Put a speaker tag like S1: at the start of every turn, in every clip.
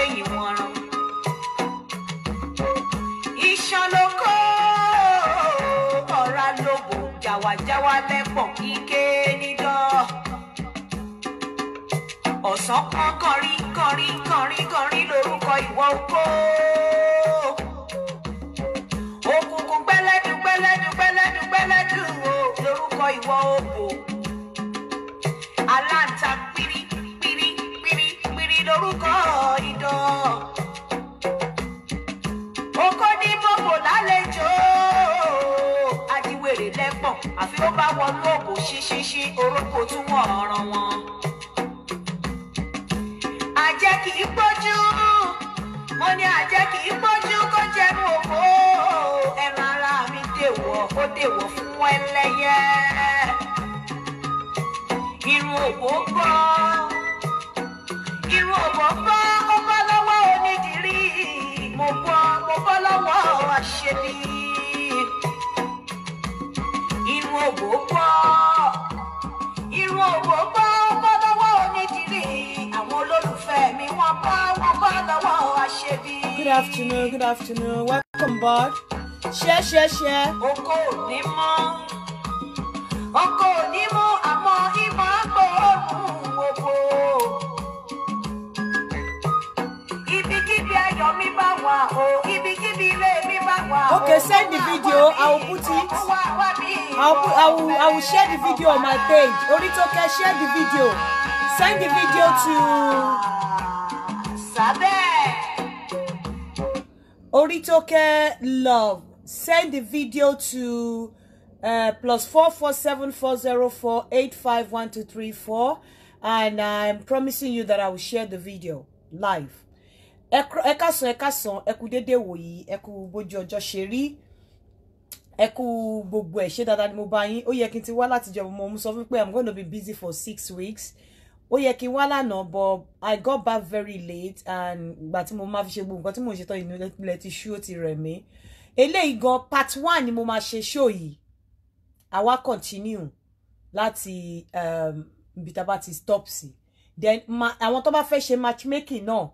S1: ẹ̀yìn wọn rán. iṣan ló kó ọ̀rá lóbò jàwájáwá lẹ́pọ̀ kíké nídọ́. ọ̀sán kan kọrin kọrin kọrin kọrin lórúkọ ìwọ okó. òkùnkùn gbẹlẹdùn gbẹlẹdùn gbẹlẹdùn gbẹlẹdùn o lórúkọ ìwọ okó. àfi ó bá wọnú òkú ṣíṣíṣí orókò túwọ̀n ọ̀ràn wọn. àjẹ kì í pójú mo ní àjẹ kì í pójú kó jẹnu òkú ẹran ara mi dèwọ̀ ó dèwọ̀ fún ẹlẹ́yẹ. irun òkú gbọ́ irun òkú gbọ́ ó bọ́ lọ́wọ́ onídìrí mo gbọ́ mo bọ́ lọ́wọ́ àṣebí irun òwò pọ̀ irun òwò pọ̀ bọ́ lọ́wọ́ onídìrí àwọn olólùfẹ́ mi wọ́n bọ́ wọ́n bọ́ lọ́wọ́ àṣebí. good afternoon good afternoon welcome board ṣe ṣe ṣe. oko ò ní mọ́ oko ò ní mọ́ àmọ́ ìmọ̀ àgbò òòrùn oko ibikíbi ayọ̀ mi bá wà o ibikíbi ire mi bá wà o. okay send the video i will put it i will i will, I will share the video on my page Oritoke share the video send the video to. sábẹ́. Oritoke love send the video to uh, plus four four seven four zero four eight five one two three four and I'm promising you that I will share the video live ẹ kásán ẹ kásán ẹ kú déédéé wòyí ẹ kú bójú ọjọ́ ṣe rí ẹ kú gbogbo ẹ ṣe dáadáa ni mo bá yín ó yẹ kí n ti wá látijọ́ mo sọ fún pé i'm gonna be busy for six weeks ó yẹ kí n wá lánàá but i got back very late and ìgbà tí mo máa fi ṣe gbogbo nǹkan tí mò ṣe tán yìí nílẹ̀ ti ṣú ó ti rẹ̀ mí eléyìí gan part one ni mo máa ṣe ṣó yìí àwa continue láti um, ibi tá a bá ti stop sí then àwọn tó bá fẹ́ ṣe matchmaking náà. No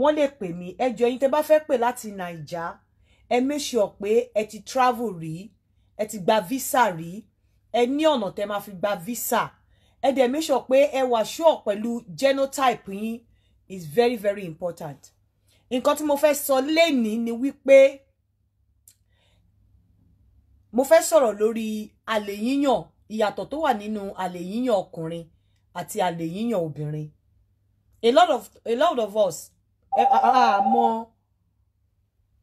S1: wọ́n lè pè mí ẹ jọ̀ọ́ ẹ̀yin tẹ́ bá fẹ́ pè láti naija ẹ make sure pé ẹ ti travel rí ẹ ti gba visa rí ẹ ní ọ̀nà tẹ́ máa fi gba visa ẹ dẹ̀ make sure pé ẹ wà sure pẹ̀lú genotype yín is very very important nǹkan tí mo fẹ́ sọ lénìí ni wípé mo fẹ́ sọ̀rọ̀ lórí àlè yíyàn ìyàtọ̀ tó wà nínú àlè yíyàn ọkùnrin àti àlè yíyàn obìnrin a lot of a lot of us àmọ́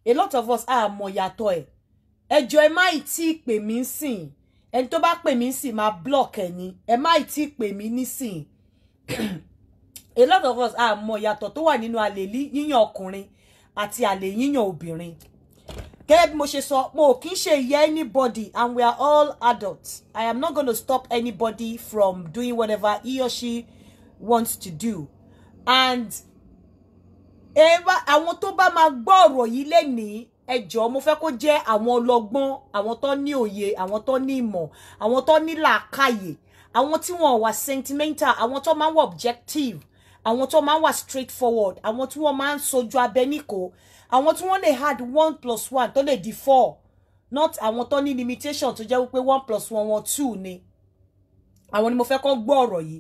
S1: a lot of us àmọ́ yàtọ̀ ẹ̀ ẹjọ́ ẹ má tí ì pè mí sìn ẹni tó bá pè mí sìn máa block ẹ ní ẹ má tí ì pè mí nísìn a lot of us àmọ́ yàtọ̀ tó wà nínú àlè yíyàn ọkùnrin àti àlè yíyàn obìnrin gẹ́gẹ́ bí mo ṣe sọ mo kì í ṣe ìyẹ́ anybody and we are all adults I am not gonna stop anybody from doing whatever he or she wants to do and àwọn tó bá máa gbọ́ ọ̀rọ̀ yìí lénìí ẹ jọ̀ọ́ mo fẹ́ kó jẹ́ àwọn ọlọ́gbọ́n àwọn tó ní òye àwọn tó ní ìmọ̀ àwọn tó ní làákàyè àwọn tí wọn wà sentimental àwọn tó máa ń wà objective àwọn tó máa ń wà straight forward àwọn tí wọ́n máa ń sojú abẹ níkò àwọn tí wọ́n lè add one plus one tó lè di four not àwọn tó ní limitation tó jẹ́ wípé one plus one one two ni àwọn ni mo fẹ́ kó gbọ́ ọ̀rọ̀ yìí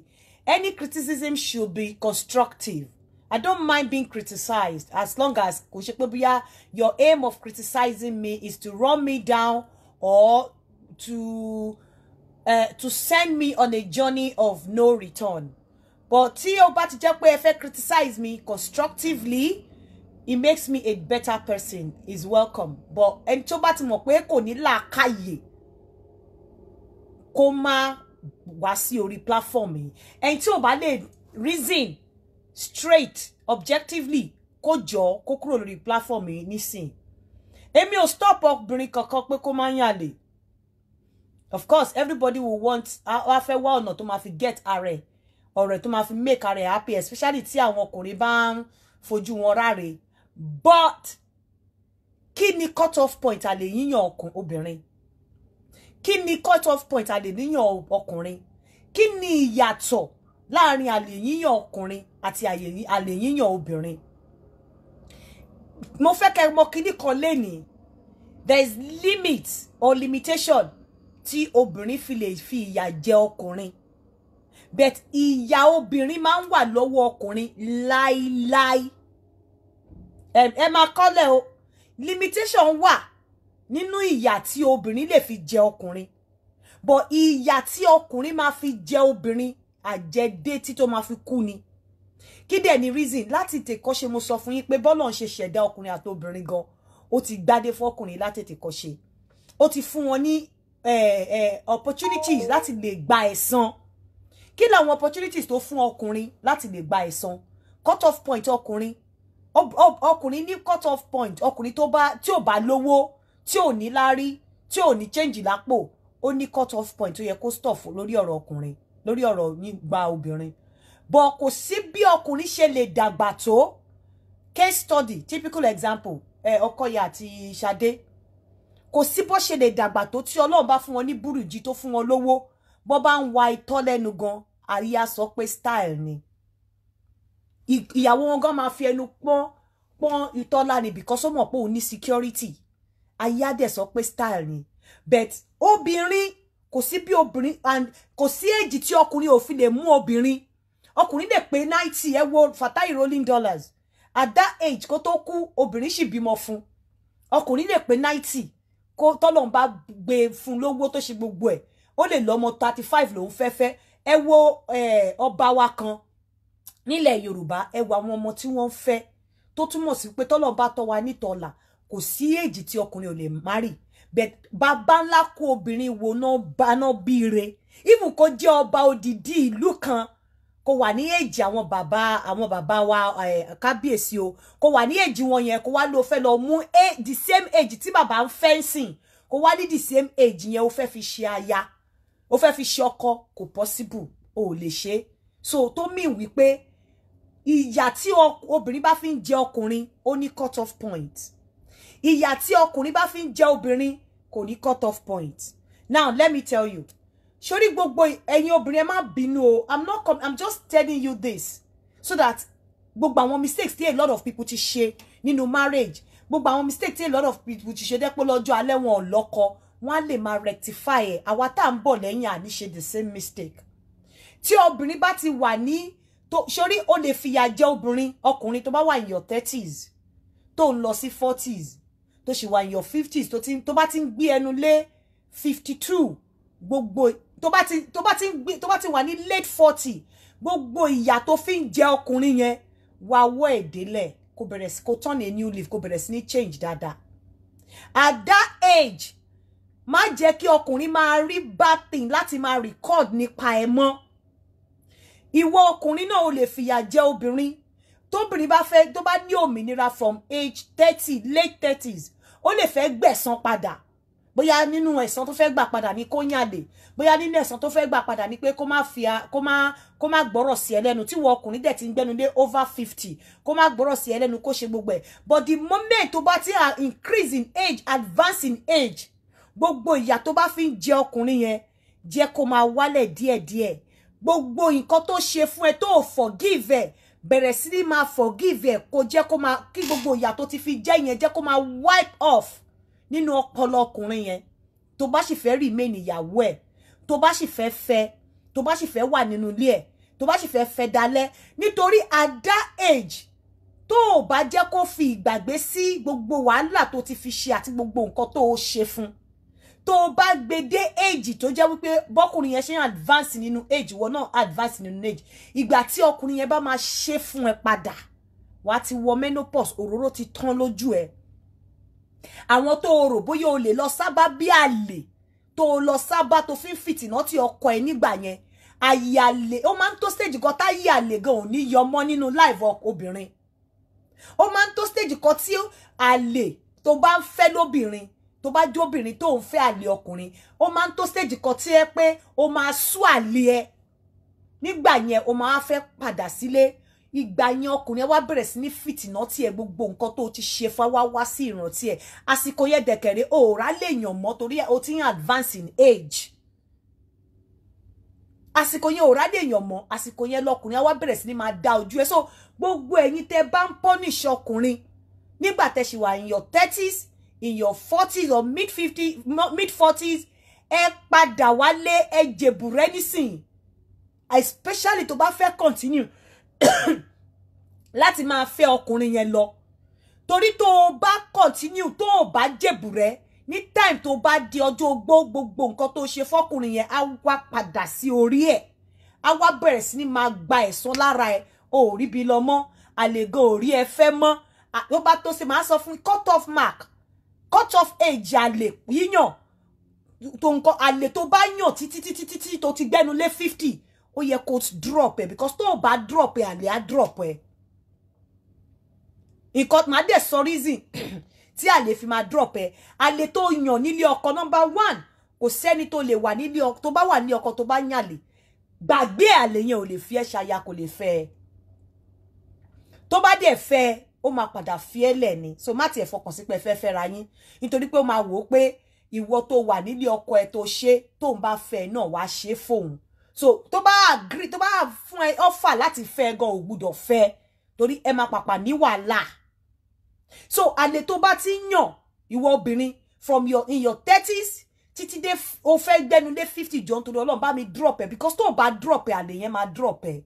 S1: any criticism should be constructive I don't mind being criticized as long as kò your aim of criticizing me is to run me down or to uh, to send me on a journey of no return. But tí o bá ti criticize me constructively it makes me a better person is welcome. But ẹni tó bá ti mọ̀ pé kò ní làákàyè kó má wá sí orí platform yìí ẹni tí reason straight objectively kó jọ kó kúrò lórí platform yìí nísìn èmi ò stop ọkùnrin kankan pé kó máa ń yàlè of course everybody will want wá fẹ́ wá ọ̀nà tó máa fi get ààrẹ ọ̀rẹ́ tó máa fi make ààrẹ happy especially tí àwọn ọkùnrin bá ń fojú wọn ráre but kí ni cut off point a lè yíyàn obìnrin kí ni cut off point a lè níyàn ọkùnrin kí ni ìyàtọ̀ láàrin àlè yíyàn ọkùnrin àti àlè yíyàn obìnrin mo fẹ́ kẹ́ mọ̀ kíní kan lénìí there is limit or limitation tí obìnrin fi lè fi ìyà jẹ ọkùnrin but ìyà obìnrin máa ń wà lọ́wọ́ ọkùnrin láíláí ẹ máa kọ́lẹ̀ o limitation wà nínú ìyà tí obìnrin lè fi jẹ ọkùnrin but ìyà tí ọkùnrin máa fi jẹ obìnrin àjẹdé tí tó máa fi kú ni kí dẹ̀ ni reason láti tèkọ́ ṣe mo sọ fún yín pé bọ́lọ̀ ń ṣe ṣẹ̀dá ọkùnrin àti obìnrin gan ó ti gbádé fọkùnrin láti tèkọ́ ṣe ó ti fún wọn ní opportunities láti lè gba ẹ̀san kí làwọn opportunities tó fún ọkùnrin láti lè gba ẹ̀san cut off point ọkùnrin ọkùnrin ní cut off point ọkùnrin tó bá tí ò bá lówó tí ò ní láárí tí ò ní change lápò ó ní cut off point tó yẹ kó stop lórí ọ̀rọ̀ ọkùnrin lórí ọ̀rọ̀ nígbà obìnrin bọ̀ kò sí bí ọkùnrin ṣe lè dàgbà tó case study typical example ẹ eh, ọkọyà àti ṣadé kò sí bó ṣe lè dàgbà tó tí ọlọ́run bá fún wọn ní burújí tó fún wọn lówó bó bá ń wa itọ́ lẹ́nu gan àríyá So, pé style ni ìyàwó wọn gan máa fi ẹnu pọ́n pọ́n itọ́ láni because ó mọ̀ pé òun ní security àríyá dẹ̀ sọ pé style ni but obìnrin kò sí bí obìnrin and kò sí èjì tí ọkùnrin ò fi lè mú obìnrin ọkùnrin lè pé náìtì ẹ wo Fatai rolling dollars at that age kó tó kú obìnrin sì bímọ fún ọkùnrin lè pé náìtì kó tọ́lọ́n bá gbé fún lówó tó ṣe gbogbo ẹ̀ ó lè lọ́mọ thirty five lòún fẹ́fẹ́ ẹ wo ọba wa kan nílẹ̀ Yorùbá ẹ wo àwọn ọmọ tí wọ́n fẹ́ tó túmọ̀ sí pé tọ́lọ́n bá tọ́ wa nítọ́là kò sí èjì tí ọkùnrin ò lè márì bàbá ńlá kó obìnrin wo náà bá náà bí re ibùkún jẹ́ ọba odidi ìlú kan kó wà ní èjì àwọn bàbá àwọn bàbá wa kábíyèsí o kó wà ní èjì wọn yẹn kó wá ló fẹ́ lọ mú the same age tí bàbá ń fẹ́ ń wá ní the same age yẹn ó fẹ́ fi ṣe aya ó fẹ́ fi ṣe ọkọ kò possible o ò lè ṣe so tó mì wípé ìyà tí obìnrin bá fi ń jẹ ọkùnrin ó ní cut off point ìyà tí ọkùnrin bá fi ń jẹ obìnrin kò ní cut off point now let me tell you sórí gbogbo ẹ̀yin obìnrin ẹ má bínú o i'm not com i'm just telling you this so that gbogbo àwọn mistakes tí a lot of people ti ṣe nínú marriage gbogbo àwọn mistake tí a lot of people ti ṣe dẹ́pọ̀ lọ́jọ́ alẹ́ wọn ò lọ́kọ wọn á lè máa rectify ẹ̀ àwa tá à ń bọ̀ lẹ́yìn àní ṣe the same mistake. tí obìnrin bá ti wà ní tó sórí o lè fìyà jẹ obìnrin ọkùnrin tó bá wà in your thirties tó ń lọ sí forties tó sì wà in your fifties tó bá ti ń gbé ẹnu lé fifty two gbogbo To bá ti tó bá ti ń gbé late forty gbogbo ìyà tó fi ń jẹ ọkùnrin yẹn wà wọ ẹ̀dẹ́lẹ̀ kó bẹ̀rẹ̀ sí turn a new leaf kó bẹ̀rẹ̀ sí ní change dada. at that age ma jẹ́ kí ọkùnrin máa rí bad thing Lati máa record nípa ẹ̀ mọ́ ìwọ ọkùnrin náà ò lè fìyà jẹ obìnrin tóbìnrin bá fẹ́ to bá ní òmìnira from age thirty late thirties O le fe gbẹ̀san pada bóyá nínú ẹ̀san tó fẹ́ gbà padà ní kó yànlè bóyá nínú ẹ̀san tó fẹ́ gbà padà ní pé kó má fi kó má kó má gbọ́rọ̀ sí ẹ tí wọ́n ọkùnrin dẹ̀ ti ń gbẹ́nu lé over fifty kó má gbọ́rọ̀ sí ẹ kó ṣe gbogbo ẹ̀ but the moment tó bá ti increase in age advance in age gbogbo ìyà tó bá fi ń jẹ ọkùnrin yẹn jẹ́ kó máa wálẹ̀ díẹ̀díẹ̀ gbogbo nǹkan tó ṣe fún ẹ tó forgive ẹ bẹ̀rẹ̀ sí ní máa forgive ẹ kó jẹ́ kó máa kí gbogbo ìyà fi jẹ́ yẹn wipe off nínú ọpọlọ ọkùnrin yẹn tó bá sì fẹ́ remain ìyàwó ẹ̀ tó bá sì fe. fẹ́ tó bá sì fẹ́ wà nínú ilé ẹ̀ tó bá sì fẹ́ fẹ́ dalẹ̀ nítorí at that age tó o bá jẹ́ kó fi ìgbàgbé sí gbogbo wàhálà tó ti fi ṣe àti gbogbo nǹkan tó o ṣe fún tó o age tó jẹ́ wípé bọ́kùnrin yẹn ṣe ń advance nínú age ìwọ náà advance nínú age ìgbà tí ọkùnrin yẹn bá máa ṣe fún ẹ padà wàá ti wọ menopause òróró ti tán lójú eh àwọn tó o rò bóyá o lè lọ sábà bí àlè tó o lọ sábà tó fi ń fìtìnà tí ọkọ ẹ nígbà yẹn àyàlè ó máa ń tó stage kan táyé àlè gan ò ní yọmọ nínú live obìnrin ó máa ń tó stage kan tí àlè tó bá ń fẹ́ lóbìnrin tó bá jóbìnrin tó ń fẹ́ àlè ọkùnrin ó máa ń tó stage kan tí ẹ pé ó máa sú àlè ẹ nígbà yẹn ó máa fẹ́ padà sílé ìgbà yẹn ọkùnrin ẹ wá bẹ̀rẹ̀ sí ní fìtìnà tiẹ̀ gbogbo nǹkan tó ti ṣe fa wá wá sí ìrántí ẹ̀ àsìkò yẹn dẹ̀kẹ̀rẹ̀ òòrá lè yàn mọ́ torí ẹ̀ o ti ń advance in age àsìkò yẹn òòrá lè yàn mọ́ àsìkò yẹn lọkùnrin ẹ wá bẹ̀rẹ̀ sí ní máa da ojú ẹ so gbogbo ẹ̀yin tẹ́ bá ń pọ́nìṣ ọkùnrin nígbà tẹ́ ṣì wà in your thirties in your forties or mid fifties mid forties ẹ padà wálé ẹ jèbùrẹ́ nísìnyí especially tó bá fẹ́ continue láti máa fẹ́ ọkùnrin yẹn lọ torí tó o bá continue tó o bá jèbù rẹ ní time tó bá di ọjọ́ ogbó gbogbo nǹkan tó o ṣe fọkùnrin yẹn á wá padà sí orí ẹ̀ á wá bẹ̀rẹ̀ sí ni máa gba ẹ̀san lára ẹ̀ o ò ríbi lọ mọ́ àlègò ò rí ẹ fẹ́ mọ́ ló bá tó ṣe máa sọ fún cut off mark cut off age àlè yíyàn tó nǹkan àlè tó bá yàn títí títí títí tó ti gbẹ́nu lé fifty ó yẹ kó drop ẹ because tó o bá drop ẹ àlè á drop ẹ nǹkan máa dẹ̀ sọ reason tí àlè fi máa drop ẹ àlè tó yàn nílé ọkọ number one kò sẹ́ni tó lè wà nílé ọkọ tó bá wà nílé ọkọ tó bá yàn àlè gbàgbé àlè yẹn ò lè fi ẹ́ ṣaya kò lè fẹ́ ẹ tó bá dẹ̀ fẹ́ ẹ ó máa padà fi ẹ́ lẹ̀ ni so má tiẹ̀ fọkàn sí pé fẹ́ fẹ́ ra yín nítorí pé ó máa wò ó pé ìwọ tó wà nílé ọkọ ẹ tó ṣe tó ń bá fẹ́ náà wàá ṣe fóun so tó bá agree tó bá fún ẹ offer láti fẹ́ gan ò gbúdọ̀ fẹ́ torí ẹ máa pàpà ní wàhálà so àlè tó bá ti yàn ìwọ obìnrin from your in your thirties títí dé o fẹ́ gbẹ́nulé fifty jọ nítorí Ọlọ́run bá mi drop ẹ because tó o bá drop ẹ àlè yẹn máa drop ẹ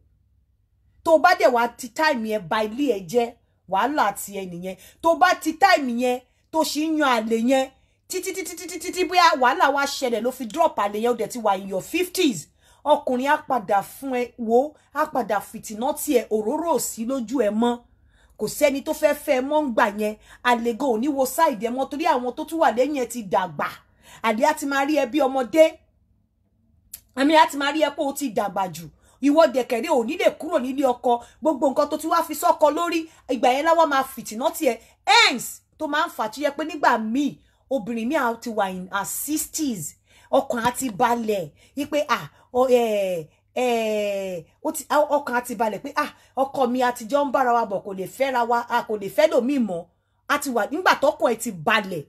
S1: tó o bá dẹ̀ wá ti time yẹn ba ilé ẹ jẹ́ wàhálà ti ẹ nìyẹn tó o bá ti time yẹn tó o sì ń yan àlè yẹn títí títí títí títí bóyá wàhálà wá ṣẹlẹ̀ ló fi drop àlè yẹn ó dẹ̀ ti wà in your fifties ọkùnrin á padà fún ẹ wò á padà fìtìná tiẹ̀ òróró ò sí lójú ẹ mọ́ kò sẹ́ni tó fẹ́ fẹ́ mọ́ ń gbà yẹn àlego ò ní wo sáìdì ẹ mọ́ torí àwọn tó tún wà lẹ́yìn ẹ ti dàgbà àdé á ti máa rí ẹ bí ọmọdé àmì á ti máa rí ẹ pé o ti dàgbà jù ìwọ dẹ̀kẹ̀rẹ́ ò ní lè kúrò nílé ọkọ gbogbo nǹkan tó ti wá fi sọ́kọ lórí ìgbà yẹn láwa máa fìtìná tiẹ̀ ends tó máa ń fà tó yẹ pé nígbà míì obìnrin míì ti wà in her sixties ọkàn á ti balẹ̀ yí pé ah ọkàn àti balẹ̀ pé ah, ọkọ mi àtijọ́ ń bára wa bọ̀ kò lè fẹ́ra wa a kò lè fẹ́ lòmíì mọ́ a ti wà nígbà tọkọ ẹ ti balẹ̀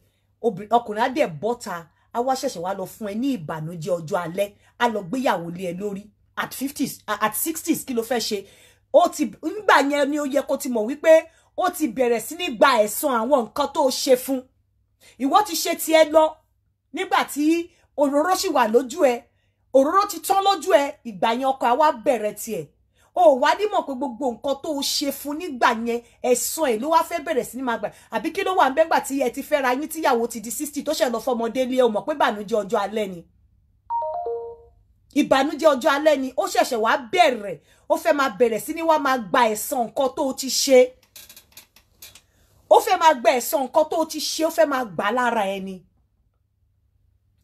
S1: ọkùnrin á dẹ̀ bọ́ta a wá ṣẹ̀ṣẹ̀ wá lọ fún ẹ ní ìbànújẹ́ ọjọ́ alẹ́ a lọ gbéyàwó lé ẹ lórí at fifties at sixties kí ló fẹ́ ṣe ó ti nígbà yẹn ni ó yẹ kó ti mọ̀ wípé ó ti bẹ̀rẹ̀ sí ní gba ẹ̀san àwọn nǹkan tó ṣe fún ìwọ ti ṣe tiẹ̀ lọ nígbà tí òróró sì wà lójú ẹ òróró ti tán lójú ẹ ìgbà yẹn ọkọ àwa bẹ̀rẹ̀ tiẹ̀ o wá ní mọ̀ pé gbogbo nǹkan tó o ṣe fún nígbà yẹn ẹ̀san ẹ̀ ló wá fẹ́ bẹ̀rẹ̀ sí ní máa gbà àbí kí ló wà ń bẹ́gbà tí ẹ ti fẹ́ ra yín tíyàwó ti di sixty tó ṣẹ̀ fọmọdé lé o mọ̀ pé bànújẹ́ ọjọ́ alẹ́ ni ìbànújẹ́ ọjọ́ alẹ́ ni ó ṣẹ̀ṣẹ̀ wá bẹ̀rẹ̀ ó fẹ́ máa bẹ̀rẹ̀ sí ní wá máa gba ẹ̀san nǹkan tó o ti ṣe ó fẹ́ máa gba ẹ̀san nǹkan tó o ti ṣe ó fẹ́ máa gbà lára ẹni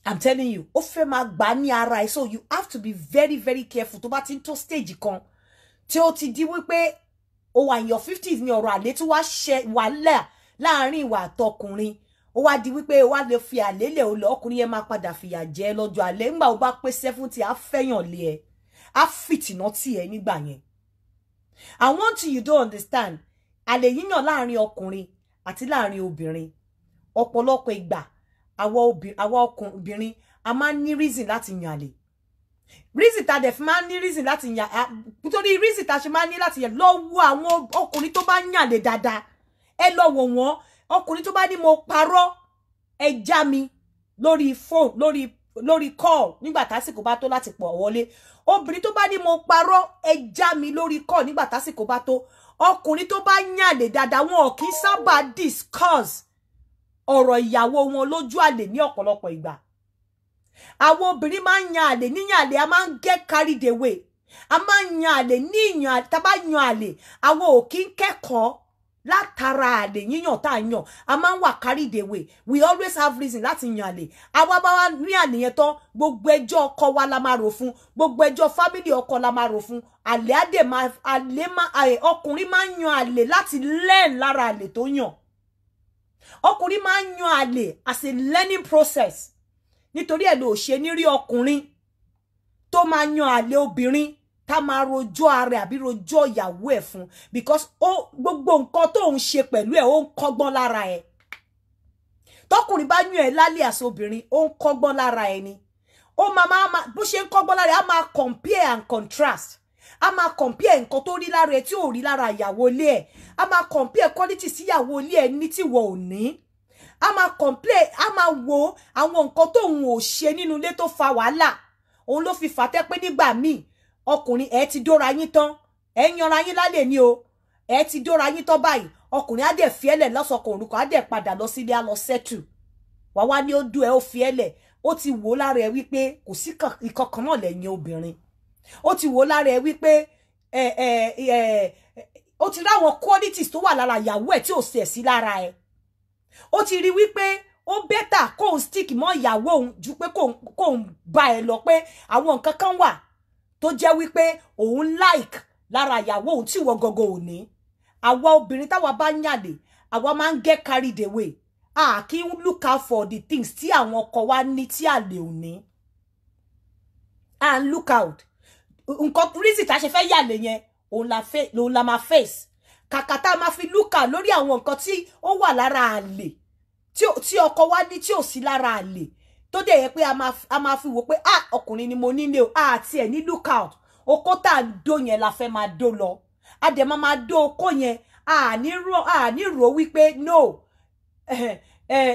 S1: i'm telling you ó fẹ́ máa gbà ní ara ẹ̀ so you have to be very very careful tó bá ti ń tó stage kan tí ó ti di wípé ó wà in your fifties ní ọ̀rọ̀ àlè tó wá ṣe wàhálà láàrin ìwà àtọkùnrin ó wá di wípé wá lè fi àlélẹ̀ ó lọ ọkùnrin yẹn máa padà fìyà jẹ lọ́jọ́ alẹ́ ńgbà ó bá pé seventy á fẹ́yàn lé ẹ á fìtìnà tì ẹ nígbà yẹn i want you, you don't understand àlè yíyàn láàrin ọkùnrin àti láàrin obìnrin ọ̀pọ̀lọpọ̀ ìgbà àwa obìnrin a máa ń ní reason láti yàn àlè reason ta dẹ̀ fi máa ń ní reason láti yàn nítorí reason ta ṣe máa ń ní láti yàn lọ́wọ́ àwọn ọkùnrin tó bá yàn àlè dáadáa ẹ lọ wò wọ́n ọkùnrin tó bá ní mo parọ́ ẹ já mi lórí phone lórí lórí call nígbà tásìkò bá tó láti pọ̀ wọlé obìnrin tó bá ní mo parọ́ ẹ já mi lórí call nígbà tásìkò bá tó ọkùnrin tó bá yàn àlè dáadáa wọn ò kí sábà discuss ọ̀rọ̀ ìyàwó wọn lójú àlè ní ọ̀pọ̀lọpọ̀ ìgbà àwọn obìnrin máa ń yan àlè níyàn àlè a máa ń get carried away a máa ń yan àlè ní ìyàn tábà yan àlè àwọn ò kí ń kẹ́kọ̀ọ́ látara àlè yíyàn tá a yàn a máa ń wà carried away we always have reason láti yan àlè àwa bá wa ní àlè yẹn tán gbogbo ẹjọ́ ọkọ wa la máa rò fún gbogbo ẹjọ́ fámìlì ọkọ la máa rò fún àlè àdè máa àlè máa ọkùnrin máa ń yan àlè láti learn lára àlè tó yàn ọkùnrin máa ń yan as a learning process Nitori ẹ̀ ló ṣe ní rí ọkùnrin tó máa yan àlè obìnrin tá máa rojọ́ ara àbí rojọ́ ìyàwó ẹ̀ fún because o gbogbo nǹkan tó ń ṣe pẹ̀lú ẹ̀ ó ń kọ́gbọ́n lára ẹ̀ tọkùnrin bá yan ẹ̀ lálẹ́ àṣọ obìnrin ó ń kọ́gbọ́n lára ẹ̀ ni ó máa máa bó ṣe ń kọ́gbọ́n lára ẹ̀ á compare and contrast a máa compare nǹkan tó rí lára ẹ̀ tí ò rí lára ìyàwó ilé a máa compare quality síyàwó ilé ẹni tí wọ́n ò ní a máa complain a máa wo àwọn nǹkan tóun ò ṣe nínú ilé tó fa wàhálà òun ló fi fàtẹ́ pé nígbà míì ọkùnrin ẹ ti dóra yín tán ẹ yanra yín lálẹ́ ni o ẹ ti dóra yín tán báyìí ọkùnrin á dẹ̀ fi ẹlẹ̀ lọ́sọkọ̀ òrukàn á dẹ̀ padà lọ sílé á lọ sẹ́tù wá wá ní ó dùn ẹ ó fi ẹlẹ̀ ó ti wò lára ẹ wípé kò sí ìkankan náà lẹ́yìn obìnrin ó ti wò lára ẹ wípé ẹ ẹ ẹ ó ti ráwọn qualities tó wà lára ìyàwó ẹ̀ tí ò sẹ̀ sí lára ẹ̀ ó ti rí wípé ó bẹ́tà kó stick mo ìyàwó òun ju pé kó ń ba ẹ̀ lọ pé àwọn nǹkan kan wà tó jẹ́ wípé òun like lára ìyàwó òun tí ìwọ gọgọ ò ní àwa obìnrin táwa bá ń yàlè àwa get carried away a ah, kì í look out for the things ti àwọn ọkọ wa ni ti àlè ò ní à look out nǹkan reason tá a ṣe fẹ́ yàlè òun la fẹ́ òun la ma face kàkà ma fi lúkà lórí àwọn nǹkan tí ó wà lára àlè tí ọkọ wa ní tí ò sí lára àlè tó dẹ̀ yẹ pé a máa fi wò pé ah ọkùnrin ni mo nílé o ah àti ẹ̀ ní lookout okó tá a dó yẹn la fẹ́ ma dó lọ a dẹ̀ máa máa dó okó yẹn a ní rò wípé no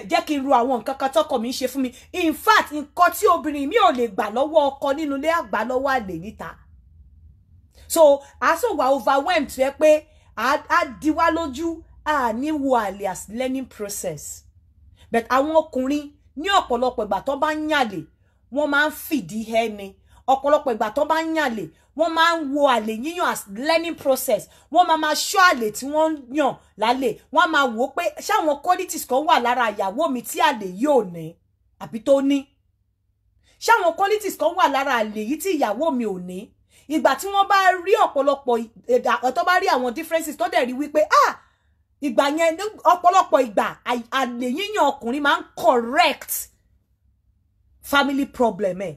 S1: jẹ́ kí n ro àwọn nǹkan kan tọkọ mi ń ṣe fún mi in fact nǹkan tí obìnrin mi ò lè gbà lọ́wọ́ ọkọ nínú ilé àgbà lọ́wọ́ àlè níta so àsọ̀wà overwhelmed tó yẹ pé á di wá a à ní wo àlè learning process but àwọn ọkùnrin ní ọ̀pọ̀lọpọ̀ ìgbà tó bá ń yàlè wọ́n máa ń fìdí ẹ́ ni ọ̀pọ̀lọpọ̀ ìgbà tó bá ń yàlè wọ́n wo àlè yíyàn as learning process wọ́n máa máa ṣọ́ àlè tí wọ́n ń yàn lálẹ́ wọ́n máa wò ó pé ṣáwọn qualities kan wà lára ìyàwó mi tí àlè yóò ní àbí tó ní ṣáwọn qualities kan wà lára àlè yìí tí ìyàwó mi ò ìgbà tí wọ́n bá rí ọ̀pọ̀lọpọ̀ tó bá rí àwọn differences tó dẹ̀ rí wípé ah ìgbà yẹn ọ̀pọ̀lọpọ̀ ìgbà àlè yíyan ọkùnrin máa ń correct family problem ẹ̀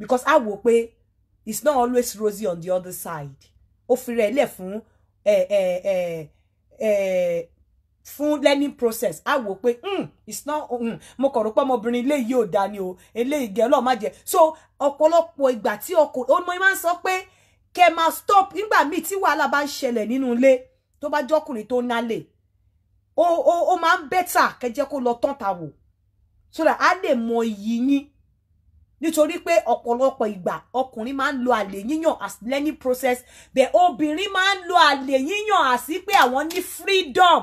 S1: because a wò pé it's not always rosy on the other side ó fi rẹ̀ lẹ̀ fún fún learning process á wò pé hmm, it's not hmm, mo kàn rò pé ọmọbìnrin eléyìí ò dá ni o eléyìí gẹ ọlọ́ọ̀ má jẹ so ọ̀pọ̀lọpọ̀ ìgbà tí ọkọ̀ ó mọ máa ń sọ pé kẹ stop nígbà míì tí wàhálà bá ń ṣẹlẹ̀ nínú ilé tó bá jọkùnrin tó nálè ó ó ó máa ń bẹ́tà kẹjẹ́ kó lọ tán ta so that á lè mọ iyì yín nítorí pé ọ̀pọ̀lọpọ̀ ìgbà ọkùnrin máa ń lo àlè yíyàn as learning process bẹ́ẹ̀ obìnrin máa ń lo àlè yíyàn àsí pé àwọn freedom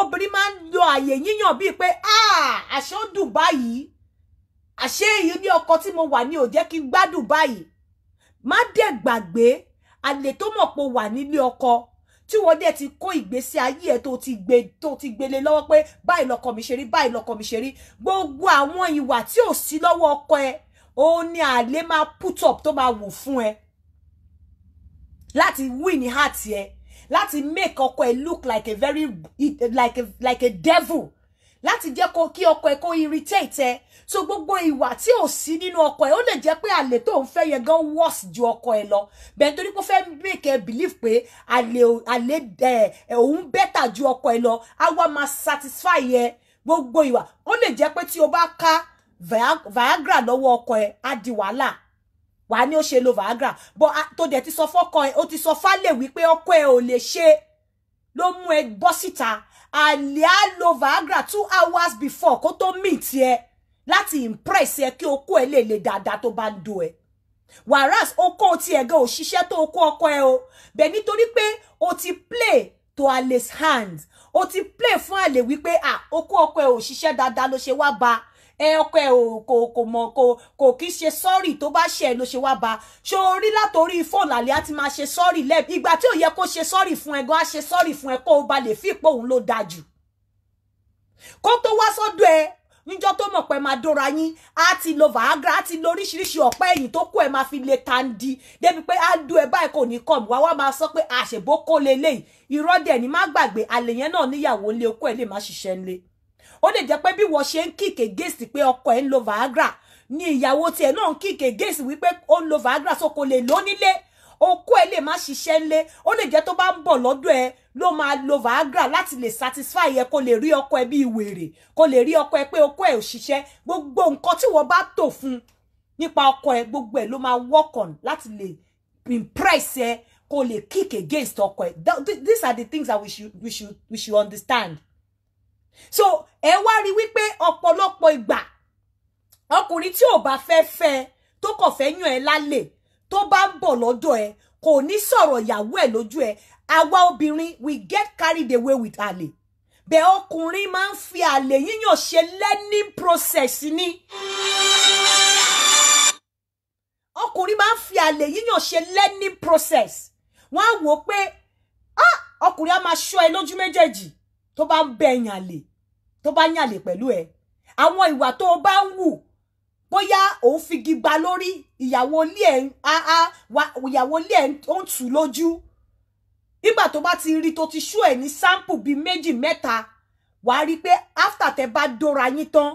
S1: obìnrin máa ń lo àyè yíyàn bíi pé ah, àṣé ó dùn báyìí àṣé èyí ní ọkọ tí mo wà ní ò jẹ́ kí n gbádùn báyìí má dẹ̀ gbàgbé àlè tó mọ̀ pé o wà nílé ọkọ tí wọ́n dẹ̀ ti kó ìgbésí ayé ẹ̀ tó ti gbé tó ti gbélé lọ́wọ́ pé báyìí lọkọ mi ṣe rí báyìí lọkọ mi ṣe rí gbogbo àwọn ìwà tí ò sí lọ́wọ́ ọkọ ẹ̀ òun ni àlè máa put up tó máa wù fún ẹ láti win ní heart ẹ láti make ọkọ ẹ look like a very like a like a devil láti jẹ́ kó kí ọkọ ẹ kó irritate ẹ so gbogbo ìwà tí ò sí nínú ọkọ ẹ ó lè jẹ́ pé àlè tó ń fẹ́ yẹn gan worse ju ọkọ ẹ lọ bẹ́ẹ̀ torí pé ó fẹ́ make ẹ believe pé àlè àlè ẹ òun better ju ọkọ ẹ lọ á wá máa satisfy yẹ gbogbo ìwà ó lè jẹ́ pé tí o bá ká viagra lọ́wọ́ ọkọ ẹ á di wàhálà wàá ní ó ṣe lo viagra bọ́ ah, tó dẹ̀ ti sọ fọ́kọ ẹ̀ ó ti sọ fálẹ̀ wípé ọkọ ẹ̀ ò lè ṣe ló mú ẹ bọ́ síta àlè á lo viagra two hours before kó tó meet ẹ láti impress ẹ kí okó ẹ lè le dáadáa tó bá ń do ẹ whereas okó ti ẹ̀ gan òṣìṣẹ́ tó okó ọkọ ẹ o bẹ́ẹ̀ nítorí pé o ti play to Ale's hand o ti play fún àlè wípé ah okó ọkọ ẹ òṣìṣẹ́ dáadáa ló ṣe wá ba ẹ ọkọ ẹ ò kò kò mọ̀ kò kò kí ṣe sọ́ọ̀rì tó bá ṣe ẹ ló ṣe wá ba ṣé orí látòrí fóònù àlẹ́ á ti máa ṣe sọ́ọ̀rì lẹ́ẹ̀bí ìgbà tí ò yẹ kó ṣe sọ́ọ̀rì fún ẹ gan á ṣe sọ́ọ̀rì fún ẹ kó o ba lè fi ipò òun ló dáa jù kó tó wá sọ́dọ̀ ẹ níjọ́ tó mọ̀ pé máa dóra yín á ti lo viagra á ti lo oríṣiríṣi ọ̀pá ẹ̀yìn tó kù ẹ̀ máa fi le tandi débi pé á du ẹ báyìí kò ní kọ̀m wá wá máa sọ pé àṣebó kó leléyìí irọ́ dẹ̀ ni má gbàgbé àlè yẹn náà níyàwó lé okó ẹ̀ lè má ṣiṣẹ́ ńlẹ̀ ó lè jẹ́ pé bí wọ́n ṣe ń kick against pé ọkọ ẹ̀ ń lo Viagra ni ìyàwó tiẹ̀ náà ń kick against wípé ó ń lo Viagra so kò lè lọ nílé okó ẹ lè má ṣiṣẹ́ ńlé ó lè jẹ́ tó bá ń bọ̀ lọ́dọ̀ ẹ ló máa lo Viagra láti lè satisfy ẹ kó lè rí ọkọ ẹ bí wèrè kó lè rí ọkọ ẹ pé okó ẹ ò ṣiṣẹ́ gbogbo nǹkan tí wọ́n bá tò fún nípa ọkọ ẹ gbogbo ẹ ló máa work on láti lè impress ẹ kó lè kick against ọkọ ẹ these are the things that we should, we should, we should understand so ẹ wá rí wípé ọ̀pọ̀lọpọ̀ ìgbà ọkùnrin tí ò bá fẹ́ fẹ́ tó kàn fẹ́ yàn ẹ́ lálẹ́ tó bá ń bọ̀ lọ́dọ̀ ẹ kò ní sọ̀rọ̀ ìyàwó ẹ̀ lójú ẹ àwa obìnrin we get carried away with àlè bẹ́ẹ̀ ọkùnrin máa ń fi àlè yíyàn ṣe learning process ni ọkùnrin máa ń fi àlè yíyàn ṣe learning process wọ́n á wò ó pé ah, ọkùnrin á máa ṣọ́ ẹ lójú méjèèjì tó bá ń bẹ yànlè tó bá yànlè pẹ̀lú ẹ àwọn ìwà tó bá ń wù bóyá òun fi gigba lórí ìyàwó ilé ẹ ìyàwó ilé ẹ ó ń tù lójú nígbà tó bá ti rí tó ti ṣú ẹ ní sample bíi méjì mẹ́ta wàá rí i pé after tẹ bá dóra yín tán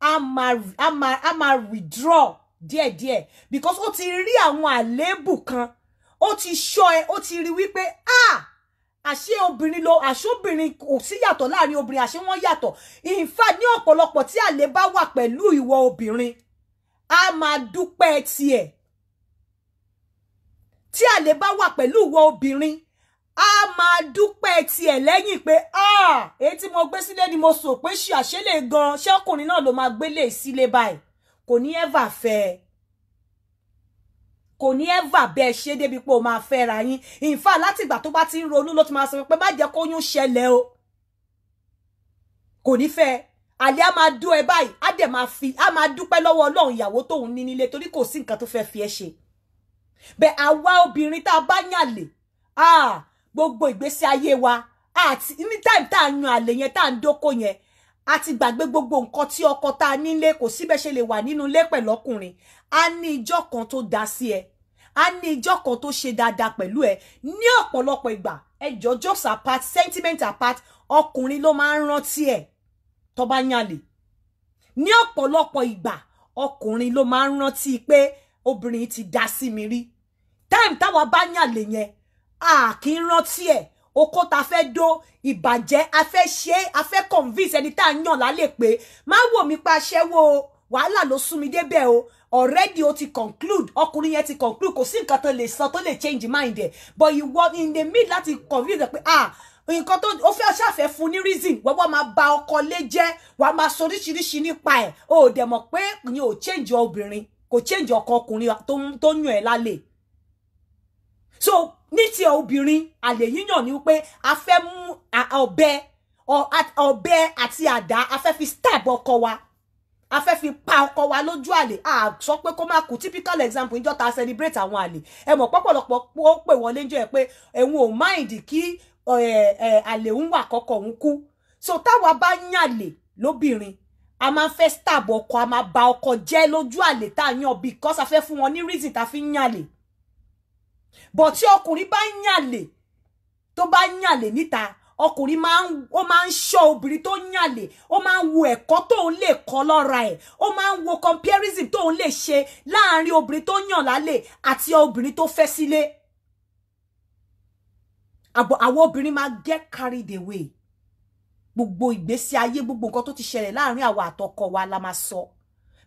S1: a máa a máa withdraw díẹ̀díẹ̀ because ó ti rí àwọn àléébù kan ó ti ṣọ́ ẹ ó ti rí wípé ah àṣé obìnrin lo àṣóbìnrin kò sí yàtọ̀ láàrin obìnrin àṣé wọ́n yàtọ̀ in fact ní ọ̀pọ̀lọpọ̀ tí àlè bá wà pẹ̀lú ìwọ obìnrin a máa dúpẹ́ tiẹ̀ tí àlè bá wà pẹ̀lú ìwọ obìnrin a máa dúpẹ́ tiẹ̀ lẹ́yìn pé ah, èyí tí mo gbé sílé ni mo sọ pé ṣe àṣélè gan ṣé ọkùnrin náà ló máa gbélé sílé báyìí kò ní ever fẹ́ ẹ kò ní ẹ́và bẹ́ẹ̀ ṣe débi pé o máa fẹ́ra yín in fact láti ìgbà tó bá ti ń ronú ló ti máa sọ pé má jẹ́ kóyún ṣẹlẹ̀ o kò ní fẹ́ àlẹ́ á máa dún ẹ báyìí á dẹ̀ máa fi á máa dúpẹ́ lọ́wọ́ ọlọ́run ìyàwó tóun ní nílé torí kò sí nǹkan tó fẹ́ fi ẹ ṣe bẹ́ẹ̀ àwa obìnrin tá a bá yàn lè ah, gbogbo ìgbésí ayé wa àti ní táìmù tá a yan àlè yẹn tá a ń dóko yẹn a ti gbàgbé gbogbo nǹkan tí ọkọ tá a nílé kò síbẹ̀ ṣe lè wà nínú ilé pẹ̀lú ọkùnrin a ní ìjọ kan tó dá sí ẹ a ní ìjọ kan tó ṣe dáadáa pẹ̀lú ẹ ní ọ̀pọ̀lọpọ̀ ìgbà ẹ jokes apart sentiment apart ọkùnrin ló máa ń rántí ẹ tó bá yànlè ní ọ̀pọ̀lọpọ̀ ìgbà ọkùnrin ló máa ń rántí pé obìnrin ti dá sí mi rí táìmù táwa bá yànlè yẹn a kì í rántí ẹ Oko ta fe do ibaje a fe ṣe a fe convince ẹni tá a yàn lálẹ́ pé má wò mí pa wo wàhálà ló sún mi débẹ̀ o already o ti conclude ọkùnrin yẹn ti conclude kò sí nǹkan tó lè sọ tó lè change mind ẹ̀ but ìwọ in the mid láti convince ẹ pé ah nǹkan tó ó fẹ́ ṣàfẹ́ fún ní reason wa ma ba ọkọ lé jẹ́ wàá máa sọ oríṣiríṣi nípa ẹ̀ o ò dẹ̀ mọ̀ pé ìyẹn ò change obìnrin kò change ọkọ ọkùnrin tó ń yàn ẹ́ lálẹ́ so ní ti obìnrin àlè yíyàn ni pé a fẹ́ mú ọ̀bẹ ọ̀bẹ àti àdá a fẹ́ fi stab ọkọ wa a fẹ́ fi pa ọkọ wa lójú àlè a sọ pé kó má kú typical example níjọ́ ta celebrate àwọn àlè ẹ mọ̀ pọ́pọ̀lọpọ̀ ó pè wọlé jẹ́ pé ẹ̀hún ò mind kí àlè ń wà kọ́kọ́ òun kú so táwa bá yàn àlè lóbìnrin a máa ń fẹ́ stab ọkọ a máa ba ọkọ jẹ́ lójú àlè tá a yàn because a fẹ́ fún wọn ní reason tá fi yàn àlè bọ̀ tí ọkùnrin bá ń yàlè tó bá ń yàlè níta ọkùnrin máa ń ó máa ń ṣọ́ obìnrin tó yànlè ó máa ń wo ẹ̀kọ́ tó ń lè kọ́ lọ́ra ẹ̀ ó máa ń wo comparison tó ń lè ṣe láàárín obìnrin tó yàn lálè àti obìnrin tó fẹ́ sílé àwọn obìnrin máa get carried away gbogbo ìgbésí ayé gbogbo nǹkan tó ti ṣẹlẹ̀ láàárín àwa àtọkọ wa la máa sọ. So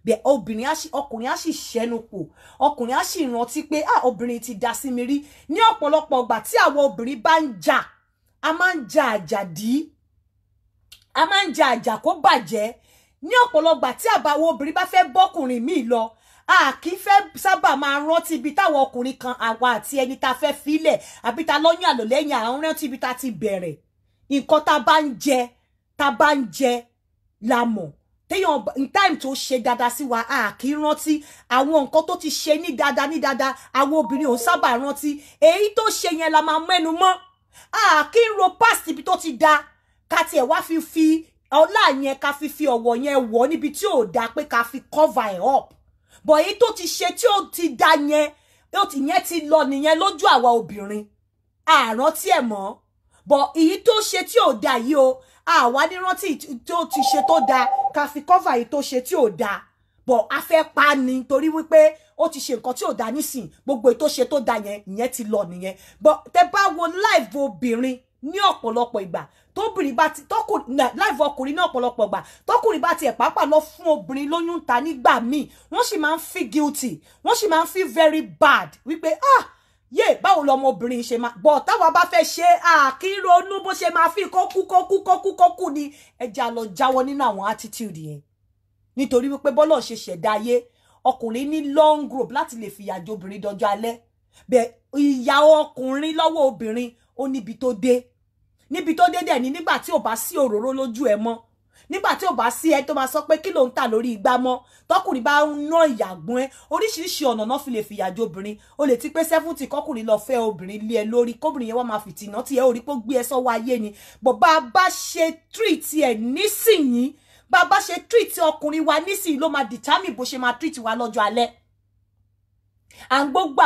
S1: bẹ obìnrin ọkùnrin á sì ṣẹnu pò ọkùnrin á sì rántí pé ah obìnrin ti dá sí mi rí ní ọ̀pọ̀lọpọ̀ ọgbà tí àwọn obìnrin bá ń jà a máa ń jà àjàdí a máa ń jà àjà kó bàjẹ́ ní ọ̀pọ̀lọpọ̀ tí àbáwo obìnrin bá fẹ́ bọ́kùnrin míì lọ a kì í fẹ́ sábà máa rántí ibi táwọn ọkùnrin kan àwa àti ẹni tá a fẹ́ filẹ̀ àbí ta lọ́yún àlò lẹ́yìn rántí ibi tá ti bẹ̀rẹ̀ nǹkan tá bá ń jẹ tá bá ń jẹ la mọ̀ téèyàn time tó ṣe dada sí wa a kì í rántí àwọn nǹkan tó ti ṣe ní dáadáa ní dáadáa àwọn obìnrin ò sábà rántí èyí tó ṣe yẹn la máa mẹ́nu mọ́ a kì í ro past ibi tó ti da ká tiẹ̀ wá fi fi ọlá yẹn ká fi fi ọ̀wọ̀ yẹn wọ̀ níbi tí ò da pé ká fi cover ẹ̀ up bọ̀ èyí tó ti ṣe tí ó ti da yẹn ìyẹn ti lọ nìyẹn lójú àwa obìnrin àrántí ẹ̀ mọ́ bọ̀ èyí tó ṣe tí ò da yìí o àwa ní rántí tó ti ṣe tó dáa ká fi cover yìí tó ṣe tí ò dáa bọ̀ a fẹ́ pa ni torí wípé ó ti ṣe nǹkan tí ò dáa nísìn gbogbo ètò ṣe tó dáa yẹn ìyẹn ti lọ nìyẹn bọ̀ tẹ bá wo live obìnrin ní ọ̀pọ̀lọpọ̀ ìgbà tóbìnrin bá ti láìfọ ọkùnrin ní ọ̀pọ̀lọpọ̀ ìgbà tọkùnrin bá tiẹ̀ pàápàá lọ fún obìnrin lóyún ta nígbà míì wọ́n sì máa ń fi guilty wọ́n sì máa ń fi very bad wípé ah yé báwo lọmọbìnrin ṣe máa bọ̀ táwa bá fẹ́ ṣe àkíronú bó ṣe máa fi kókú kókú kókú kókú ni ẹja lọ jáwọ́ nínú àwọn attitude yẹn nítorí wípé bọ́lọ̀ ṣe ṣẹ̀dá ayé ọkùnrin ní long rope láti lè fìyà jẹ obìnrin dọjọ́ alẹ́ bẹ́ẹ̀ ìyà ọkùnrin lọ́wọ́ obìnrin ó níbi tó dé níbi tó dé dẹ̀ ni nígbà tí ò bá sí òróró lójú ẹ mọ́ nígbà tí ò bá sí ẹ tó máa sọ pé kí ló ń tà lórí igbá mọ́ tọkùnrin bá ń ná ìyàgbọ́n ẹ oríṣiríṣi ọ̀nà náà fi lè fìyà jẹ obìnrin o lè ti pé seventy kọkùnrin lọ fẹ́ obìnrin lé ẹ lórí kóbìnrin yẹn wọ́n máa fìtìnà tí ẹ ò rí pé gbé ẹ sọ́wọ́ ayé ni bọ̀bá bá ṣe treat ẹ nísìnyí bàbá ṣe treat ọkùnrin wa nísìnyí ló máa determine bó ṣe máa treat wa lọ́jọ́ alẹ́ à ń gbogbo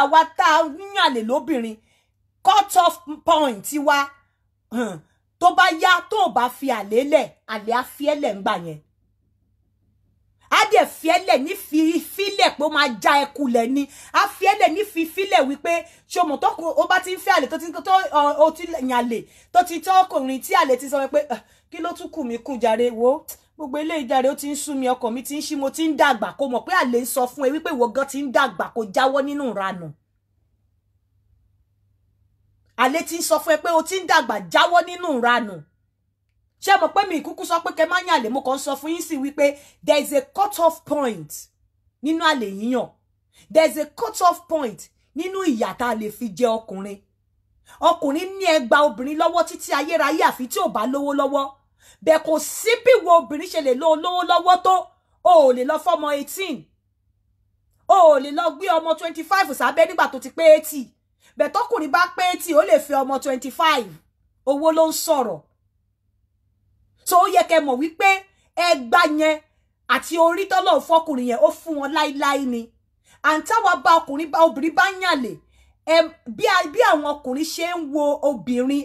S1: cut off point wa tó bá yá tó bá fi àlè lẹ̀ àlè á fi ẹ́ lẹ̀ ń gbà yẹn a dẹ̀ fi ní fi fílẹ̀ pé ó máa já ẹ ni á fi ẹ́ lẹ̀ ní fi fílẹ̀ wípé ṣé o mọ̀ tó kùn ó bá ti ń fẹ́ àlè tó ti tó o ti yàn àlè tó ti tọ́ ọkùnrin tí àlè ti sọ pé ah, kí ló tún kù mí kù jàre wò gbogbo ilé ìjàre ó ti ń sú mi ọkàn mi ti ń ṣí mo ti ń dàgbà kó mọ̀ pé àlè ń sọ fún ẹ wípé ìwọ gan ti ń dàgbà kó jáwọ́ nínú ìranù àlè ti ń sọ fún ẹ pé o ti ń dàgbà jáwọ́ nínú ìranù ṣé mo pé mi ìkúkú sọ pé kẹ má yàn àlè mo kàn sọ fún yín sí wípé there is a cut off point nínú àlè yíyàn there is a cut off point nínú ìyà tá a lè fi jẹ ọkùnrin ọkùnrin ní ẹgba obìnrin lọ́wọ́ títí ayérayé àfi tí ò bá lówó lọ́wọ́ bẹ́ẹ̀ kò sí bí wo obìnrin ṣe lè lo olówó lọ́wọ́ tó o ò lè lọ fọmọ eighteen o ò lè lọ gbé ọmọ twenty five sábẹ́ nígbà tó ti pé eighty bẹ̀tọ́kùnrin bá pé tí ó lè fi ọmọ twenty five owó ló ń sọ̀rọ̀ so ó yẹ kẹ́ mọ̀ wípé ẹgbà yẹn àti orí tọ́lọ̀ fọkùnrin yẹn ó fún wọn láíláí ni àǹtáwa bá ọkùnrin bá obìnrin bá yàn lè bí àwọn ọkùnrin ṣe ń wo obìnrin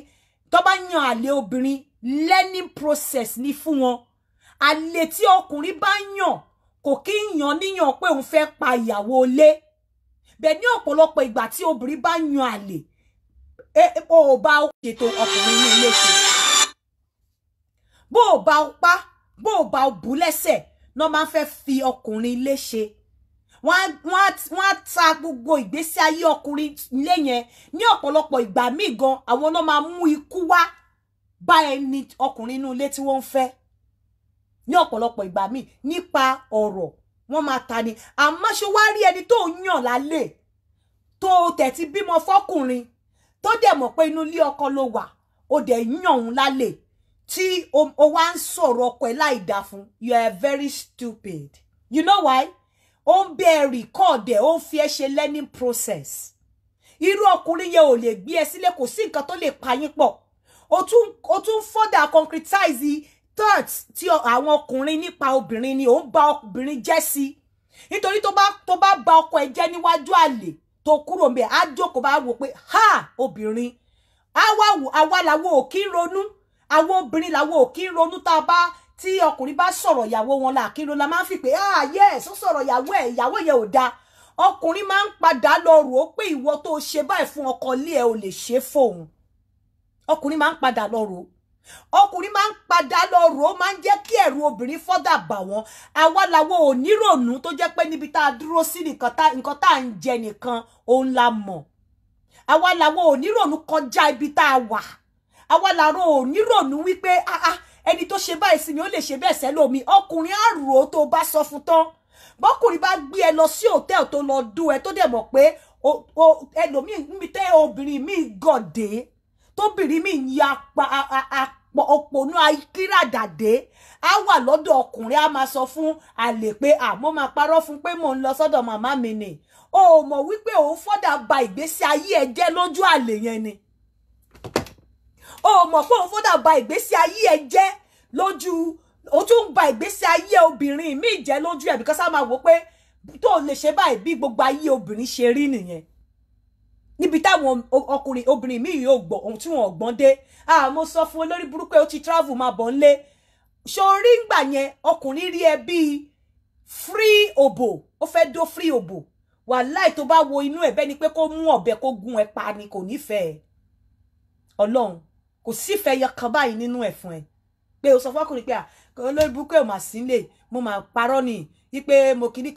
S1: tó bá yàn àlè obìnrin learning process ni fún wọn àlè tí ọkùnrin bá yàn kò kí ń yàn níyàn pé òun fẹ́ pa ìyàwó ilé bẹ́ẹ̀ ní ọ̀pọ̀lọpọ̀ ìgbà tí obìnrin bá yan àlè ó bá ṣètò ọkùnrin ní ilé ṣe bó o bá o pa bó o bá o bù lẹ́sẹ̀ náà máa ń fẹ́ fi ọkùnrin ilé ṣe wọ́n á ta gbogbo ìgbésí ayé ọkùnrin ilé yẹn ní ọ̀pọ̀lọpọ̀ ìgbà míì gan àwọn náà máa mú ikú wá bá ẹni ọkùnrin inú ilé tí wọ́n ń fẹ́ ní ọ̀pọ̀lọpọ̀ ìgbà míì nípa ọ̀rọ̀ wọ́n máa ta ni àmọ́ ṣe wá rí ẹni tó yàn lálẹ́ tó tẹ̀tí bímọ fọ́kùnrin tó dẹ̀ mọ̀ pé inú ilé ọkọ ló wà ó dẹ̀ yàn òun lálẹ́ tí o wá ń sọ̀rọ̀ ọkọ ẹ̀ láì dá fún you are very stupid you know why ó ń bẹ ẹ rìkọ́ọ̀dẹ̀ ó ń fi ẹ ṣe learning process irú ọkùnrin yẹn ò lè gbé ẹ sílẹ̀ kò sí nǹkan tó lè pa yín pọ̀ o tún fọ́dà concretize thoughts ti awon ọkùnrin nípa obìnrin ni ò ń ba obìnrin jẹ́ sí nítorí tó bá tó bá ba ọkọ ẹ jẹ́ níwájú àlè tó kúrò mbẹ̀ á jókòó bá wò pé ha obìnrin àwa àwa làwọn ò kí ń ronú àwọn obìnrin làwọn ò kí ń ronú tá a bá tí ọkùnrin bá sọ̀rọ̀ ìyàwó wọn la máa fi pé ah yes o sọ̀rọ̀ ìyàwó ẹ̀ ìyàwó yẹn ò da. ọkùnrin máa ń padà lọ rò ó pé ìwọ tó ṣe báyìí fún ọkọ ilé ẹ ò lè ṣe fóun ọkùnrin máa ń padà lọ ọkùnrin máa ń padà lọ rò ó máa ń jẹ́ kí ẹ̀rù obìnrin fọ́dà bà wọ́n àwa làwọn ò níròònú tó jẹ́ pé níbi tá a dúró sí nìkan tá à ń jẹ nìkan òun la mọ̀ àwa làwọn ò kọjá ibi tá a wà àwa làwọn ò níròònú wípé ah, ah, ẹni tó ṣe báyìí sí mi ó lè ṣe bẹ́ẹ̀ sẹ́lómi ọkùnrin á rò ó tó bá sọ fún tán bọ́kùnrin bá gbé ẹ lọ sí hòtẹ́ẹ̀lì tó lọ dún ẹ tó dẹ̀ mọ̀ pé ẹlòmíì níbi tẹ́ obìnrin míì gọ̀dẹ́ tóbìnrin mi ń ya apọ̀ òpònú akírádàdé á wà lọ́dọ̀ ọkùnrin á máa sọ fún àlè pé àmọ́ máa parọ́ fún pé mò ń lọ sọ́dọ̀ màmá mi nì o ò mọ̀ wípé òun fọ́dà ba ìgbésí ayé ẹ jẹ́ lójú àlè yẹn ni o ò mọ̀ pé òun fọ́dà ba ìgbésí ayé ẹ jẹ́ lójú o tún ń ba ìgbésí ayé obìnrin míì jẹ́ lójú ẹ̀ bíkọ́sá máa wò pé tó o lè ṣe báyìí bí gbogbo ayé obìnrin ṣe rí nìyẹn níbi táwọn ọkùnrin obìnrin míì yóò gbọ́ ohun tí wọ́n gbọ́n dé ah mo sọ fún olórí burúkú ó ti travel máa bọ̀ ńlé sórí ngbà yẹn ọkùnrin rí ẹ bíi free obo ó fẹ́ dó free obo wàláì tó bá wo inú ẹ bẹ́ẹ̀ ni pé kó mú ọ̀bẹ kó gun ẹ pa ni kò nífẹ̀ẹ́ ọlọ́run kò sífẹ̀ẹ́ yọ kan báyìí nínú ẹ̀ fún ẹ pé o sọ fọkùnrin pé olórí burúkú ẹ̀ mà sí mo mà parọ́ ni wípé mo kì í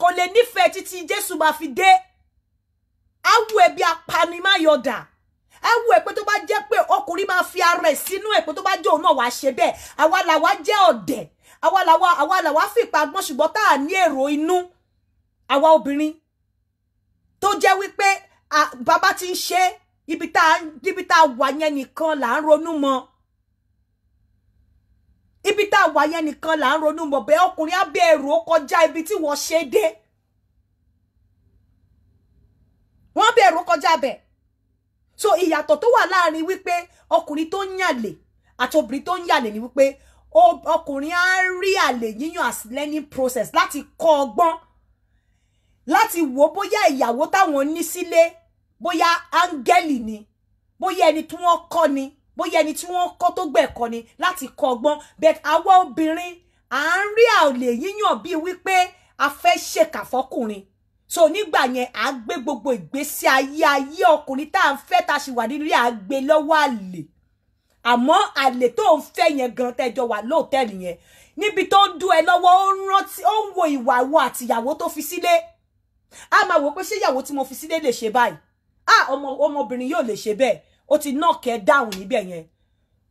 S1: kò lè nífẹ̀ẹ́ títí jésù máa fi dé awu ẹbí apanimayọ̀dà awu ẹ pé tó bá jẹ́ pé ọkùnrin máa fi ara ẹ̀ sínú ẹ̀ pé tó bá jẹ́ òun náà wàá ṣe bẹ́ẹ̀ àwa làwa jẹ́ ọ̀dẹ̀ àwa làwa àwa làwa fìpa gbọ́n ṣùgbọ́n tá à ní èrò inú àwa obìnrin tó jẹ́ wípé bàbá ti ń ṣe ibi tá ibi tá wà yẹn nìkan là ń ronú mọ́ ibi tá wà yẹn nìkan là ń ronú mọ́ bẹ́ẹ̀ ọkùnrin á bẹ èrò kọjá ibi tí wọ́n ṣe dé. wọ́n bẹ̀rù kọjá bẹ̀ so ìyàtọ̀ tó wà láàrin wípé ọkùnrin tó ń yàlè àti obìnrin tó ń yàlè ni wípé ọkùnrin á rí àlè yíyan as learning process láti kọ́ ọgbọ́n láti wò bóyá ìyàwó táwọn ní sílé bóyá áńgẹ́lì ni bóyá ẹni tí wọ́n kọ́ ni bóyá ẹni tí wọ́n kọ́ tó gbẹ̀kọ́ ni láti kọ́ ọgbọ́n but àwa obìnrin à ń rí àlè yíyan bíi wípé a fẹ́ ṣèkà fọkùnrin so nígbà yẹn à á gbé gbogbo ìgbésí ayé ayé ọkùnrin tá à ń fẹ́ tá a sì wà nínú ilé à á gbé e lọ́wọ́ àlè àmọ́ àlè tó ń fẹ́ yẹn gan tẹ́jọ wà lóòtẹ́ẹ̀lì yẹn níbi tó ń dún ẹ lọ́wọ́ ó ń rántí ó ń wo ìwà àwọn àtìyàwó tó fi sílé a máa wò pé ṣé ìyàwó tí mo fi sílé lè ṣe báyìí a ọmọ ọmọbìnrin yóò lè ṣe bẹ́ẹ̀ ó ti knock ẹ down níbẹ̀ yẹn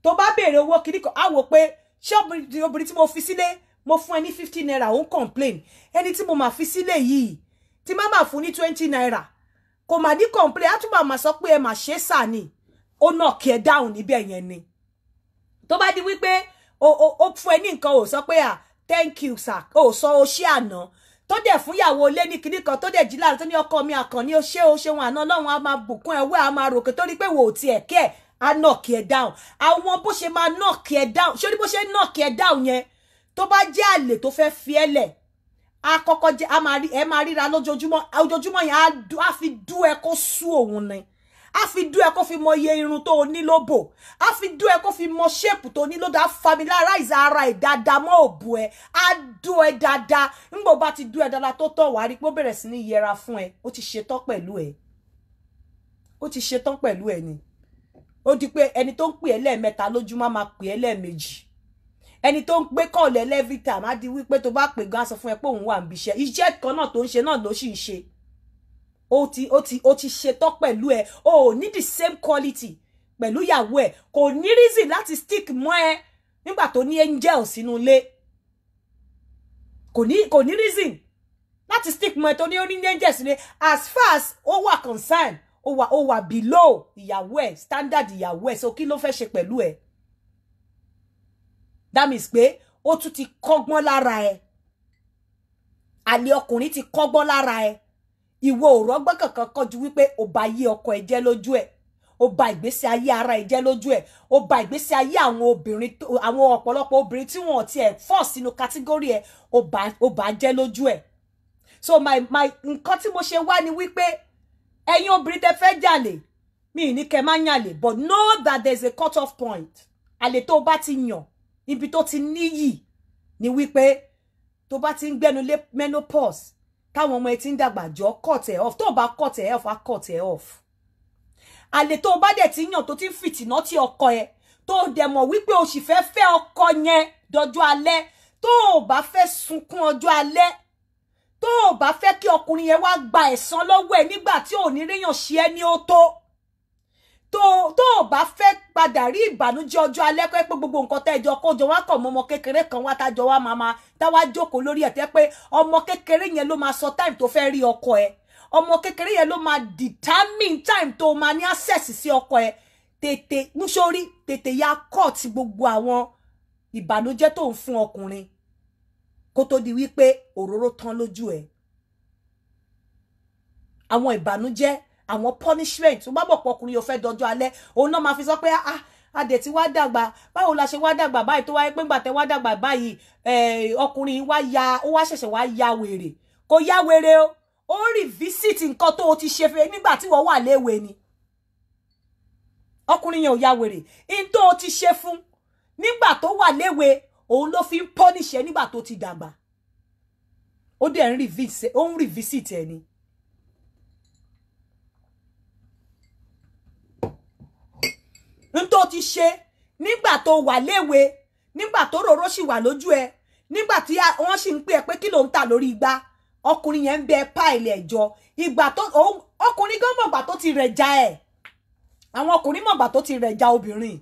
S1: tó bá béèrè owó kiri kan á wò pé ṣé obìnrin tí mo fi sílé mo fún ẹ ní fifteen naira ó ń complain ẹni tí mo máa fi sílé yìí tí má bàa fún ní twenty naira kò mà ní complain àtúbà mà sọ pé ẹ mà ṣe sà ni ó knock ẹ down níbẹ̀ yẹn ni tó bá di wípé ó fún ẹ ní nǹkan ò sọ pé à ah, thank you sir ó sọ ó ṣe àná tó dẹ̀ fún ìyàwó ilé ní kinní kan tó dẹ̀ jí láàrin tó ní ọkọ mi àkànní ó ṣe ó ṣeun àná ọlọ́run á máa bùkún ẹ̀wẹ́ á máa ròkè torí pé wò ó tiẹ̀ kẹ́ ẹ̀ á knock ẹ down àwọn bó ṣe máa knock ẹ down ṣé ní bó ṣe knock ẹ down yẹn tó bá jẹ́ àlè tó fẹ́ fi ẹ́ lẹ̀ a kọ́kọ́ jẹ a máa rí ẹ máa ríra lójoojúmọ́ ojoojúmọ́ yẹn a fi dú ẹ kó sú òun ni a fi dú ẹ kó fi mọ iye irun tó o ní a fi dú ẹ kó fi mọ ṣéèpù tó o ní lódà familiarize ara ẹ dáadáa mọ òbò ẹ á dú ẹ dáadáa ńgbò bá ti dú ẹ dáadáa tó tọ̀ wá rí pé ó bẹ̀rẹ̀ sí ní yẹra fún ẹ ó ti ṣetán pẹ̀lú ẹ ó ti ṣetán pẹ̀lú ẹ ni ó di pé ẹni tó ń pè ẹ lẹ́ẹ̀mẹ́ta lójúmọ́ máa pè ẹ lẹ́ẹ̀mejì ẹni tó ń gbé kọ̀ọ̀lẹ́ every time á di wípé tó bá pè gan á sọ fún ẹ pé òun wà níbi iṣẹ́ iṣẹ́ kan náà tó ń ṣe náà ló sì ń ṣe ó ti ó ti ó ti ṣetán pẹ̀lú ẹ o ò ní the same quality pẹ̀lú ìyàwó ẹ kò ní reason láti stick mọ́ ẹ nígbà tó ní angel sínú ilé kò ní kò ní reason láti stick mọ́ ẹ tó ní ó ní angel sínú ilé as far as ó wà concern ó wà ó wà below ìyàwó ẹ standard ìyàwó ẹ so kí ló fẹ́ ṣe pẹ̀lú ẹ that means pé ó tún ti kọ́gbọ́n lára ẹ àlè ọkùnrin ti kọ́gbọ́n lára ẹ ìwọ ò rọ́gbọ́n kankan kọjú wípé ó bà ayé ọkọ ẹ jẹ́ lójú ẹ ó bà ìgbésí ayé ara ẹ jẹ́ lójú ẹ ó bà ìgbésí ayé àwọn obìnrin àwọn ọ̀pọ̀lọpọ̀ obìnrin tí wọ́n ti ẹ̀ fọ́ sínú kátígórì ẹ ó bà jẹ́ lójú ẹ so my my nǹkan tí mo ṣe wá ni wípé ẹ̀yin obìnrin tẹ́ fẹ́ jalè mi ní kẹ́ máa yàlè but know that there's a cut off point àlè tó o bá ti yàn ibi tó ti níyì ni wípé tó bá ti ń gbẹnu lé menopause táwọn ọmọ ẹ ti ń dàgbà jọ cut ẹ off tó bá cut ẹ off á cut ẹ off àlè tó o bá dẹ̀ ti yàn tó ti fìtìná tí ọkọ ẹ tó o dẹ̀ mọ̀ wípé o sì fẹ́ fẹ́ ọkọ yẹn dọjọ́ alẹ́ tó o bá fẹ́ sunkún ọjọ́ alẹ́ tó bá fẹ́ kí ọkùnrin yẹn wá gba ẹ̀san lọ́wọ́ ẹ nígbà tí ò ní ríyàn ṣe ẹ́ ní ó tó tó tó o bá fẹ́ padà rí ìbànújẹ́ ọjọ́ alẹ́ pé pé gbogbo nǹkan tẹ́ ẹjọ́ kó jọ wá kàn mọ́ ọmọ kékeré kan wá tájọ wá máa táwa jókòó lórí ẹ̀ tẹ́ pé ọmọ kékeré yẹn ló máa sọ táìmù tó fẹ́ rí ọkọ ẹ̀ ọmọ kékeré yẹn ló máa determine time tó máa ní access sí ọkọ ẹ̀ tètè níṣorí tètè ya court gbogbo àwọn ìbànújẹ́ tó ń fún ọkùnrin kó tó di wípé òróró tán lójú ẹ̀ àwọn ìbànújẹ́ àwọn punishment tó bá bọ̀ pọ̀ ọkùnrin yóò fẹ́ dọjọ́ alẹ́ òun náà máa fi sọ pé ah adẹ̀ ah, tí wá dàgbà báwo la ṣe wá dàgbà báyìí tó wáyé pé ńgbà tẹ wá dàgbà báyìí eh, ọkùnrin wá ya ó wá ṣẹ̀ṣẹ̀ wá ya wèrè kò ya wèrè o ó rí visit nǹkan tó o ti ṣe fẹ́ nígbà tí wọ́n wà léwe ni ọkùnrin yẹn ò ya wèrè in tó o ti ṣe fún nígbà tó wà léwe òun ló fi ń pọ́nìṣẹ́ nígbà tó ti dàgbà ó dẹ̀ ń revisit ẹni. n tó ti ṣe nígbà tó wà léwe nígbà tó roró sì wà lójú ẹ nígbà tí wọ́n sì ń pè ẹ pé kí ló ń tà lórí igba ọkùnrin yẹn ń bẹ páìlì ẹ̀jọ ìgbà tó ọkùnrin gan mọ̀gbà tó ti rẹ̀jà ẹ̀ àwọn ọkùnrin mọ̀gbà tó ti rẹ̀jà obìnrin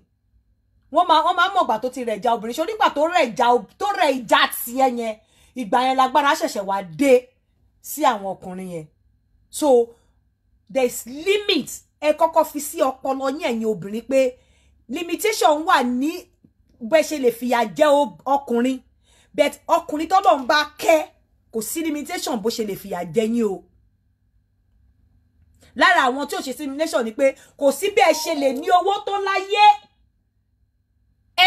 S1: wọ́n máa wọ́n tó ti rẹ̀jà obìnrin ṣó nígbà tó rẹ̀jà tó rẹ̀ ìjà yẹn ìgbà yẹn lágbára ṣẹ̀ṣẹ̀ wá dé sí àwọn ọkùnrin yẹn so there is limit ẹ kọ́kọ́ fi sí ọpọlọ yín ẹ̀yin obìnrin pé limitation wà ní bẹ́ẹ̀ ṣe lè fìyà jẹ ọkùnrin but ọkùnrin tọ́lọ́run bá kẹ́ kò sí limitation bó ṣe lè fìyà jẹ yín o lára àwọn tí ò ṣe simulation ni pé kò sí bẹ́ẹ̀ ṣe lè ní owó tó láyé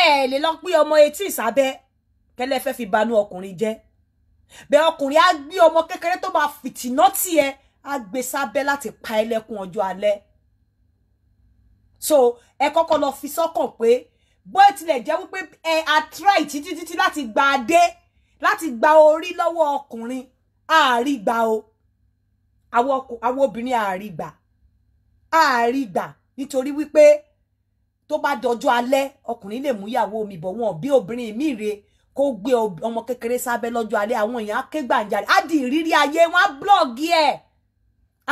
S1: ẹ lè lọ pé ọmọ etí ìsábẹ́ kẹlẹ́ fẹ́ fi banú ọkùnrin jẹ́ bẹ́ẹ̀ ọkùnrin á gbé ọmọ kékeré tó máa fìtìná tiẹ̀ á gbé sábẹ́ láti pa ẹlẹ́kùn ọjọ́ alẹ́ so ẹ kọ́kọ́ lọ fi sọ́kàn pé bó tilẹ̀ jẹ́ wípé ẹ atrai títí títí láti gba adé láti gba orí lọ́wọ́ ọkùnrin àárí gbà o àwọn obìnrin àárí gbà àárí gbà nítorí wípé tó bá dọjọ́ alẹ́ ọkùnrin lè mú ìyàwó mi bọ̀ wọn bí obìnrin mi rè kó gbé ọmọ kékeré sábẹ́ lọ́jọ́ alẹ́ àwọn èèyàn á ké gbàǹjarè á di ìrírí ayé wọn á blọ́ọ̀gì ẹ̀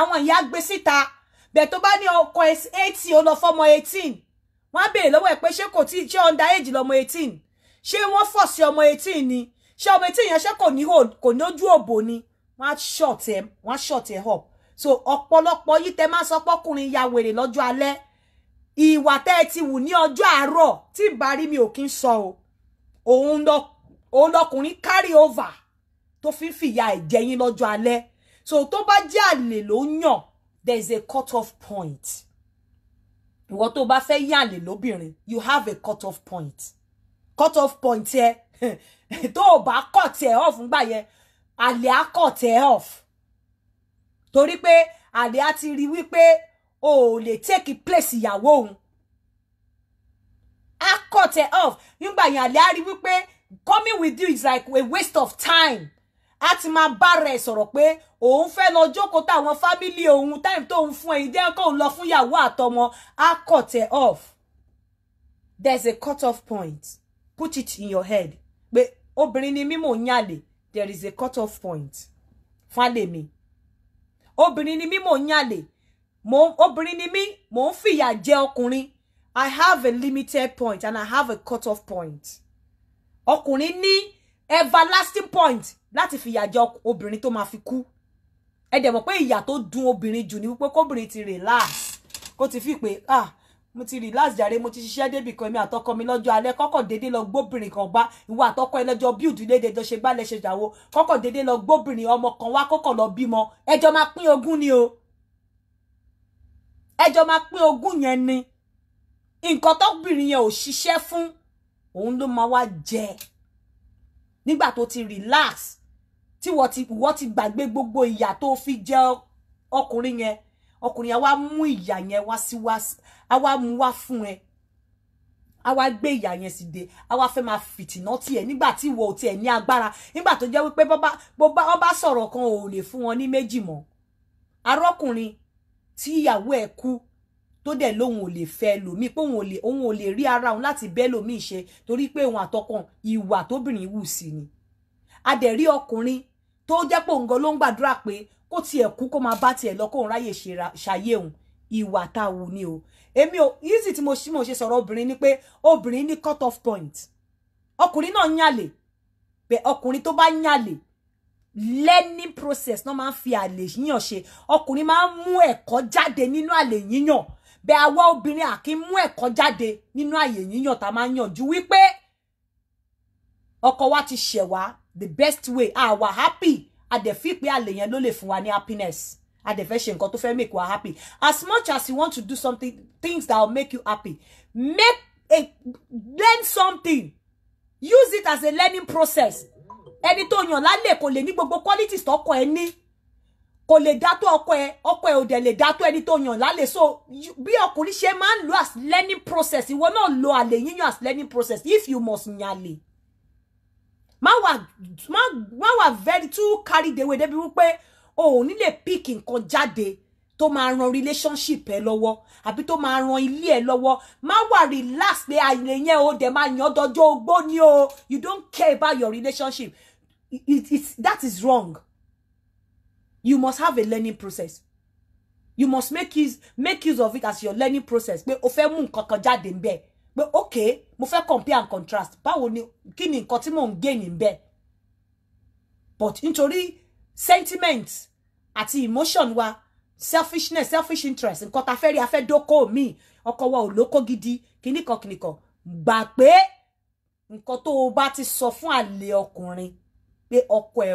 S1: àwọn èèyàn á gbé síta. Si bẹ́ẹ̀ tó bá ní ọkọ eighty ó lọ fọmọ eighteen wọ́n á béèrè lọ́wọ́ ẹ̀ pé ṣé kò tí ṣé under age lọ́mọ eighteen ṣé wọ́n fọ̀ sí ọmọ eighteen ni ṣé ọmọ eighteen yẹn ṣé kò hold kò ní ojú òbò ni wọ́n short ẹ̀ wọ́n short e up so ọ̀pọ̀lọpọ̀ yìí tẹ́ máa sọ pọ́kùnrin ya wèrè lọ́jọ́ alẹ́ ìwà tẹ́ ẹ ti wù ni ọjọ́ àárọ̀ tí ìbá rí mi ò kí ń sọ o òun carry over tó fi ń fìyà ẹ̀jẹ̀ yín lọ́jọ́ alẹ́ so tó bá jẹ́ àlè ló ń There's a cut off point ìwọ tó bá fẹ́ yàlè lóbìnrin you have a cut off point cut off point yẹ tó ba cut ẹ off ńgbà yẹn àlè á cut ẹ off torí pé àlè á ti rí wípé o ò take place ìyàwó òun á cut ẹ off nígbà yẹn àlè á rí wípé coming with you is like a waste of time a ti máa bára ẹ̀ sọ̀rọ̀ pé òun fẹ́ lọ jókòó táwọn fámílì òun táìm tóun fún ẹ̀yìn jẹ́ kóun lọ fún ìyàwó àtọmọ á cut ẹ̀ off there's a cut off point put it in your head pé obìnrin ni mímò ń there is a cut off point fún àlè mi obìnrin ni mímò ń yàlè obìnrin ni mí mò ń fìyà jẹ ọkùnrin I have a limited point and I have a cut off point ọkùnrin ní everlasting point láti fìyà jẹ obìnrin tó máa fi kú ẹ dẹ̀ mọ̀ pé ìyà tó dùn obìnrin jù ni wípé kóbìnrin ti relax kó ti fi pé ah mo ti relax jàre mo ti ṣiṣẹ́ débì kan èmi àtọkọ mi lọ́jọ́ alẹ́ kọ́kọ́ dédé lọ gbóbìnrin kan bá ìwọ àtọkọ ẹ lọ́jọ́ build léde jọ ṣe gbálẹ̀ ṣe jàwo kọ́kọ́ dédé lọ gbóbìnrin ọmọ kan wá kọ́kọ́ lọ bímọ ẹjọ́ máa pín ogún ni o ẹjọ́ máa pín ogún yẹn ni nǹkan tọ́bìnrin yẹn ò ṣiṣẹ́ fún òun ló máa wá jẹ nígbà tó ti relax tí wọ́n ti wọ́n ti gbàgbé gbogbo ìyà tó fi jẹ ọkùnrin yẹn ọkùnrin yẹn wá mú ìyà yẹn wá sí wá á wá mú wá fún ẹ á wá gbé ìyà yẹn sì dé á wá fẹ́ máa fìtìná tiẹ̀ nígbà tí ìwọ ò tiẹ̀ ní agbára nígbà tó jẹ́ wípé bọ́bá bọ́bá ọba sọ̀rọ̀ kan ò lè fún wọn ní méjì mọ́ arọ́kùnrin tí ìyàwó ẹ̀ kú tó dẹ̀ lóun ò lè fẹ́ lòmíì pé òun ò lè òun ò lè rí ara òun láti bẹ́ lòmíì ṣe torí pé òun àtọkàn ìwà tóbìnrin wù sí ni a dẹ̀ rí ọkùnrin tó jẹ́ pé òǹgọ́ ló ń gbàdúrà pé kó tiẹ̀ kú kó máa bá tiẹ̀ lọ kóun ráyè ṣàyé òun ìwà tá a wù ni o èmi ò easy tí mo ṣí mo ṣe sọ̀rọ̀ obìnrin ni pé obìnrin ní cut off point ọkùnrin náà yàlè pé ọkùnrin tó bá yàlè learning process náà máa ń fi àlè yíyàn ṣe ọkùnrin máa ń mú ẹ̀kọ́ jáde nínú àlè yíyàn bẹ́ẹ̀ àwa obìnrin àkí mú ẹ̀kọ́ jáde nínú àyè yíyàn tá a máa ń yànjú wípé ọkọ wa ti ṣẹ̀ the best way ah, àwa happy a dẹ̀ fi pé àlè yẹn ló lè fún wa ní happiness a dẹ̀ fẹ́ ṣe nǹkan tó fẹ́ make wa happy as much as you want to do something things that will make you happy make a learn something use it as a learning process ẹni tó yàn lálẹ́ kò lè ní gbogbo qualities tó kọ ẹ ní kò lè dá tó ọkọ ẹ ọkọ ẹ ò dẹ̀ lè dá tó ẹni tó yàn lálẹ́ so bí ọkùnrin ṣe man. ń lo as learning process ìwọ náà lo àlè yíyan as learning process if you must yàn má wà má má wà very too carried away débi wípé o oh, ní lè pick nǹkan jáde to máa ran relationship ẹ lọ́wọ́ àbí to máa ran ilé ẹ lọ́wọ́ má wà relax pé àyè yẹn o dẹ̀ máa yàn dọjọ́ ogbó ni o you don't care about your relationship it, it, it, that is wrong you must have a learning process you must make use make use of it as your learning process pé o fẹ́ mú nǹkan kan jáde ń pé okay, mo fẹ́ compare and contrast báwo ni kí ni nǹkan tí mò ń gain níbẹ̀ but nítorí sentiment ati emotion wa selfishness selfish interest nǹkan ta fẹ́ rí a fẹ́ dóko mi Oko wa ò lóko gidi kíníkan kíníkan gbà pé nǹkan tó o ba ti sọ fún àlè ọkùnrin pé ọkọ ẹ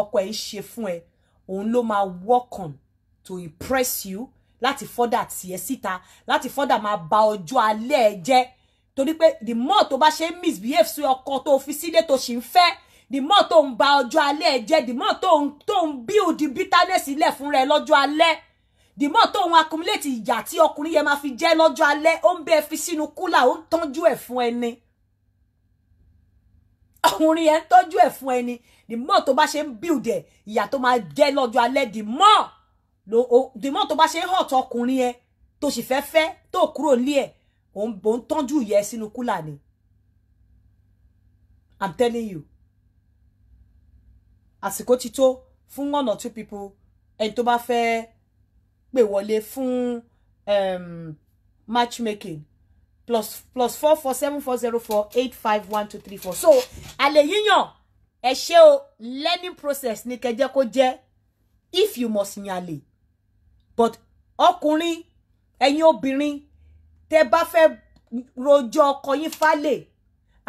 S1: ọkọ ẹ ń ṣe fún ẹ òun ló máa work on to impress you láti fọ́dà tiẹ̀ síta láti fọ́dà ma ba ojo alẹ́ ẹ jẹ́ torí pe, the more tó bá ṣe ń misbehave sí ọkọ tó fi sílé tó sì ń fẹ́ the more tó ń ba ọjọ́ alẹ́ ẹ jẹ́ the more tó ń build bitterness ilẹ̀ fúnra ẹ lọ́jọ́ alẹ́ the more tó ń accumulate ìyà tí ọkùnrin yẹn máa fi jẹ́ lọ́jọ́ alẹ́ ó ń bẹ́ẹ̀ fi sínú kúlà ó ń tọ́jú ẹ̀ fún ẹni ọkùnrin yẹn ń tọ́jú ẹ̀ fún ẹni the more tó bá ṣe ń build ẹ̀ ìyà tó máa jẹ́ lọ́jọ́ alẹ́ the more the more tó bá ṣe hot ọkùnrin yẹn tó sì fẹ́ fẹ́ tó kúrò lé ẹ̀ òun tọ́jú ìyẹ́ sínú kúlà ni i'm telling you àsìkò ti tó fún one or two people ẹni tó bá fẹ́ pè wọlé fún um, matchmaking plus plus four four seven four zero four eight five one two three four so àlè yíyàn ẹ ṣe o learning process ní kẹjẹ kó jẹ́ if you must yàn àlè but ọkùnrin ẹ̀yin obìnrin tẹ́ bá fẹ́ rojọ́ ọkọ yín fálè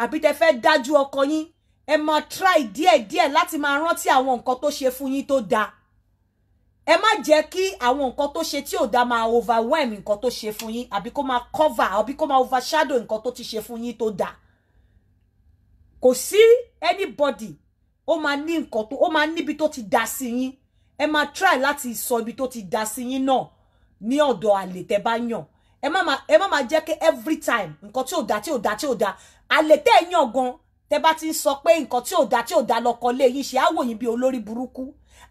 S1: àbí tẹ́ fẹ́ dájú ọkọ yín ẹ máa try díẹ̀díẹ̀ láti máa rántí àwọn nǹkan tó ṣe fún yín tó dáa ẹ má jẹ́ kí àwọn nǹkan tó ṣe tí ò dáa máa overwhelm nǹkan tó ṣe fún yín àbí kó máa cover àbí kó máa overshadow nǹkan tó ti ṣe fún yín tó dáa kò sí anybody ó máa ní nǹkan tó ó máa níbi tó ti dá sí yín ẹ máa try láti sọ ibi tó ti dá sí yín náà ní ọ̀dọ̀ àlè tẹ́ bá yàn ẹ má ma jẹ́ kí every time nǹkan tí ò dá tí ò dá tí ò dá àlè tẹ́ ẹ̀ yàn gan tẹ́ bá ti ń sọ pé nǹkan tí ò dá tí ò dá lọ́kọ lé yín ṣe àwò yín bí olórí burúkú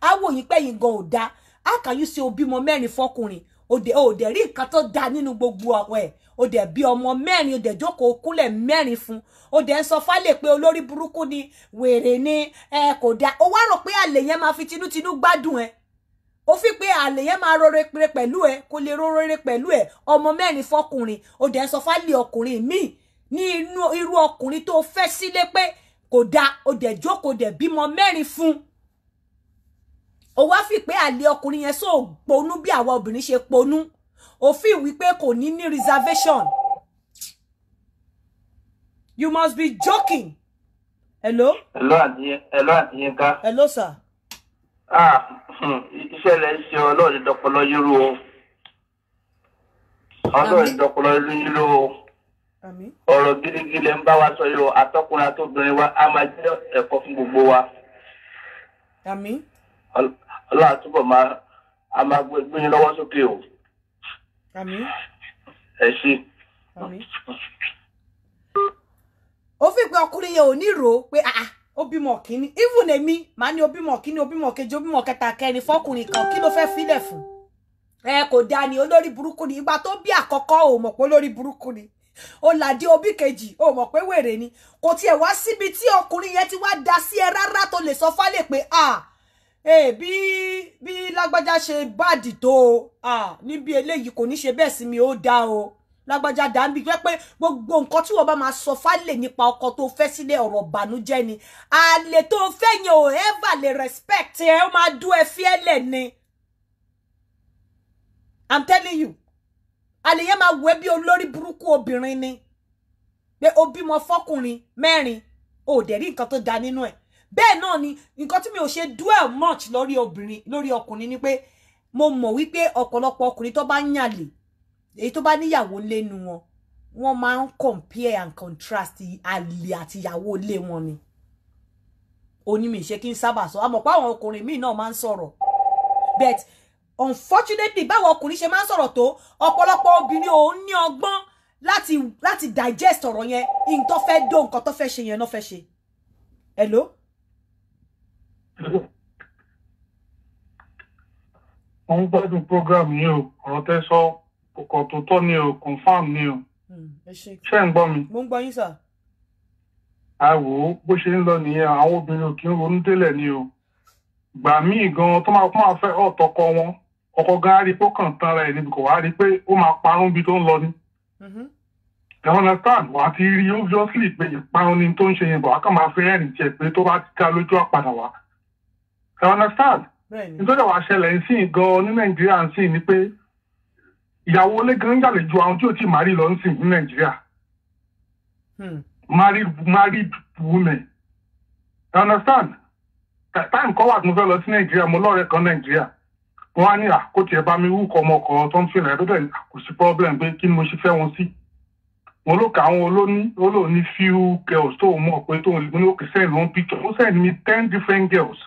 S1: àwò yín pé yín gan ò dá àkàyú sí obìmọ mẹ́rin fọkùnrin òdè òdè rí nǹkan tó dá nínú gbogbo ọ̀wọ́ òdè bí ọmọ mẹ́rin òdè jókòó kúnlẹ̀ mẹ́rin fún òdè ń sọ fálẹ̀ pé olórí burúkú ni wèrè ni ẹ kò dá ó wá rò pé àlè yẹn máa fi tinútinú gbádùn ẹ̀ ó fi pé àlè yẹn máa rọrẹ pẹ̀lú ẹ kó lè rọrẹ pẹ̀lú ẹ ọmọ mẹ́rin fọkùnrin ó dẹ̀ sọ fálẹ̀ ọkùnrin míì ní inú irú ọkùnrin tó fẹ́ sílé pé kò dáa ó dẹ̀ jókòó dẹ̀ bímọ mẹ́rin fún ó wá fi pé àlè ọkùnrin yẹn sọ ponú bí àwa obìnrin ṣe ponú òfin wípé kò ní ní reservation you must be joking hello. hello àti hello àti yẹn hello sir. iṣẹ́ ah, hmm, rẹ̀
S2: ṣe ọlọ́ọ̀dẹ dọ́pọ̀lọ́ yúrú o ọlọ́ọ̀dẹ dọ́pọ̀lọ́ yúrú o ọ̀rọ̀ gidigidi ń bá wa sọ yìí o àtọkùnrin wa á máa jẹ́ ẹ̀kọ́ fún gbogbo wa. ọlọ́run máa a máa sókè o. ẹ ṣe.
S1: fi pé ọkùnrin yẹn ò ní rò ó pé ah, ah, Obi bímọ kínní even èmi màá ní obi bímọ kínní obi bímọ kejì ó bímọ kẹta kẹrin fọkùnrin kan kí ló fẹ́ filẹ̀ fún ẹ kò dáa ni olórí burúkú ni ìgbà tó bí àkọ́kọ́ ò mọ̀ pé olórí burúkú ni ó làdí obi kejì ó mọ̀ pé wèrè ni kò tiẹ̀ wá síbi tí ọkùnrin yẹn ti wá da sí ẹ rárá tó lè sọ fálẹ̀ pé ah ee bí bí lágbájá ṣe báàdì tó o níbi eléyìí kò ní ṣe bẹ́ẹ̀ sí mi ó dá o lágbájá dàbí pé pé gbogbo nǹkan tí wọ́n bá máa sọ fálè nípa ọkọ tó fẹ́ sílé ọ̀rọ̀ bànújẹ́ ni àlè tó fẹ́ yẹn ò ẹvà lè respect ẹ ó máa dún ẹ fiẹlẹ ni i'm telling you àlè yẹn máa wẹ bí olórí burúkú obìnrin ni pé o bímọ fọkùnrin mẹ́rin o dẹ̀ rí nǹkan tó da nínú ẹ̀ bẹ́ẹ̀ náà ni nǹkan tí mi ò ṣe dwell much lórí obìnrin lórí ọkùnrin ni pé mo mọ̀ wípé ọ̀pọ̀lọpọ̀ ọkùnrin tó to ń yàlè èyí tó bá níyàwó lẹ́nu wọn wọ́n máa ń compare and contrast àlè àti ìyàwó ilé wọn ni onímìíṣe kí n sábà sọ àmọ́ pé àwọn ọkùnrin míì náà máa ń sọ̀rọ̀ but unfortunately báwọn ọkùnrin ṣe máa ń sọ̀rọ̀ tó ọ̀pọ̀lọpọ̀ obìnrin òun ní ọgbọ́n láti láti digest ọ̀rọ̀ yẹn nǹkan tó fẹ́ dó nǹkan tó fẹ́ ṣe yẹn náà fẹ́ ṣe hello.
S2: mo ń gbádùn program yìí o ọ̀rọ̀ tẹ́ sọ kòkò tó tọ́ ni o confam ni o hmm, ṣé ń gbọ́ mi. mo ń gbọ́ yín sà. àwò bó ṣe ń lọ nìyẹn àwọn obìnrin ò kí ń ronú délẹ̀ ni o gbà míì gan tó máa kó máa fẹ́ ọ̀tọ̀kọ wọn ọkọ gan á rí pé ó kàn tanra ẹ̀ níbi kò wá rí pé ó máa parun bí tó ń lọ ni. Mm-hmm. ẹ̀wọ̀n tán wà á ti rí obviously pé ìparun ni tó ń ṣe yẹn bọ̀ wá máa fẹ́ rìn jẹ pé tó bá ti dá lójú àpàdà wá. ẹ̀wọ̀n tán nítorí àwọn àṣẹlẹ̀ ń sìn gan ní nàìjíríà ń sìn ni pé ìyàwó ilé gan yàlejò àwọn tí ò tí marry lọ ń sìn ní nàìjíríà hmm. married married women you understand time kan wà tí mo fẹ́ lọ sí nàìjíríà mo lọ́ọ̀rẹ́ kan nàìjíríà wọ́n á ní àkótì ẹ̀ bá mi wúkọ ọmọ ọkọ̀ tó ń fìlà ẹ̀ tó dẹ̀ kò sí problem pé kí ni mo ṣe fẹ́ wọn sí mo ló ka àwọn olóní olóòní few girls tó mọ̀ pé tó ń ní òkè send one picture ó send me ten different girls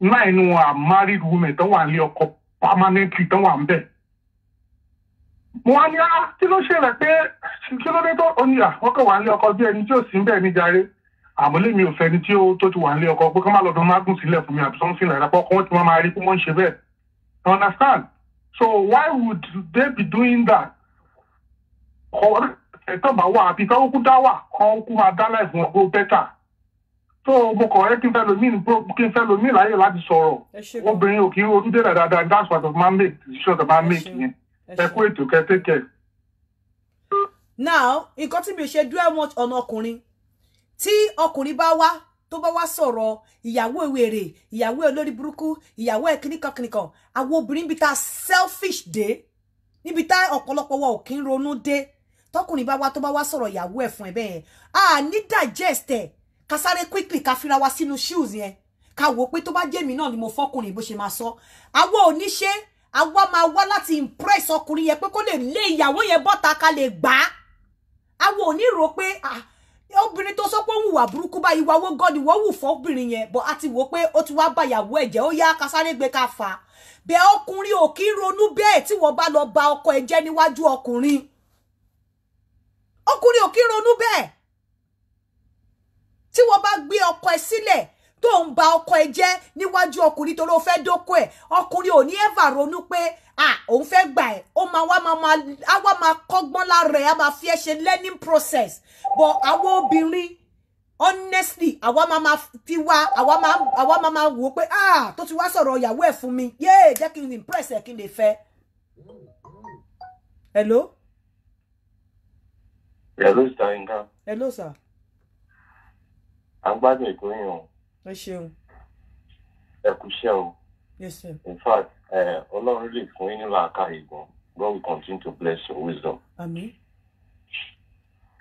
S2: nine wọn are married women tó wà ní ọkọ permanently tó wà ń bẹ́ẹ̀ mo wá ní á kí ló ṣẹlẹ̀ pé kí ló dé tó ó ní àkọ́kọ́ wà nílé ọkọ bí ẹni tí ò sí bẹ́ẹ̀ ní jàre àmúlé mi ò fẹ́ ni tí ó tó ti wà nílé ọkọ pé kí wọ́n má lọ́dún má sílẹ̀ fún mi àbí sọ́nsìn rẹ̀ pọ̀ kí wọ́n ti wọ́n máa rí kí wọ́n ṣe bẹ́ẹ̀ you understand so why would they be doing that ẹ̀tọ́ bá wà àbí káwọn kú dá wà kán kú máa dá láì fún ọgbọ́n bẹ́tà tó mo kọ̀ ẹ́ kí n fẹ́ lomi kí n fẹ́ lomi láyè láti sọ̀rọ̀ obìnrin ò kí ń dáadáa that's what I man make decision I man make yẹn ẹ ètò kẹtẹkẹ.
S1: now nǹkan tí mi ṣe dúró wọn ọ̀nà ọkùnrin tí ọkùnrin bá wá tó bá wá sọ̀rọ̀ ìyàwó ewèrè ìyàwó olórí burúkú ìyàwó ẹ̀kíníkankínikan àwọn obìnrin bíi ta selfish dé níbi tá ọ̀pọ̀lọpọ̀ wa ò kí ń ronú dé tọkùnrin bá wá tó bá wá sọ̀rọ̀ ìyàwó ẹ̀ fún ẹ bẹ́ẹ̀ a ní digest ẹ̀ ká sáré quickly ká fira wa sínú shoes yẹn ká wò ó pé tó bá jẹ́mi náà ni mo fọkùnrin bó ṣe máa sọ àwọn ò ní ṣe é Awa máa wá láti impress ọkùnrin yẹn pé kó lè lé ìyàwó yẹn bọ́ta ká lè gbà á àwa ò ní rò pé ah, obìnrin tó sọ pé òun wà burúkú bá ìwà owó gọ́ọ̀dì wọ́n wù fọ́bìnrin yẹn bọ́ a ti wò pé ó ti wá bá ìyàwó ẹ̀jẹ̀ ó yá kásáré gbé ká fà á bẹ́ẹ̀ ọkùnrin ò kí ronú bẹ́ẹ̀ tí wọ́n bá lọ ba ọkọ ẹ̀ jẹ́ níwájú ọkùnrin ọkùnrin ò kí ronú bẹ́ẹ̀ tí wọ́n bá gbé ọkọ ẹ̀ sílẹ̀ tó ń ba ọkọ ẹ jẹ́ níwájú ọkùnrin torí ó fẹ́ dóko ẹ̀ ọkùnrin ò ní ẹ̀fà ronú pé à òun fẹ́ gbà ẹ̀ ó máa wá máa á wá máa kọ́gbọ́n lára ẹ̀ á máa fi ẹ́ ṣe learning process but àwọn obìnrin honestly àwa máa máa fi wá àwa máa àwa máa máa wò ó pé ah tó ti wá sọ̀rọ̀ ìyàwó ẹ̀ fún mi yéè jẹ́ kí n impress ẹ̀ kí n lè fẹ́. hello.
S2: hello sir. hello sir. a gbádùn o ẹ ṣeun. ẹ kú iṣẹ́ o. yes sir. in fact ọlọ́run lè fún yín nílò àká ìgbọ̀n God will continue to bless your wisdom. àmín.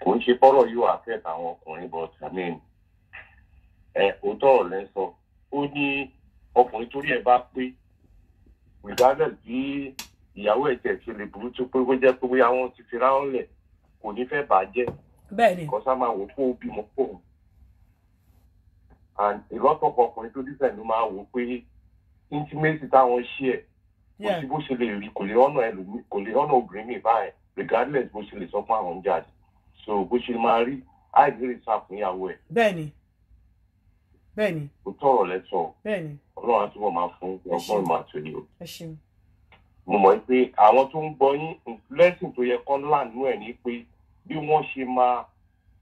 S2: kò ń ṣe bọ́rọ̀ yóò affect àwọn ọkùnrin but I mean ẹ òótọ́ ọ̀rẹ́ ń sọ ó ní ọkùnrin torí ẹ bá pé ìdálẹ̀ bí ìyàwó ẹ̀ tẹ̀ ṣe lè burú tó pé kó jẹ́ pé bóyá wọ́n ti fi ráhùn lẹ̀ kò ní fẹ́ bàjẹ́. bẹ́ẹ̀ ni. kọ́sá máa wò ó kó o bímọ kó o and a lot of ọkùnrin tó dísẹ̀ ló máa wò pé intimacy táwọn ṣe ẹ̀ kò sí bó ṣe lè rí kò lè ọ̀nà ẹlòmíì kò lè ọ̀nà obìnrin mi báyẹn regardless bó ṣe lè sọ fún àwọn jáde so bó ṣe máa rí àìbéèrè sá fún ìyàwó ẹ̀. bẹ́ẹ̀ni bẹ́ẹ̀ni. o tọrọ lẹsọ. bẹ́ẹ̀ni. Ọlọ́run á túbọ̀ máa fún ọgbọ́n ìmọ̀ àtòlè o.
S1: ẹ ṣeun. mo mọ̀
S2: pé àwọn tó ń gbọ́ yín lẹ́sìn tó yẹ kán láàánú ẹ̀ ni pé bí wọ́n ṣe máa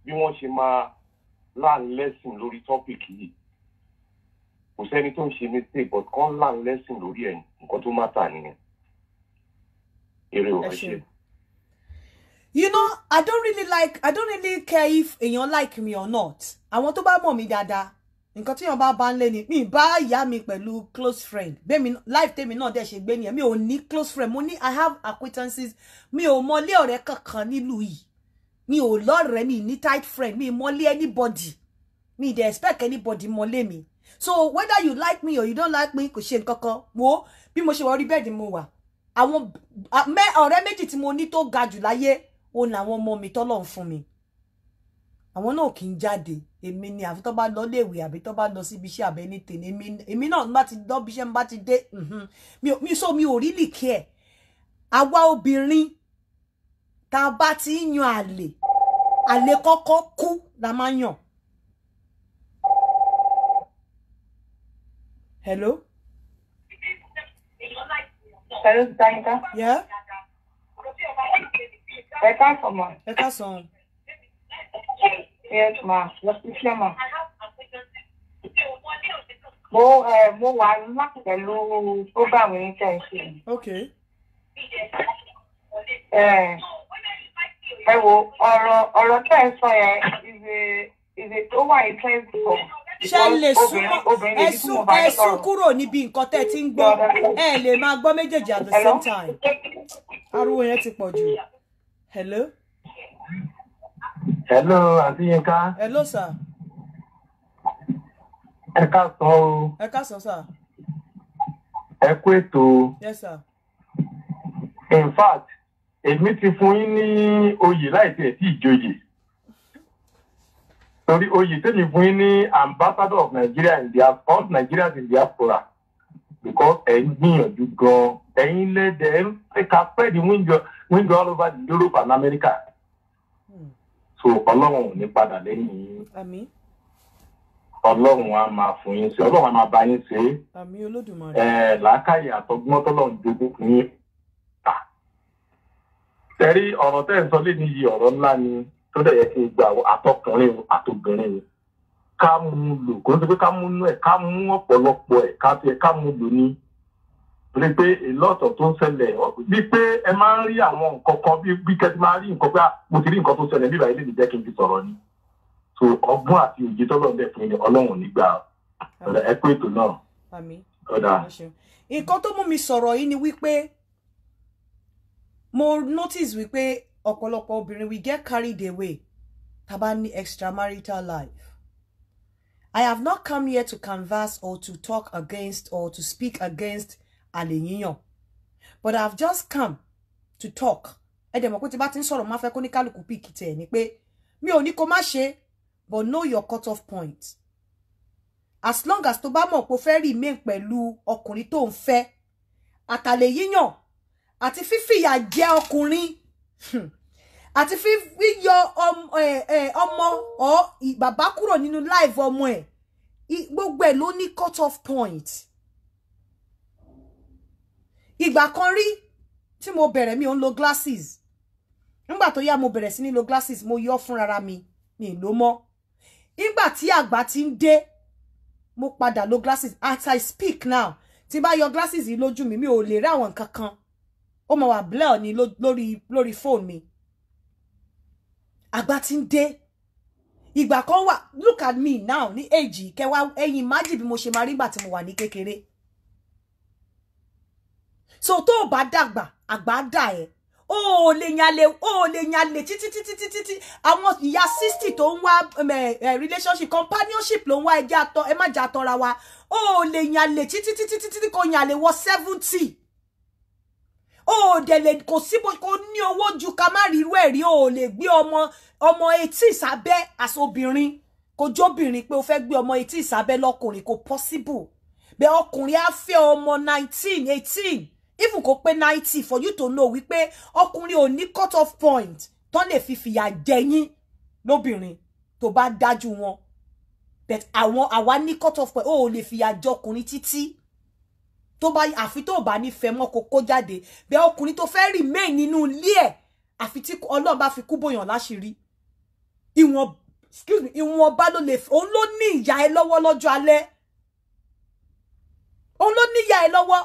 S2: bí wọ́n ṣe máa láàn lẹ́sìn lórí tọ́pìkì yìí kò sẹ́ni tó ń ṣe mistake but kán láàn lẹ́sìn lórí ẹ̀ nǹkan tó má tà nìyẹn
S1: you know i don't really like i don't really care if èèyàn like me or not àwọn tó bá mọ̀ mí dáadáa nǹkan tí èèyàn bá bá ń lé ni mi bá ìyá mi pẹ̀lú close friend bẹ́ẹ̀ mi life tèmi náà dẹ̀ ṣe gbé nìyẹn mi ò ní close friend mo ní i have acquaintances mi ò mọ ilé ọ̀rẹ́ kankan nílùú yìí mi ò lọ́rẹ̀ẹ́ mi ní tight friend mi mọ́lé anybody mi dey expect anybody mọ́lé mi so whether you like me or you don't like me kò ṣe nǹkan kan wo bí mo ṣe wọ orí bẹ́ẹ̀ ni mo wà àwọn ọ̀rẹ́ méjì tí mo ní tó ga jù láyé òun làwọn ọmọ mi tọ́lọ́run fún mi àwọn náà kì í jáde èmi ni àfi tó bá lọ léèwé àbí tó bá lọ síbi iṣẹ́ àbẹ ní tèmi èmi náà bá ti lọ bí iṣẹ́ bá ti dé mhm. mi so mi ò rí lì kí ẹ̀ àwa obìnrin tá a bá ti ń yan àlè àlè kọ́kọ́ kú la máa yàn. hello. hello Tanka. ẹ káàsán ma. ẹ káàsán.
S3: yes ma lọ sí iṣẹ́ ma. mo mo wà láti pẹ̀lú program yìí tẹ̀ ń ok okay.
S4: Uh, ẹ
S3: wo
S1: ọ̀rọ̀ ọ̀rọ̀ tẹ́ ẹ sọ yẹn ìwé
S3: ìwé tó wà ní twenty four
S1: ṣe lè sún ẹ sún ẹ sún kúrò níbi nǹkan tẹ́ ti ń gbọ́ ẹ lè máa gbọ́ méjèèjì at the same time ariwo yẹn ti pọ̀ jù hello. hello àti Yinka. hello sir.
S2: ẹ ká sọ o. ẹ ká sọ sir. ẹ kú ètò. yes sir. in fact èmi ti fún yín ní oyè láìsí ẹ̀ tí ìjòyè torí oyè tèmi fún yín ní ambassador of Nigeria in the all Nigeria in diaspora because ẹ̀ ń gbìyànjú gan-an ẹ̀yin lẹ́dẹ̀ ẹ̀ ń ṣèkà fẹ́ẹ̀dì wíńdò all over Europe and America so ọlọ́run ò ní padà lẹ́yìn
S1: yín. Àmín
S2: ọlọ́run á máa fún yín ṣe ọlọ́run á máa bá yín ṣe é.
S1: àmì olódùmarè.
S2: ẹ làákàyè àtọgbọ́n tọ́lọ́run jogún fún yín tẹ̀rí ọ̀rọ̀ tẹ́ ń sọ lé ní iye ọ̀rọ̀ ńlá ni tó dẹ̀ yẹ kí n gbà àtọkùnrin o àtobìnrin o ká mú un lò kó tó pé ká mú inú ẹ̀ ká mú ọ̀pọ̀lọpọ̀ ẹ̀ ká tiẹ̀ ká mú un lò ní. torí pé èlò ọ̀tọ̀ tó ń ṣẹlẹ̀ bí pé ẹ máa ń rí àwọn nǹkan kan bí kẹ́tí máa rí nǹkan pé ah, mo ti rí nǹkan tó ṣẹlẹ̀ bíbá ilé mi jẹ́ kí n fi sọ̀rọ̀ ni. so ọgbọ́n àti òye tọ́lọ́run dẹ̀ fún mi ọlọ́run nígbà ẹ ètò
S1: náà. nǹkan tó mú mi sọ̀rọ̀ yìí ni wípé mo notice wípé ọ̀pọ̀lọpọ̀ obìnrin we get carried away tá bá ní extramarital life I have not come here to converse or to talk against or to speak against àlè but I have just come to talk ẹ dẹ̀ mọ̀ pé tí bá ti ń sọ̀rọ̀ máa fẹ́ kó ní kálukú píìkì tẹ̀ ni pé mi ò ní kó má ṣe but know your cut off point as long as tó bá mọ̀ pé o fẹ́ remain pẹ̀lú ọkùnrin tó ń fẹ́ àtàlè àti fífìyà jẹ ọkùnrin hmm. àti fífìyọ ọmọ ọ bàbá kúrò nínú life ọmọ ẹ gbogbo ẹ ló ní cut off point ìgbà kan rí tí mo bẹ̀rẹ̀ mi ò ń lo glasses nígbà tó yá mo bẹ̀rẹ̀ sí ní lo glasses mo yọ fún rárá mi mi ì lò mọ́ nígbà tí àgbà ti ń dé mo padà lo glasses as I speak now tí bá yọ glasses yìí lójú mi mi ò lè rí àwọn nǹkan kan ó máa wà blur ní lórí lórí fóònù mi àgbà ti ń dé ìgbà kan wà look at me now ní èjì kẹwàá ẹ̀yin májì bí mo ṣe máa rí ìgbà tí mo wà ní kékeré so tó o bá dàgbà àgbà dà ẹ o ò lè yanlè o ò lè yanlè títí títí títí tí àwọn ìyá sixty tó ń wá um, eh, eh, relationship companionship ló ń wá ẹjẹ àtọ ẹ má jẹ àtọra wa o ò lè yanlè títí títí títí kò yanlè wọ seventy o ò dẹ̀ lè kò sí bó kò ní owó ju ká má rí irú ẹ̀ rí o ò lè gbé ọmọ ọmọ etí ìsábẹ́ asobìnrin kò jóbìnrin pé o fẹ́ gbé ọmọ etí ìsábẹ́ lọ́kùnrin kò possible bẹ́ẹ̀ ọkùnrin á fẹ́ ọmọ nineteen eighteen even kò pé ninety for you to know wípé ọkùnrin ò ni cut off point tán lè fi fìyà jẹ yín lóbìnrin tó bá dájú wọn but àwọn àwa ni cut off point o ò lè fìyà jọkùnrin títí tó bá àfi tó bá nífẹ̀ẹ́ mọ́ kó kó jáde bẹ́ẹ̀ ọkùnrin tó fẹ́ remain nínú ilé ẹ̀ àfi tí ọlọ́run bá fi kú bòyàn láṣìírí ìwọ̀n excuse me ìwọ̀n bá ló lè òun ló ní ìyá ẹ lọ́wọ́ lọ́jọ́ alẹ́ òun ló ní ìyá ẹ lọ́wọ́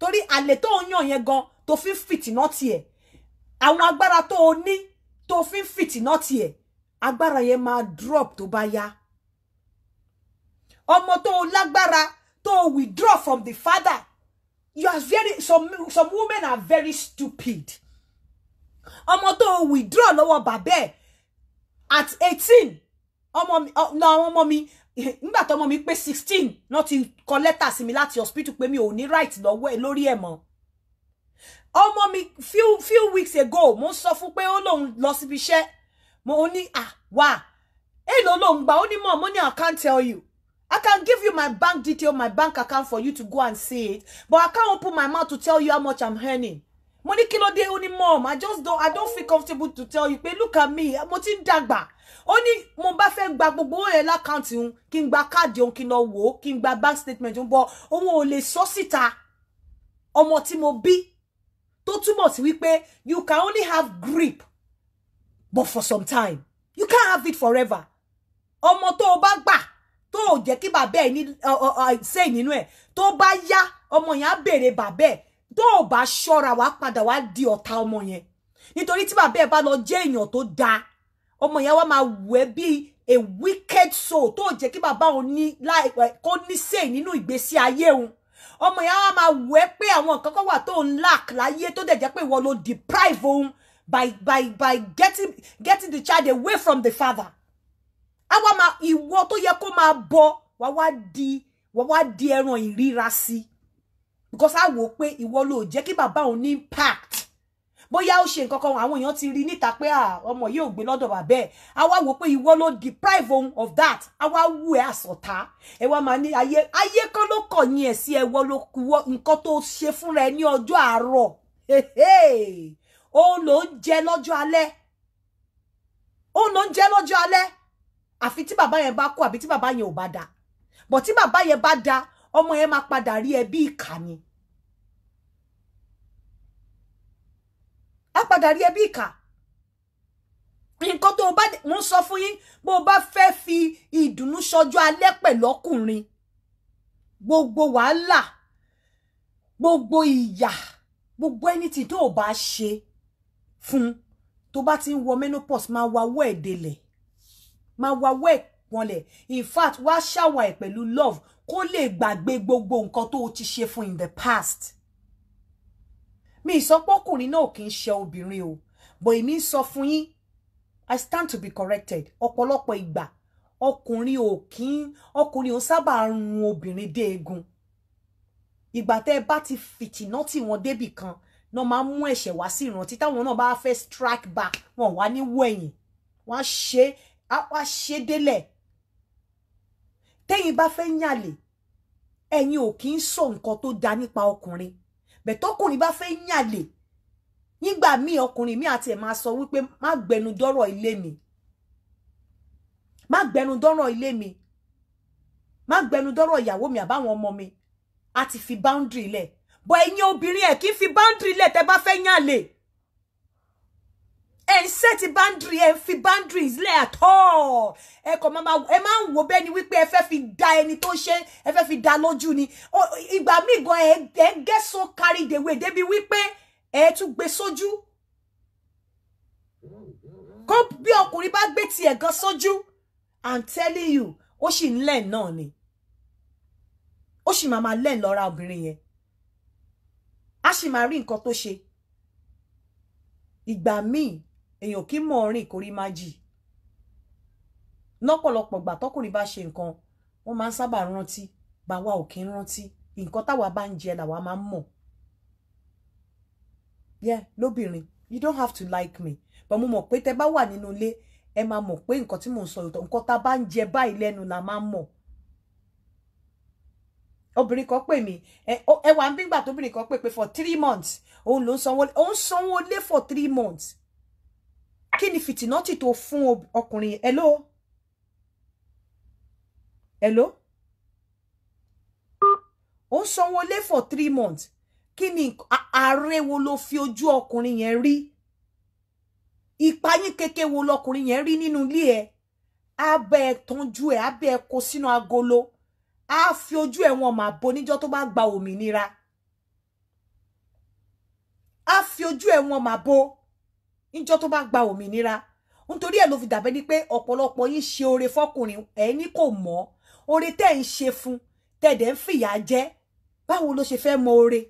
S1: torí àlè tó ń yàn yẹn gan tó fi ń fìtìná tiẹ̀ àwọn agbára tó o ní tó fi ń fìtìná agbára yẹn máa drop tó bá yá ọmọ tó o lágbára to withdraw from the father you are very some some women are very stupid ọmọ tó withdraw lọ́wọ́ bàbá ẹ̀ at eighteen ọmọ na àwọn ọmọ mi nígbà tó mi pé sixteen náà ti kọ lẹ́tà sí mi láti hospital pé mi ò ní right lọ́wọ́ ẹ̀ lórí ẹ̀ mọ́ ọmọ mi few few weeks ago mo sọ fún pé ó lóun lọ síbi iṣẹ́ mo ní à wá èèlò lòun gbà ó ní ah, mọ̀ mo ní I can't tell you I can give you my bank detail, my bank account for you to go and see it. But I can't open my mouth to tell you how much I'm earning. Money ní kí ló mom. I just don't I don't feel comfortable to tell you. But look at me. Mo ti ń dàgbà. Ó ní mo bá fẹ́ gba gbogbo owó yẹn lákàǹtì òun kí gba káàdì òun kí n lọ wò gba bank statement un bo òun ò lè sọ síta ọmọ tí mo bí tó túmọ̀ sí wípé you can only have grip but for some time you can't have it forever ọmọ tó o bá tó ò jẹ́ kí bàbá ẹ̀ ní ṣe nínú ẹ̀ tó bá yá ọmọ yẹn á béèrè bàbá ẹ̀ tó ò bá ṣọ́ra wá padà wá di ọ̀tá ọmọ yẹn nítorí tí bàbá ẹ̀ bá lọ jẹ́ èèyàn tó dáa ọmọ yẹn wá máa wù ẹ́ bíi a wicked soul tó jẹ́ kí bàbá òun ní kó ní ṣe nínú ìgbésí ayé òun ọmọ yẹn wá máa wù ẹ́ pé àwọn nǹkan kan wà tó ń lack láyé tó dẹ̀ jẹ́ pé ìwọ ló deprive òun by by by getting getting the child away from the father Awa ma iwo to yẹ kó máa bọ wà wá di wà wá di ẹran ìríra sí because a wò pé ìwọ ló jẹ́ kí bàbá òun impact bóyá ó ṣe nǹkan kan àwọn èèyàn ti ri níta pé ah, ọmọ omo ò gbé lọ́dọ̀ bàbá ẹ̀ a wá wò pé ìwọ deprive òun of that a wá wù ẹ́ àsọ̀tá ẹ wá máa ní ayé ayé kan lo kọ̀ yín ẹ̀ sí ẹ̀wọ́ ló wọ nǹkan tó ṣe fúnra ẹ ní ọjọ́ àárọ̀ òun ló ń jẹ lọ́jọ́ alẹ́ òun ló ń jẹ lọ́jọ́ àfi tí bàbá yẹn bá kú àbí tí bàbá yẹn ò bá da bọ̀ tí bàbá yẹn bá da ọmọ yẹn máa padà rí ẹ bí ìkà ni á padà rí ẹ bí ìkà nǹkan tó o bá mú sọ fún yín bó o bá fẹ́ fi ìdùnnú ṣọjọ́ alẹ́ pẹ̀lú ọkùnrin gbogbo wàhálà gbogbo ìyà gbogbo anything tó o bá ṣe fún tó bá ti ń wọ menopause máa wá owó ẹ̀ delẹ̀ máa wáwọ́ ìpọnlẹ̀ in fact wá ṣàwà ẹ̀ pẹ̀lú love kó lè gbàgbé gbogbo nǹkan tó o ti ṣe fún in the past mi ìsọpọ́kùnrin náà kì í ṣe obìnrin o but èmi ń sọ fún I stand to be corrected ọ̀pọ̀lọpọ̀ ìgbà ọkùnrin ò kí ọkùnrin ò sábà run obìnrin dé egun ìgbà tẹ́ ẹ bá ti fìtìná tí wọ́n débì kan náà máa mú ẹ̀ṣẹ̀ wá sí ìrántí táwọn náà bá fẹ́ strike back wọn wá ní wẹ̀yìn wọ́n á á wá ṣe délẹ̀ tẹ́yìn bá fẹ́ yàlè ẹ̀yin ò kì í sọ nǹkan tó da nípa ọkùnrin bẹ̀tọ́kùnrin bá fẹ́ yàlè nígbà míì ọkùnrin mi àti ẹ̀ máa sọ wípé má gbẹnu dọ́rọ̀ ilé mi má gbẹnu dọ́rọ̀ ilé mi má gbẹnu dọ́rọ̀ ìyàwó mi àbáwọn ọmọ mi a ti fi boundary lẹ̀ bọ̀ ẹ̀yin obìnrin ẹ̀ kì fi boundary lẹ̀ tẹ́ bá fẹ́ yàlè. And set a boundary and ń fi boundaries lẹ́ at all. kò máa ẹ máa ń wo bẹ́ẹ̀ ni wípé ẹ fẹ́ fi da ẹni tó ṣe ẹ fẹ́ fi da lójú ni ìgbà míì go, ẹ get so carried away débi wípé ẹ tún gbé sójú kó bí ọkùnrin bá gbé tiẹ̀ gan sójú i'm telling you ó sì ń lẹ́ẹ̀ náà ni ó sì máa máa lẹ́ẹ̀ lọ́ra obìnrin yẹn a sì máa rí nǹkan tó ṣe ìgbà míì èèyàn kì í mọ̀ rìn kórí má jì lọ́pọ̀lọpọ̀ gbà tọkùnrin bá ṣe nǹkan wọ́n máa ń sábà rántí báwa ò kí ń rántí nǹkan táwa bá ń jẹ làwa máa ń mọ̀ lóbìnrin you don't have to like me but mo mọ̀ pé tẹ bá wà nínú ilé ẹ máa mọ̀ pé nǹkan tí mò ń sọ yòótọ́ nǹkan tá a bá ń jẹ báyìí lẹ́nu la máa ń mọ̀ obìnrin kan pè mí ẹ wà ń bí gbà tóbìnrin kan pè pé for three months òun ló ń sanwó òun sanwó lé for three months kí ni fìtínọ́tì tó fún ọkùnrin hello hello ó ń sanwó lé for three months kí ni ààrẹ wo ló fi ojú ọkùnrin yẹn rí ìpayín kéke wo lọkùnrin yẹn rí nínú ilé ẹ abẹ ẹ tọ́jú ẹ abẹ ẹ kó sínú agolo á fi ojú ẹ wọn máa bo níjọ́ tó bá gba òmìnira á fi ojú ẹ wọn máa bo níjọ́ tó bá gba òmìnira nítorí ẹ̀ ló fi dàbẹ́ ni pé ọ̀pọ̀lọpọ̀ yín ṣe oore fọkùnrin ẹ̀ ní kò mọ̀ oore tẹ́ ń ṣe fún tẹ̀dẹ̀ ń fìyà jẹ báwo ló ṣe fẹ́ mọ̀ oore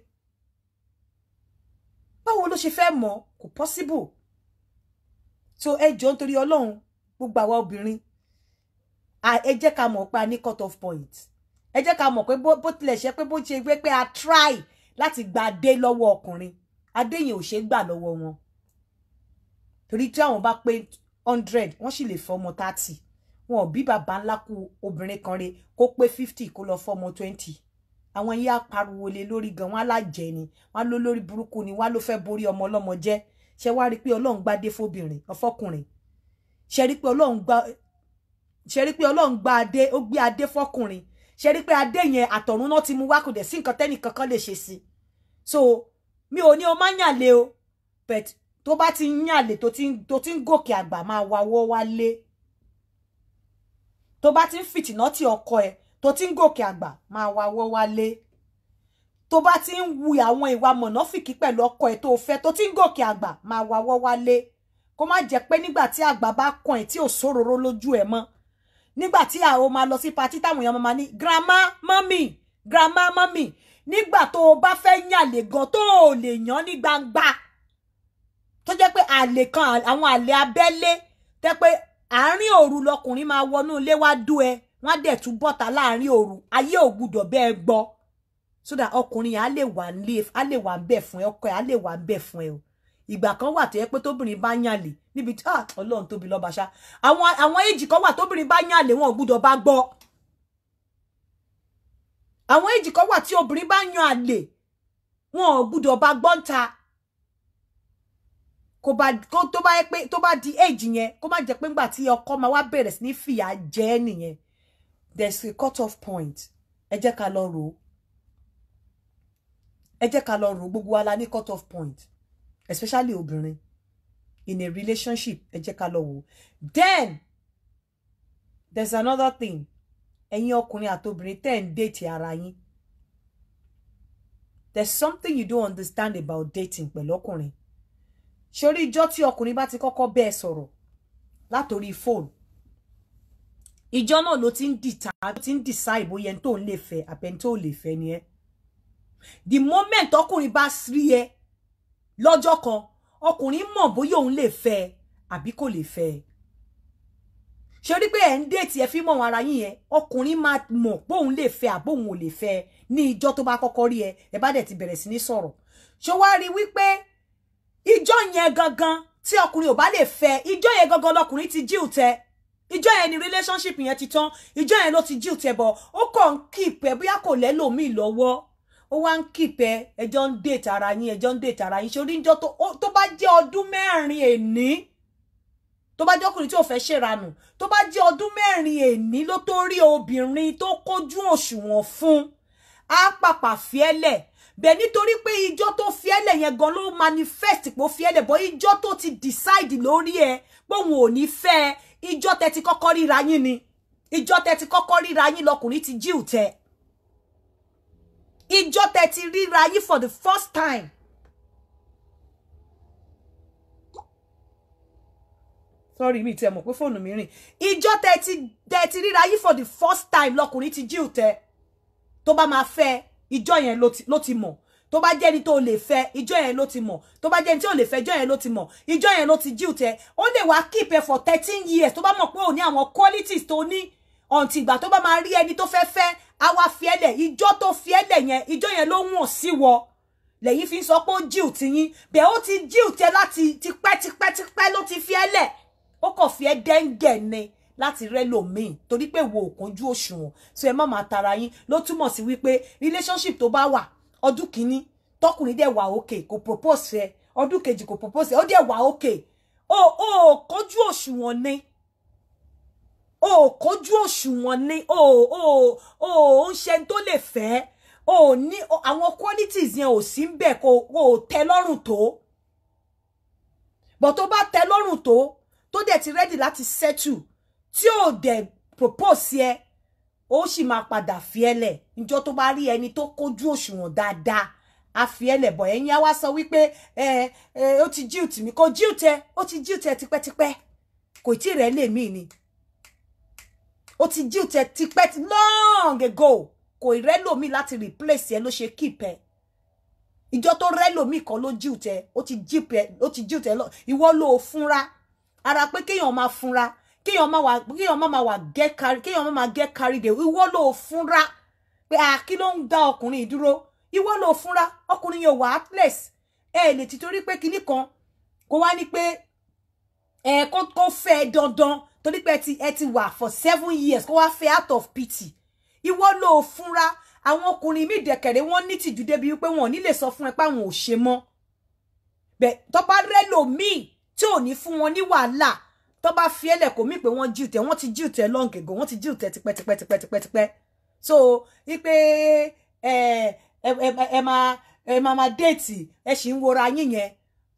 S1: báwo ló ṣe fẹ́ mọ̀ kò possible so ẹ jọ nítorí ọlọ́run gbogbo àwa obìnrin ẹ jẹ́ ká mọ̀ pé a ní cut off point ẹ jẹ́ ká mọ̀ pé bó tilẹ̀ ṣe pé bó ṣe gbé pé a try láti gba adé lọ́wọ́ ọkùnrin adé yẹn ò ṣe gbà lọ́wọ́ wọn torí tí àwọn bá pé hundred wọ́n sì lè fọmọ thirty wọn ò bí bàbá ńlá ku obìnrin kan re kó pé fifty kó lọ fọmọ twenty àwọn yìí á pariwo lé lórí gan wọn alájẹ ni wọn ló lórí burúkú ni wọn ló fẹ́ borí ọmọ ọlọ́mọ jẹ́ ṣe wá rí pé Ọlọ́run gbadé fóbìnrin ọfọkùnrin ṣe rí pé Ọlọ́run gba ṣe rí pé Ọlọ́run gba adé ó gbé adé fọkùnrin ṣe rí pé adé yẹn àtọ̀run náà ti mú wá kò dẹ̀ sí nǹkan tẹ́nìkan kan lè ṣe sí so mi ò ní o má yàn lé o but tó bá ti ń yàn àlè tó ti ń gòkè àgbà máa wawọ́ wálé tó bá ti ń fìtìná tí ọkọ ẹ tó ti ń gòkè àgbà máa wawọ́ wálé tó bá ti ń wu àwọn ìwà mọ̀nàfìkì pẹ̀lú ọkọ ẹ tó fẹ́ tó ti ń gòkè àgbà máa wawọ́ wálé kó má jẹ́ pé nígbà tí àgbà bá kàn ẹ́ tí ò sóróró lójú ẹ̀ mọ́ nígbà tí a ó máa lọ sí patí táwọn èèyàn máa ní grandma mummy grandma mummy nígbà tó o bá fẹ́ yàn lè gan tó o lè yàn ní gbangba tó jẹ́ pé àlè kan àwọn àlè abẹ́lé tẹ́ pé àárín òru lọkùnrin máa wọnú ilé wá dú ẹ wọ́n á dẹ̀ tún bọ́ta láàárín òru ayé ò gbúdọ̀ bẹ́ẹ̀ gbọ́ so that ọkùnrin yẹn á lè wà nílé á lè wà níbẹ̀ fún ẹ ọkọ ẹ á lè wà níbẹ̀ fún ẹ o ìgbà kan wà tó yẹ pé tóbìnrin bá yànlè níbi tí ah, ọlọ́run tóbi lọ́ba ṣá àwọn àwọn èjì kan wà tóbìnrin bá yànlè wọn ò gbúdọ̀ bá gbọ́ àwọn èjì kan wà tí obìnrin bá yan àlè wọn ò gbúdọ̀ bá gbọ́ ń ta kó bá kó tó bá yẹ pé tó bá di age yẹn kó má jẹ pé ńgbà tí ọkọ máa wá bẹ̀rẹ̀ sí ní fìyà jẹ ẹ́ nìyẹn there's a cut off point ẹ jẹ́ ká lọ rò ó ẹ jẹ́ ká lọ rò ó gbogbo wa ní cut off point especially obìnrin in a relationship ẹ jẹ́ ká lọ wò ó then there's another thing ẹ̀yin ọkùnrin àtobìnrin tẹ́ ẹ̀ ń déètì ara yín there's something you don't understand about dating pẹ̀lú ọkùnrin ṣorí ìjọ tí ọkùnrin bá ti kọ́kọ́ bẹ́ẹ̀ sọ̀rọ̀ látòrí fóònù ìjọ náà ló ti ń dìtà ló ti ń dìsá ìbóyẹ tó ń lè fẹ́ àbẹ̀ni tó lè fẹ́ ni ẹ́ the moment ọkùnrin bá rí ẹ lọ́jọ́ kan ọkùnrin mọ̀ bóyá òun lè fẹ́ àbí kò lè fẹ́ ẹ ṣe rí pé ẹ̀ ń déètì ẹ fi mọ̀ ara yín yẹn ọkùnrin máa mọ̀ bóun lè fẹ́ àbóun ò lè fẹ́ ní ìjọ tó bá kọ́kọ́ rí ẹ ẹ bá dẹ̀ ti bẹ̀rẹ̀ sí ní sọ̀rọ̀ ṣé wàá rí wípé ìjọ yẹn gangan tí ọkùnrin ò bá lè fẹ́ ìjọ yẹn gangan lọkùnrin ti jíù tẹ ìjọ yẹn ni relationship yẹn ti tán ìjọ yẹn ló ti jíù tẹ bọ ó kàn ń kíìpẹ bóyá kò lẹ́lòmíì lọ́wọ́ ó wá ń kíìpẹ ẹjọ́ ń date ara yín ẹjọ́ ń date ara yín ṣe oríjọ́ tó bá jẹ́ ọdún mẹ́rin èní tó bá jẹ́ ọkùnrin tí ò fẹ́ ṣèrànù tó bá jẹ́ ọdún mẹ́rin èní ló tó rí obìnrin tó kójú òṣùwọ̀n fún á pàpà fiẹ́lẹ̀ bẹ̀ nítorí pé ìjọ́ tó fi ẹ́lẹ̀ yẹn gan ló manifest pé ó fi ẹ́lẹ̀ bọ́ ìjọ́ tó ti decide lórí e pé òun ò ní fẹ́ ẹ ìjọ́ tẹ ti kọ́kọ́ ríra yín ni ijo tẹ ti kọ́kọ́ ríra yín lọkùnrin ti jíù tẹ ìjọ́ tẹ ti ríra yín for the first time sorry mi tẹ mọ̀ pé fóònù mi rìn ìjọ́ tẹ ti ríra yín for the first time lọkùnrin ti jíù tẹ tó bá máa fẹ́ ìjọ yẹn ló ti To ba bá jẹ́ni tó lè fẹ́ ìjọ yẹn ló ti mọ̀ tó bá jẹ́ni tí ò lè fẹ́ ìjọ yẹn ló ti mọ̀ ìjọ yẹn ló ti jíù tẹ ó lè wá keep ẹ for thirteen years To ba mọ̀ pé ò ní àwọn qualities tó ní ọ̀ǹtì ìgbà tó bá máa rí ẹni tó fẹ́ fẹ́ á wá fi ẹ́lẹ̀ ìjọ tó fi ẹ́lẹ̀ yẹn ìjọ yẹn ló wọ̀n sí wọ lẹ́yìn fi ń sọ pé ó jíù ti yín bẹ́ẹ̀ ó ti jíù tẹ láti tipẹ́tipẹ́tipẹ́ ló ti fi ẹ́lẹ̀ ó kàn fi ẹ́ dẹ́ńgẹ̀ ni láti rẹ́lòmíì torí pé wo òkúnjú òṣùwọ̀n so ẹ má máa tara yín ló túmọ̀ sí wípé relationship tó bá wà ọdún kìíní tọkùnrin dẹ̀ wà òkè kò propose ẹ ọdún kejì kò propose ẹ ó dẹ̀ wà òkè o ò kọjú òṣùwọ̀n ni o ò kọjú òṣùwọ̀n ni o ò o ò ń ṣe tó lè fẹ́ o ò ní àwọn qualities yẹn ò sí ń kó o tẹ́ lọ́rùn tó bọ̀ tó bá tẹ́ lọ́rùn tó tó dẹ̀ ti ready láti settle tí ò dẹ̀ propose ẹ ó sì máa padà fi ẹ lẹ̀ níjọ́ tó bá rí ẹni tó kójú òṣùwọ̀n dáadáa a fi ẹ lẹ̀ bọ̀ ẹ̀yin á wá sọ wípé ẹ ti jíù tì mí kò jíù tẹ ó ti jíù tẹ tipẹ́tipẹ́ kò tí rẹ̀ lè mí ni ó ti jíù tẹ tipẹ́ long ago kò rẹ́ lòmí láti replace ẹ ló ṣe keep ẹ ìjọ tó rẹ́ lòmí kan ló jíù tẹ ó ti jíù tẹ ìwọ ló funra ara pé kéèyàn máa funra kéèyàn má wà kéèyàn má má wà get carried kéèyàn má má get carried dé ìwọ ló funra. pé à kí ló ń dá ọkùnrin ìdúró ìwọ ló fúnra ọkùnrin yóò wà atlas ẹ lè ti torí pé kinní kan kó wá ní pé ẹ kó kó fẹ́ dandan torí pé ti ẹ ti wà for seven years kó wá fẹ́ out of pity ìwọ ló fúnra àwọn ọkùnrin mi dẹ̀kẹ̀rẹ̀ wọ́n ní tìjú débi wípé wọn ò ní lè sọ fún ẹ pé àwọn ò ṣe mọ́ bẹ́ẹ̀ tọ́pá rẹ́lòmíì tí ò ní fún wọn ní wàhálà tó bá fi ẹlẹ̀ kò mí pé wọ́n jù tẹ wọ́n ti jù tẹ long ago wọ́n ti jù tẹ tipẹ́ tipẹ́ tipẹ́ tipẹ́ tipẹ́ so wípé ẹ ẹ ẹ ma ẹ máa máa déètì ẹ sì ń wora yín yẹn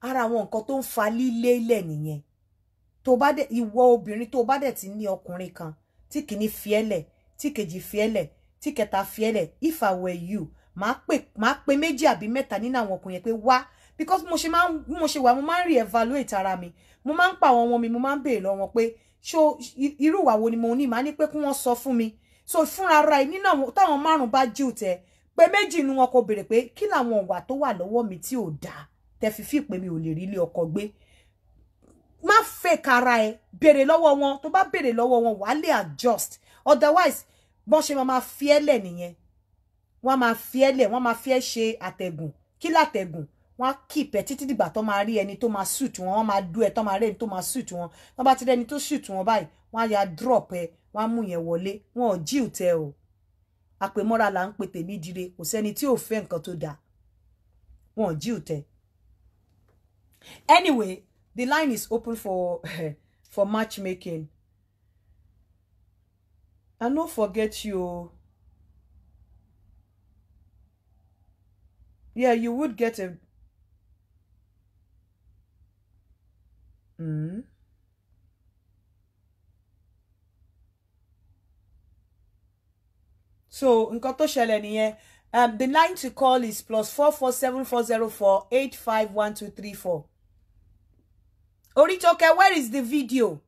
S1: ara àwọn nǹkan tó ń fa lílé ilẹ̀ nìyẹn tó bá dẹ̀ ìwọ obìnrin tó bá dẹ̀ ti ní ọkùnrin kan tí kìíní fi ẹlẹ̀ tí kejì fi ẹlẹ̀ tí kẹta fi ẹlẹ̀ if I were you màá pè màá pè méjì àbí mẹ́ta nínú àwọn ọkùnrin yẹn pé wá because mo ṣe máa ń mo ṣe wà mo máa ń re-evaluate ara mi mo máa ń pa àwọn ọmọ mi mo máa ń béèrè lọ́wọ́ pé ṣó irú ìwà wo ni mo ní màá ní pé kí wọ́n sọ fún mi so fúnra ra ẹ nínú àwọn táwọn márùn bá jíù tẹ pé méjì inú wọn kò béèrè pé kí làwọn ìwà tó wà mi tí ò dáa tẹ fi fíìpé mi ò lè rí ilé ọkọ gbé má fake ara ẹ béèrè lọ́wọ́ wọn tó bá béèrè lọ́wọ́ wọn wàá lè adjust otherwise bọ́n ṣe máa fi ẹ́ lẹ̀ nìyẹn wọ́n máa fi ẹ́ wọ́n máa fi ẹ́ ṣe àtẹ̀gùn kí látẹ̀gùn wọ́n á keep ẹ títí dìgbà tó máa rí ẹni tó máa suit wọn wọ́n máa dú ẹ tó máa rí ẹni tó máa suit wọn tó bá ti rí ẹni tó suit wọn báyìí wọ́n á ya drop ẹ wọ́n á mú yẹn wọlé wọn ò jíù tẹ o àpèmọ́ra là ń pe tèmi dire kò sẹ́ni tí ò fẹ́ nǹkan tó dáa wọn ò jíù tẹ. anyway the line is open for for matchmaking i no forget you o. yeah you would get a Mm. so nǹkan tó ṣẹlẹ̀ nìyẹn um, the line to call is plus four four seven four zero four eight five one two three four. Oritoke, where is the video?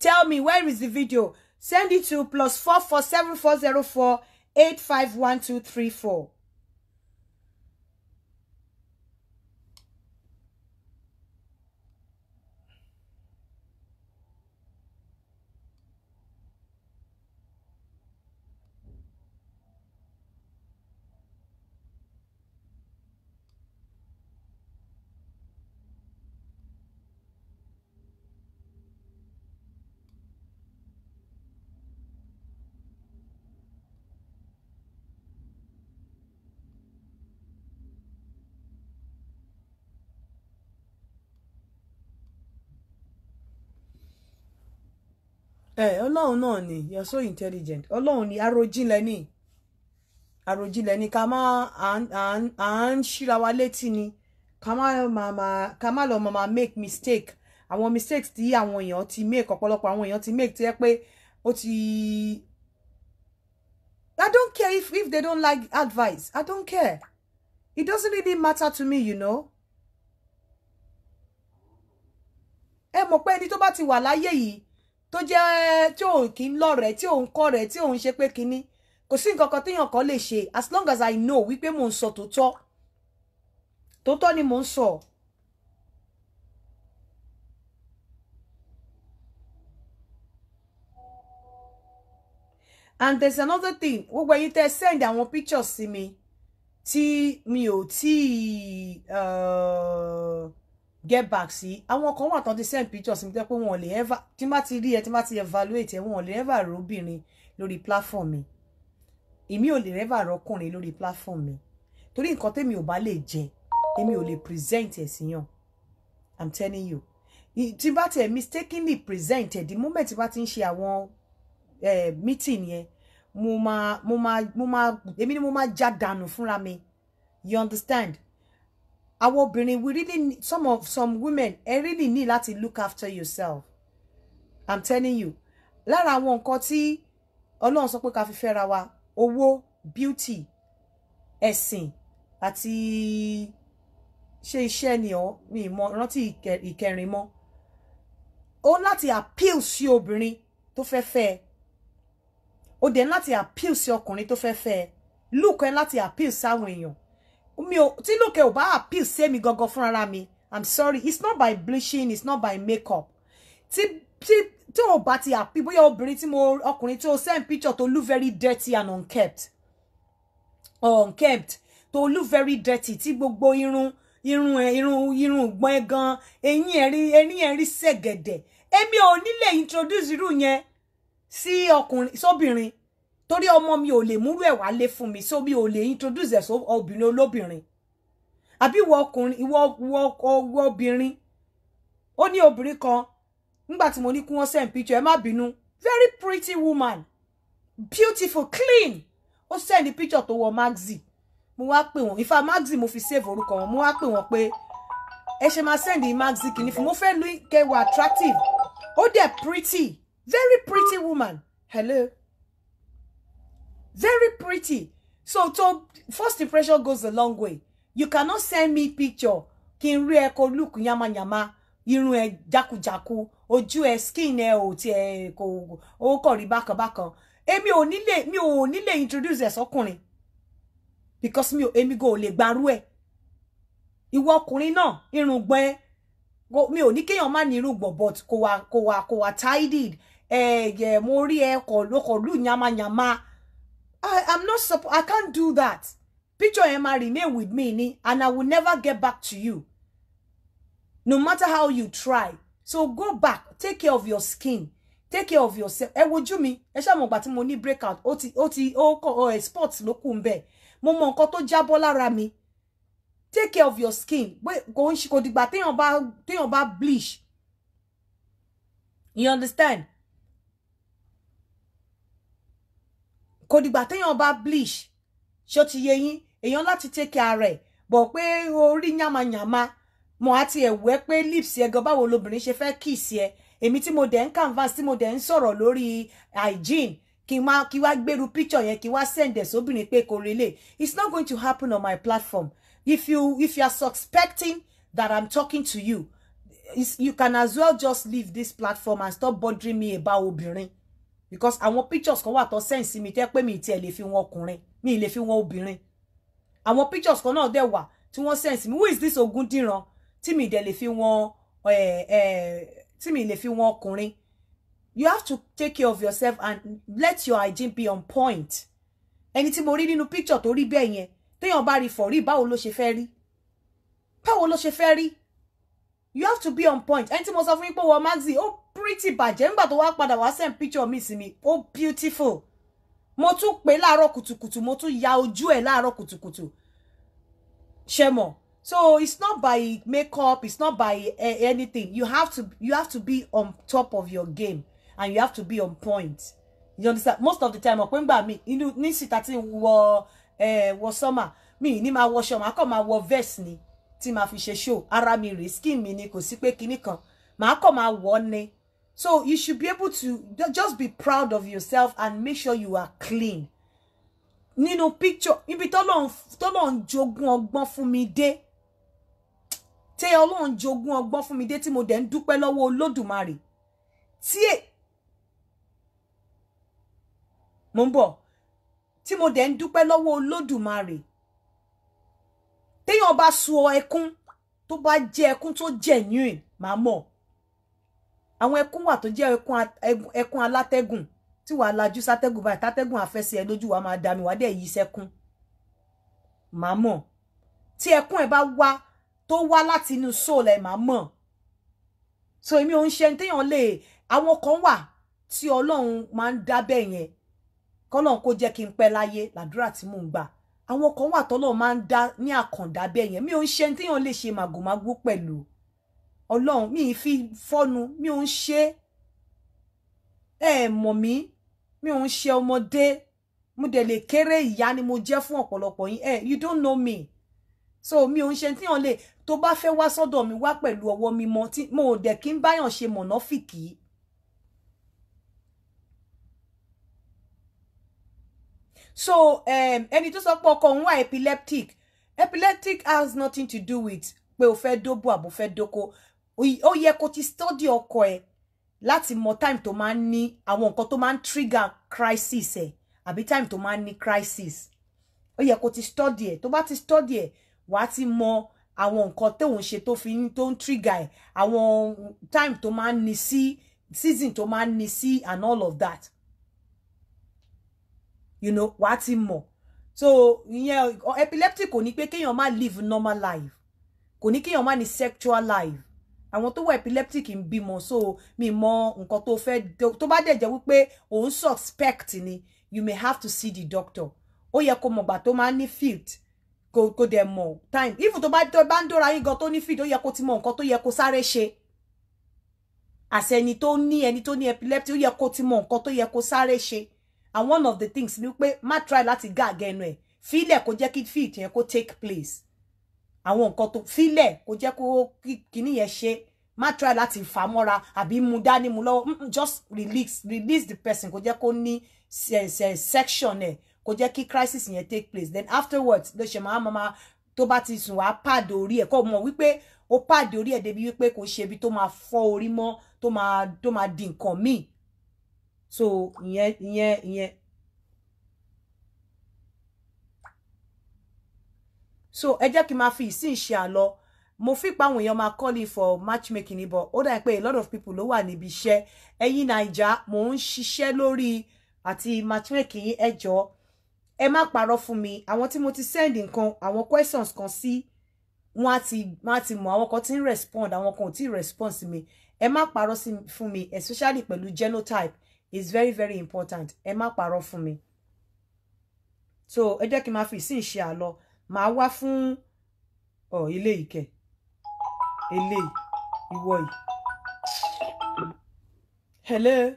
S1: Tell me, where is the video? Send it to plus four four seven four zero four eight five one two three four. ẹ ọlọ́run náà ni you're so intelligent ọlọ́run ni arojinlẹ̀ ni àròjinlẹ̀ ni ká máa à ń ṣíra wa létí ni ká má lọ máa make mistake àwọn mistakes tí àwọn èèyàn ti make ọ̀pọ̀lọpọ̀ àwọn èèyàn ti make ti yẹ pé ó ti I don't care if if they don't like advice I don't care it doesn't really matter to me you know. ẹ mọ̀ pé ẹni tó bá ti wà láyé yìí tó jẹ́ tí òun kì í lọ́rẹ̀ẹ́ tí òun kọ́ rẹ̀ tí òun ṣe pé kinní kò sí nǹkan kan téèyàn kan lè ṣe as long as I know wípé mò ń sọ tòótọ́ tòótọ́ ni mò ń sọ. and there's another thing gbogbo ẹ̀yin tẹ́ send àwọn pictures sí mi tí mi ò tí ì. Uh, get back sí àwọn kan wà tán ti send pictures mi tẹ́ pé wọn ò lè ever tí má ti rí ẹ tí má ti evaluate ẹ wọn ò lè ever róbìnrin lórí platform mi èmi ò lè ever rọkùnrin lórí platform mi torí nǹkan tẹ́mi ò bá lè jẹ èmi ò lè present ẹ̀ sí yàn i'm telling you tí bá tiẹ̀ mistakenly present ẹ̀ the moment bá ti ń ṣe àwọn meeting yẹn mo máa mo máa mo máa èmi ni mo máa já dànù fúnra mi you understand àwọn obìnrin we really need, some of some women ẹ really need láti look after yourself i'm telling you lára àwọn nǹkan tí ọlọ́run sọ pé ká fi fẹ́ra wa owó beauty ẹ̀sìn àti ṣe iṣẹ́ ni ọ́ mi mọ rántí ìkẹrin mọ́ ó láti appeal sí obìnrin tó fẹ́ fẹ́ ẹ ó dẹ̀ láti appeal sí ọkùnrin tó fẹ́ fẹ́ Look, lùkọ́ ẹ láti appeal sáwọn èèyàn mi ò tí lókè ò bá appeal sí èmi gangan fúnra mi i'm sorry it's not by bleaching it's not by makeup Ti ti tí ò bá ti appeal bóyá obìnrin tí mo ọkùnrin tí o send picture to look very dirty and unkept unkept to look very dirty Ti gbogbo irun irun ẹ irun irun gbọ́n ẹ gan eyín ẹ rí eyín ẹ rí sẹ̀gẹ̀dẹ̀ èmi ò nílẹ̀ introduce irú yẹn sí ọkùnrin sóbìnrin torí ọmọ mi ò lè múrú ẹ̀ wálé fún mi so mi ò lè introduce ẹ̀ so obìnrin olóbìnrin àbí ìwọ ọkùnrin ìwọ ọwọ obìnrin ó ní obìnrin kan nígbà tí mo ní kí wọ́n send picture ẹ má bínú very pretty woman beautiful clean ó send picture tó wọ maxi mo wá pè wọ́n ifá maxi mo fi save orúkọ wọn mo wá pè wọ́n pé ẹ ṣe máa send maxi kìíní fún mo fẹ́ lu kẹwàá attractive ó dẹ̀ pretty very pretty woman hello very pretty so to first impression goes a long way you cannot send me picture kí n rí ẹ kó look yamayama irun ẹ jaku ojú ẹ skin ẹ ò tiẹ̀ kò ó kàn rí bákan bákan èmi ò nílè mi ò nílè introduce ẹ sọkùnrin because mi ò èmi go le gbarú e. ìwọ ọkùnrin náà irùngbọ̀n ẹ mi ò ní kéèyàn má ní irùngbọ̀n but kò wà kò wà kò wà tidied ẹ ẹ mo rí ẹ kọ lókọ lù yamayama. I am not supposed, I can't do that. Picture Emma remain with me ni, and I will never get back to you. No matter how you try. So go back, take care of your skin, take care of yourself. Eh, would you ẹ Esha mo bati mo ni breakout, Oti oti oko o sports ló kù Mo Mo koto jabola rami. Take care of your skin. Wait, kò ń ṣe kò dìgbà téèyàn bá téèyàn bleach. You understand? kò dìgbà téèyàn bá bleach ṣó ti yé yín èèyàn láti take care ẹ̀ bọ̀ pé orí yàmàyàmà mo àti ẹ̀wù ẹ pé lips ẹ gan báwo lobìnrin ṣe fẹ́ kiss ẹ èmi tí mo dẹ̀ ń canvas tí mo dẹ̀ ń sọ̀rọ̀ lórí hygiene kí wá kí wá gbèrú picture yẹn kí wá send ẹ̀ sóbìnrin pé kò relé it's not going to happen on my platform if you if you are suspecting that i'm talking to you you can as well just leave this platform and stop bothering me about obìnrin because àwọn pictures kan wà tó send sí mi tẹ́ pé mi tiẹ̀ lè fi wọn ọkùnrin mi lè fi wọn obìnrin àwọn pictures kan náà dẹ̀ wà tí wọ́n send sí mi who is this Ògúndìran tí mi dẹ̀ lè fi wọn eh, eh, tí mi lè fi wọn ọkùnrin you have to take care of yourself and let your hygiene be on point ẹni tí mo rí nínú picture tó rí bẹ́ẹ̀ yẹn téèyàn bá rí fọ̀ rí báwo ló ṣe fẹ́ rí báwo ló ṣe fẹ́ rí you have to be on point ẹni tí mo sọ fún yín pé wọ maxi Oh security bàjẹ́ nígbà tó wá padà wá send picture mi sí mi ó beautiful mo tún pè láàárọ̀ kùtùkùtù mo tún ya ojú ẹ̀ láàárọ̀ kùtùkùtù ṣe mọ̀ so it's not by makeup it's not by eh, anything you have to you have to be on top of your game and you have to be on point you understand most of the time ọ̀pẹ́ ngbà mi inú ní síta tí ń wọ eh, wọ sọ́mà mi ní máa wọṣọ màá kàn máa wọ vest ni tí màá fi ṣe show ara mi rè skin mi ni kò sí pé kinní kan màá kàn máa wọ̀ ni So you should be able to just be proud of yourself and make sure you are clean. Nínú picture ibi tọ́lọ́run tọ́lọ́run jogún ọgbọ́n fún mi dé. Tẹ́ Ọlọ́run jogún ọgbọ́n fún mi dé tí mo dẹ̀ ń dúpẹ́ lọ́wọ́ Olódùmarè. Tí è e, mo ń bọ̀ tí mo dẹ̀ ń dúpẹ́ lọ́wọ́ Olódùmarè. Téèyàn bá ekun ẹkún tó bá jẹ́ ẹkún genuine mamo àwọn ẹkún wà tó jẹ́ ẹkún alátẹ́gùn tí wàá lajú sátẹ́gùn báyìí tátẹ́gùn àfẹsẹ̀ ẹ lójú wa máa dá mi wá dẹ̀ yí sẹ́kún màá mọ̀ tí ẹkún ẹ bá wá tó wá láti inú soul ẹ màá mọ̀ so èmi ò ń ṣe téèyàn lè àwọn kan wà tí ọlọ́run máa ń dábẹ́ yẹn kọ́lọ́run kó jẹ́ kí n pẹ́ láyé làdúrà tí mò ń gbà àwọn kan wà tọ́lọ́run máa ń dá ní àkàndá bẹ́ẹ̀ yẹn mi ò ń ṣe téèyàn lè ṣe màgòmágó pẹ̀lú ọlọ́run mi ì fi fọ́nu mi ò ń ṣe ẹ mọ̀ mí mi ò ń ṣe ọmọdé mo dẹ̀ lè kéré ìyá ni mo jẹ́ fún ọ̀pọ̀lọpọ̀ yín ẹ you don't know me so mi ò ń ṣe tí wọn lè tó bá fẹ́ wá sọ́dọ̀ mi wá pẹ̀lú ọwọ́ mímọ́ tí mo ò dẹ̀ kí n báyàn ṣe mọ̀nàfìkì. so ẹni tó sọ pé ọkọ òun wà epileptic epileptic has nothing to do with pé o fẹ́ dóbò àbò fẹ́ dóko ó yẹ kó ti study ọkọ ẹ láti mọ time to máa ń ní àwọn nǹkan tó trigger crisis ẹ àbí time to máa ń ní crisis ó yẹ kó ti study ẹ tó bá ti study ẹ wàá ti mọ àwọn nǹkan tó ń ṣe tó fi ń trigger ẹ àwọn time to máa ń ní season to máa ń ní and all of that you know wàá ti mọ so ìyẹn epileptic kò ní pé kéèyàn má live normal life kò ní kéèyàn má ní sexual life àwọn tó wà epileptic ń bímọ so mi mọ nǹkan tó fẹ́ tó bá dẹ̀ jẹ́ wípé òun suspect ni you may have to see the doctor ó yẹ kó mọ̀gbà tó máa ní field kò kò dẹ̀ mọ̀ time if tó bá bá ń dóra yín gan tó ní field ó yẹ kó ti mọ nǹkan tó yẹ kó sáré ṣe àṣẹ ẹni tó ní ẹni tó ní epileptic ó yẹ kó ti mọ nǹkan tó yẹ kó sáré ṣe and one of the things ni pé má try láti gàgẹ́nu ẹ̀ fílẹ̀ kó jẹ́ kí field yẹn kó take place àwọn nǹkan tó filẹ̀ kò jẹ́ kó kíní yẹn ṣe má try láti fà mọ́ra àbí mu dání mu lọ́wọ́ just release release the person kò jẹ́ kó ní section ẹ̀ kò jẹ́ kí crisis yẹn take place then afterwards ló ṣe máa máa tó bá ti sùn wàá pàdé orí ẹ̀ kó mọ̀ wípé ó pàdé orí ẹ̀ débi wípé kò ṣe ibi tó máa fọ́ orí mọ́ tó máa tó máa di nǹkan míì so ìyẹn ìyẹn ìyẹn so ẹ jẹ́ kí n máa fi ìsìn ṣe àlọ́ mo fi pa àwọn èèyàn máa calling for matchmaking níbọ ó dà pé a lot of people ló wà níbi iṣẹ́ ẹ̀yin naija mo ń ṣiṣẹ́ lórí àti matchmaking ẹ jọ̀ọ́ ẹ má parọ́ fún mi àwọn tí mo ti send nǹkan àwọn questions kan sí wọn á ti wọn á ti mọ àwọn kan tí ń respond àwọn kan ò tí ì respond sí mi ẹ má parọ́ fún mi especially pẹ̀lú genotype is very very important ẹ má parọ́ fún mi so ẹ jẹ́ kí n máa fi ìsìn ṣe àlọ́ màá wá fún ọ ilé ìkẹ ilé ìwọ yìí. hello.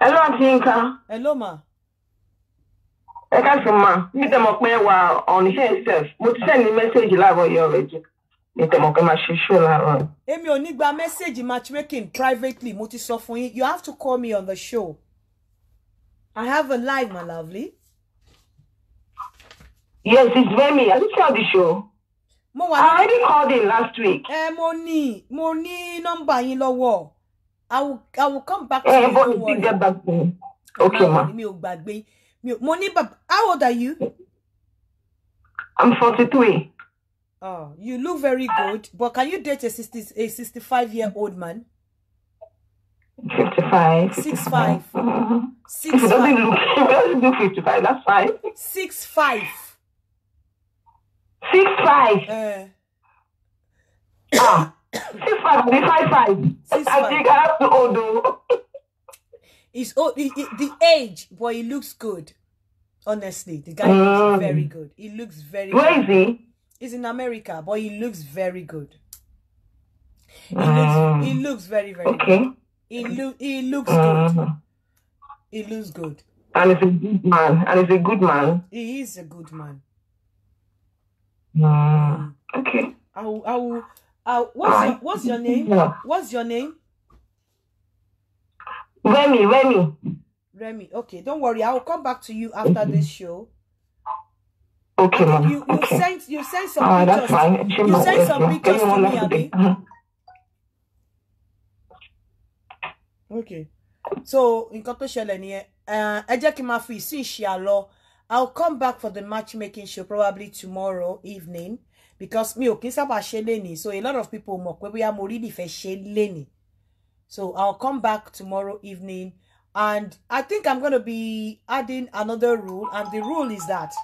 S1: hello àti nǹkan. hello ma. ẹ káàsì ma bí tẹmọ pé wà ọ̀nìṣẹ́
S3: itself mo ti sẹ́ni mẹ́sẹ̀gì láàárọ̀ yìí already ní tẹmọ pé máa ṣe ṣó láàárọ̀.
S1: èmi ò ní gba mẹ́sẹ̀gì matchmaking privately mo ti sọ fún yín you have to call me on the show. I have a live, my lovely.
S4: Yes, it's Vemi.
S1: Have you still the show? Mo wa I already called in last week. Eh, mo ní, mo ní nọ́mbà yín lọ́wọ́. I will, I will come back to eh, you. Eh, but get back to me. Okay, ma. Mi ò gbàgbé. Mi ò, mo ní bàbá. How old are you?
S3: I'm 43.
S1: Oh, you look very good. But can you date a 60, a 65 year old man?
S3: 55. 65.
S4: 65. 65. If it doesn't look, it doesn't look 55, that's fine.
S1: 65 six five. Eh. ah six five àbí five five. I think I have to hold o. he's old he, he, the age Boy, he looks good honestly the guy mm. looks very good he looks very where good. is he he's in America but he looks very good
S4: he mm. looks he looks very very okay. good
S1: he look he looks mm. good mm-hmm. he looks good
S4: and he's a good man and he's a good man
S1: he is a good man
S3: Mm,
S1: okay. I will, I will, I what's, your, what's your name? Yeah. What's your name? Remy, Remy. Remy, okay. Don't worry. I will come back to you after this mm-hmm. show. Okay, ma'am. You, you okay. sent you sent some uh, pictures. That's fine. you sent some pictures to me, Abby. Uh-huh. Okay. So, in tó ṣẹlẹ̀ nìyẹn. Eh, ẹ jẹ́ kí n máa I'll come back for the matchmaking show probably tomorrow evening because me okay kí sábà so a lot of people mọ̀ pé bóyá mo really fẹ́ ṣe léni so I'll come back tomorrow evening and I think I'm gonna be adding another rule and the rule is that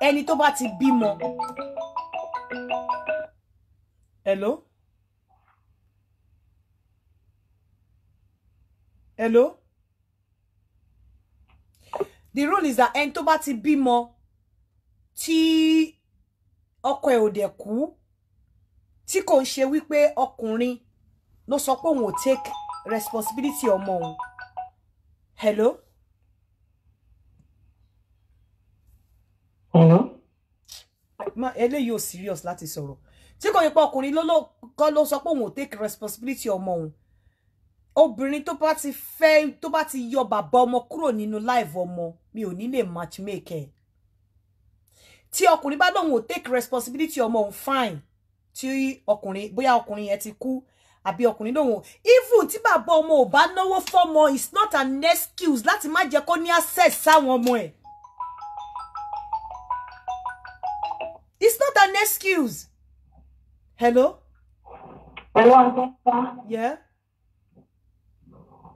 S1: any tó bá ti bímọ. Hello? Hello? the rule is that ẹni tó bá ti bímọ tí ọkọ ẹ̀ ò dẹ̀ kú tí kò ń ṣe wípé ọkùnrin ló sọ pé take responsibility omo. òun hello. hello. ma eléyìí ò serious láti sọ̀rọ̀ tí kò yẹ pé ọkùnrin ló kọ́ ló sọ pé òun ò take responsibility omo. òun obìnrin tó bá ti fẹ́ tó bá ti yọ bàbá ọmọ kúrò nínú life ọmọ mi ò ní lè matchmake ẹ̀ tí ọkùnrin bá lóun ò take responsibility ọmọ òun fine tí ọkùnrin bóyá ọkùnrin yẹn ti kú àbí ọkùnrin lòun even tí bàbá ọmọ ò bá náwó fọmọ is not an excuse láti má jẹ́ kó ní access sáwọn ọmọ ẹ̀ it's not an excuse hello. ẹ̀rọ àgbẹ̀ta. yeah.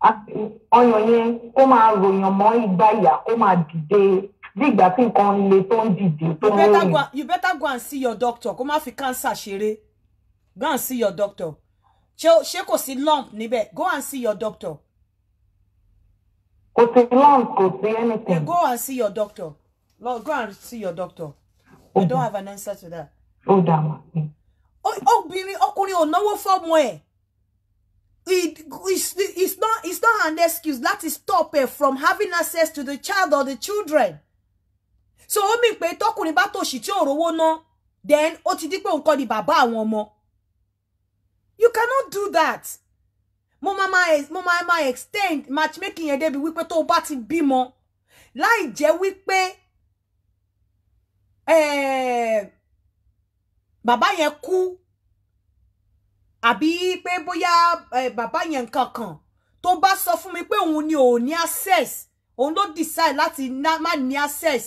S1: ọyàn yẹn kó máa ròyàn mọ́ ìgbà ìyà kó máa dìde bí ìgbà tí nǹkan le tó ń dìde tó ń ròyìn. you better go and see your doctor kó má fi cancer ṣeré go and see your doctor ṣé kò sí lump níbẹ̀ go and see your doctor.
S4: kò sí lump kò
S3: sí anything. go
S1: and see your doctor Lord, go and see your doctor I don't have an answer to that. ó dà wá. obìnrin ọkùnrin ò náwó fọ́ọ̀mù ẹ̀ it's, it's not it's not an excuse láti stop her from having access to the child or the children so ó mì pé tọkùnrin bá tòṣì tí ò rówó ná then ó ti di pé òun kọ́ ni bàbá àwọn you cannot do that mo máa ma mo máa ma extend matchmaking yẹn débi wípé tó o bá ti bímọ láì jẹ́ wípé eh, bàbá yẹn kú àbí pé bóyá eh, bàbá yẹn nǹkan kan tó bá sọ fún mi pé òun ni ò ní access òun ló decide láti má ní access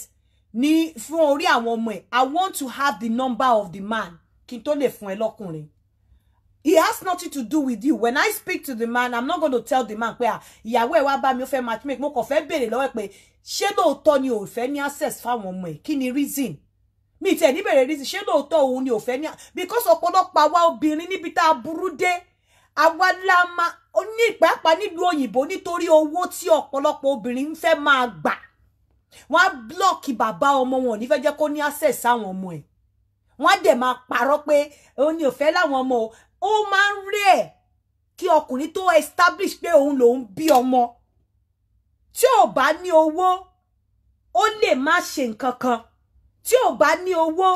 S1: ní fún orí àwọn ọmọ ẹ̀ I want to have the number of the man kí n tó lè fún ẹ lọ́kùnrin he has nothing to do with you when I speak to the man I'm not going to tell the man pé ah, ìyàwó ẹ̀ wá bá mi ó fẹ́ matchmake mo kàn fẹ́ béèrè lọ́wọ́ ẹ̀ pé ṣé lóòótọ́ ni ò fẹ́ ní access fáwọn ọmọ ẹ̀ kí ni reason mi tẹ̀ níbẹ̀rẹ̀ rí sí ṣé lóòótọ́ òun ni ò ní because ọ̀pọ̀lọpọ̀ àwa obìnrin níbi tá a burú dé àwa la máa ní pàápàá nílùú òyìnbó nítorí owó tí ọ̀pọ̀lọpọ̀ obìnrin ń fẹ́ máa gbà wọ́n á blọ́ọ̀kì bàbá ọmọ wọn ní fẹ́ jẹ́ kó ní access sáwọn ọmọ ẹ̀ wọ́n á dẹ̀ máa parọ́ pé òun ni ò láwọn ọmọ o ó máa ń rí ẹ̀ kí ọkùnrin tó establish pé òun lòun bí ọmọ tí ò bá ní owó ó lè má ṣe nǹkan kan tí ò bá ní owó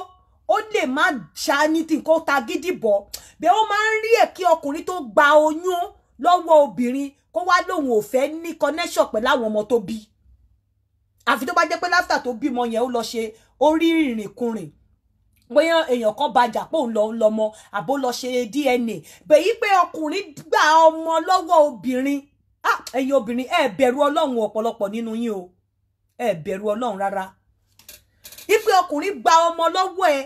S1: ó lè má ṣá ní tí nǹkan ta gidi bọ̀ bẹ́ẹ̀ ó máa ń rí ẹ̀ kí ọkùnrin tó gba oyún lọ́wọ́ obìnrin kó wá lóun ò fẹ́ ní connection pẹ̀lú àwọn ọmọ tó bí àfi tó bá jẹ́ pé láfíà tó bímọ yẹn ó lọ ṣe orí ìrìnkùnrin bóyá èèyàn kan bá jà pé òun lọ ń lọmọ àbó lọ ṣe DNA bẹ̀yí pé ọkùnrin gba ọmọ lọ́wọ́ obìnrin ah, ẹ̀yin obìnrin ẹ bẹ̀rù Ọlọ́run ọ̀pọ̀lọpọ̀ nínú yín o ẹ bẹ̀rù Ọlọ́run rárá wípé ọkùnrin gba ọmọ lọ́wọ́ ẹ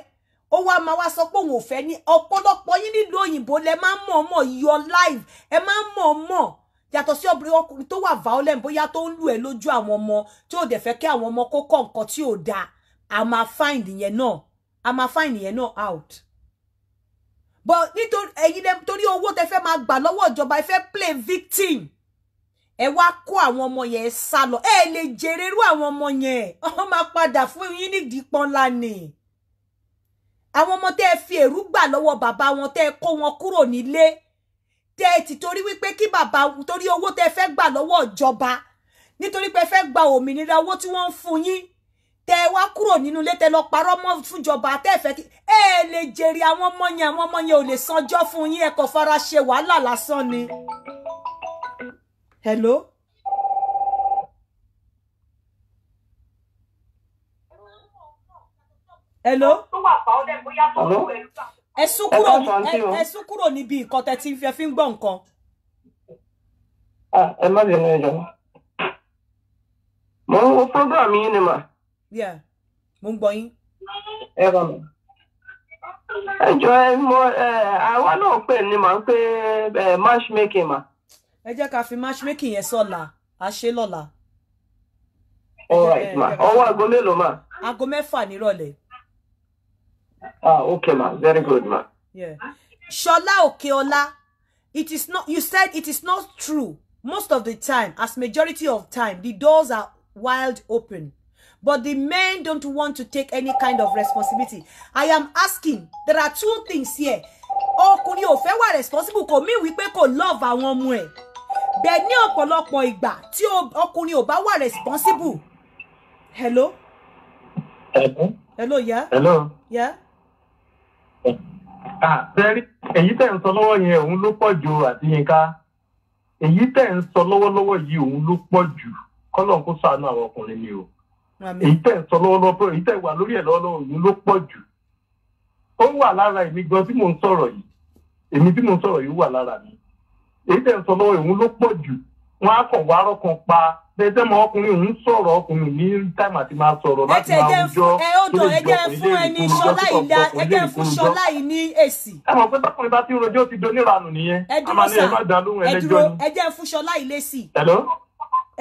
S1: ó wá máa wá sọ pé òun ò fẹ́ ní ọ̀pọ̀lọpọ̀ yín nílùú òyìnbó lẹ máa ń mọ̀ọ́mọ̀ yọ live ẹ máa ń mọ̀ọ́mọ̀ yàtọ̀ sí ọbìnrin ọkùnrin tó wà violent bóyá tó ń lù ẹ lójú àwọn ọmọ tí ò dẹ̀ fẹ́ kí àwọn ọmọ kó kọ́ nǹkan tí ò dáa a máa find yẹn náà a máa find yẹn náà out but nítorí ẹ̀yin lẹ torí owó tẹ fẹ́ máa gbà lọ́wọ́ ìjọba ẹ fẹ́ play victim ẹ wá kó àwọn ọmọ yẹn sá lọ ẹ lè jèrè irú àwọn ọmọ yẹn ọmọ máa padà fún yín nídìí pọ́nlá ni àwọn ọmọ tẹ́ ẹ fi èrú gbà lọ́wọ́ bàbá wọn tẹ́ ẹ kó wọn kúrò nílé tẹ́ ẹ ti torí wípé kí bàbá torí owó tẹ́ ẹ fẹ́ gbà lọ́wọ́ ìjọba nítorí pé ẹ fẹ́ gba òmìnira owó tí wọ́n ń fún yín tẹ́ wá kúrò nínú ilé tẹ́ lọ parọ́ mọ́ fúnjọba tẹ́ ẹ kí ẹ lè jèrè àwọn ọmọ yẹn àwọn ọmọ yẹn ò lè sanjọ́ fún yín ẹ kò fara ṣe wàhálà lásán ni hello. hello. ẹ sún kúrò ẹ sún kúrò níbi nǹkan tẹ́ ti fẹ́ fi ń gbọ́ nǹkan. Ah, ẹ má bínú ẹ jọ̀ọ́
S3: mo ń wo program yín ni mà. mo ń gbọ́ yín. ẹ kàn mọ́
S1: ẹjọ ẹ mo, ẹ àwa náà pè ní mà ń pè ẹ matchmaking mà ẹ jẹ́ ká fi matchmaking yẹn sọ̀la a ṣe lọ́la. all right ma ọwọ́ aago mélòó ma. aago mẹ́fà nírọ̀lẹ́.
S4: ah okay ma very good ma.
S1: Yeah. Ṣọlá Òkèọlá it is not you said it is not true most of the time as majority of time the doors are wild open but the men don't want to take any kind of responsibility i am asking there are two things here ọkùnrin ò fẹ́ wà responsible kò mí wípé kò love àwọn ọmọ ẹ̀ bẹ́ẹ̀ ní ọ̀pọ̀lọpọ̀ ìgbà tí ọkùnrin ò bá wà responsible hello. hello. hello yẹ. hello. yẹ.
S2: àtẹ́rí ah, èyí tẹ̀ ń sọ lọ́wọ́ yẹn òun ló pọ̀ ju àti Yínká èyí tẹ̀ ń sọ lọ́wọ́lọ́wọ́ yìí òun ló pọ̀ jù kọ́lọ́n sànú àwọn ọkùnrin ni o èyí tẹ̀ ń sọ lọ́wọ́lọ́wọ́ èyí tẹ̀ wà lórí ẹ̀ lọ́wọ́lọ́wọ́ òun ló pọ̀ jù ó wà lára èmi gan tí mò ń sọ̀rọ̀ yìí èmi tí mò ń sọ̀rọ̀ yìí wà lára mi èyí tẹ̀ ń sọ lọ́wọ́ òun ló pọ̀ jù wọ́n á kàn wárọ̀ kan pa tẹ́tẹ́ mọ ọkùnrin òun sọ̀rọ̀ ọkùnrin ní táìmù àti máa sọ̀rọ̀ láti máa rújọ́ tó lè jọ fún ẹni ṣọlá ìdá ẹgbẹ́ fún ṣọlá
S1: yìí ní èsì. ẹ mọ̀ pé bákùnrin bá ti ń rojọ́ ti do níranù nìyẹn a máa ní ẹ má dá lóhùn ẹlẹ́jọ́ ni. ẹ jẹ́ fún ṣọlá yìí lésì. hello.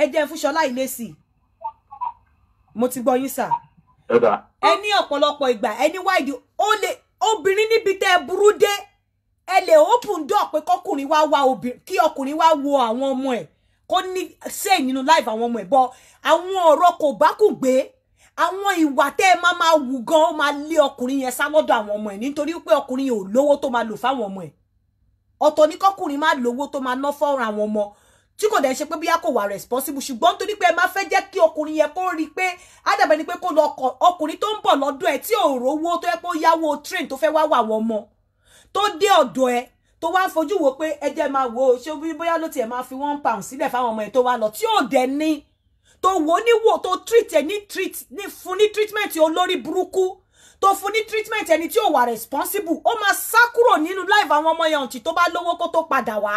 S1: ẹ jẹ́ fún ṣọlá yìí lésì. mo ti gbọ́ yín sà. ẹ ní ọ̀pọ̀lọpọ̀ ìgbà ẹni wáìdì obìnrin níbi tẹ́ burú dé ẹ lè open door pé kọkùnrin wá wá obìnrin kí ọkùnrin wá wo àwọn ọmọ ẹ̀ kó ní say nínú live àwọn ọmọ ẹ̀ bọ àwọn ọ̀rọ̀ kò bá kù gbé àwọn ìwà tẹ́ ẹ máa máa wù gan ó máa lé ọkùnrin yẹn sá lọ́dọ̀ àwọn ọmọ ẹ̀ nítorí pé ọkùnrin yẹn ò lówó tó máa lò fáwọn ọmọ ẹ̀ ọ̀tọ̀ ní kọkùnrin máa lówó tó máa ná fọ́ọ̀rọ̀ àwọn ọmọ tí kò dẹ̀ ṣe pé bíyà kò wà responsible ṣùgbọ́n torí pé ẹ máa fẹ́ jẹ́ kí ọkùnrin yẹn kó rí i pé ádàbẹ̀ ni pé kó lọ ọkùnrin tó ń bọ̀ lọ́dọ̀ ẹ̀ tí ò rówó tó yẹ kó yáwó train tó fẹ́ wá wà àwọn ọmọ tó dé ọ̀dọ̀ ẹ tó wá fojú wo pé ẹ jẹ́ máa wo ṣé bóyá ló tiẹ̀ máa fi one pound sílẹ̀ fáwọn ọmọ ẹ tó wá lọ tí ò dẹ̀ ní tó wò ó níwò tó treat ẹ ní treat ní fún ní treatment olórí burúkú tó fún ní treatment ẹni tí ò wà responsible ó máa sá kúrò nínú life àwọn ọmọ yẹn ọ̀tí tó bá lówó kó tó padà wá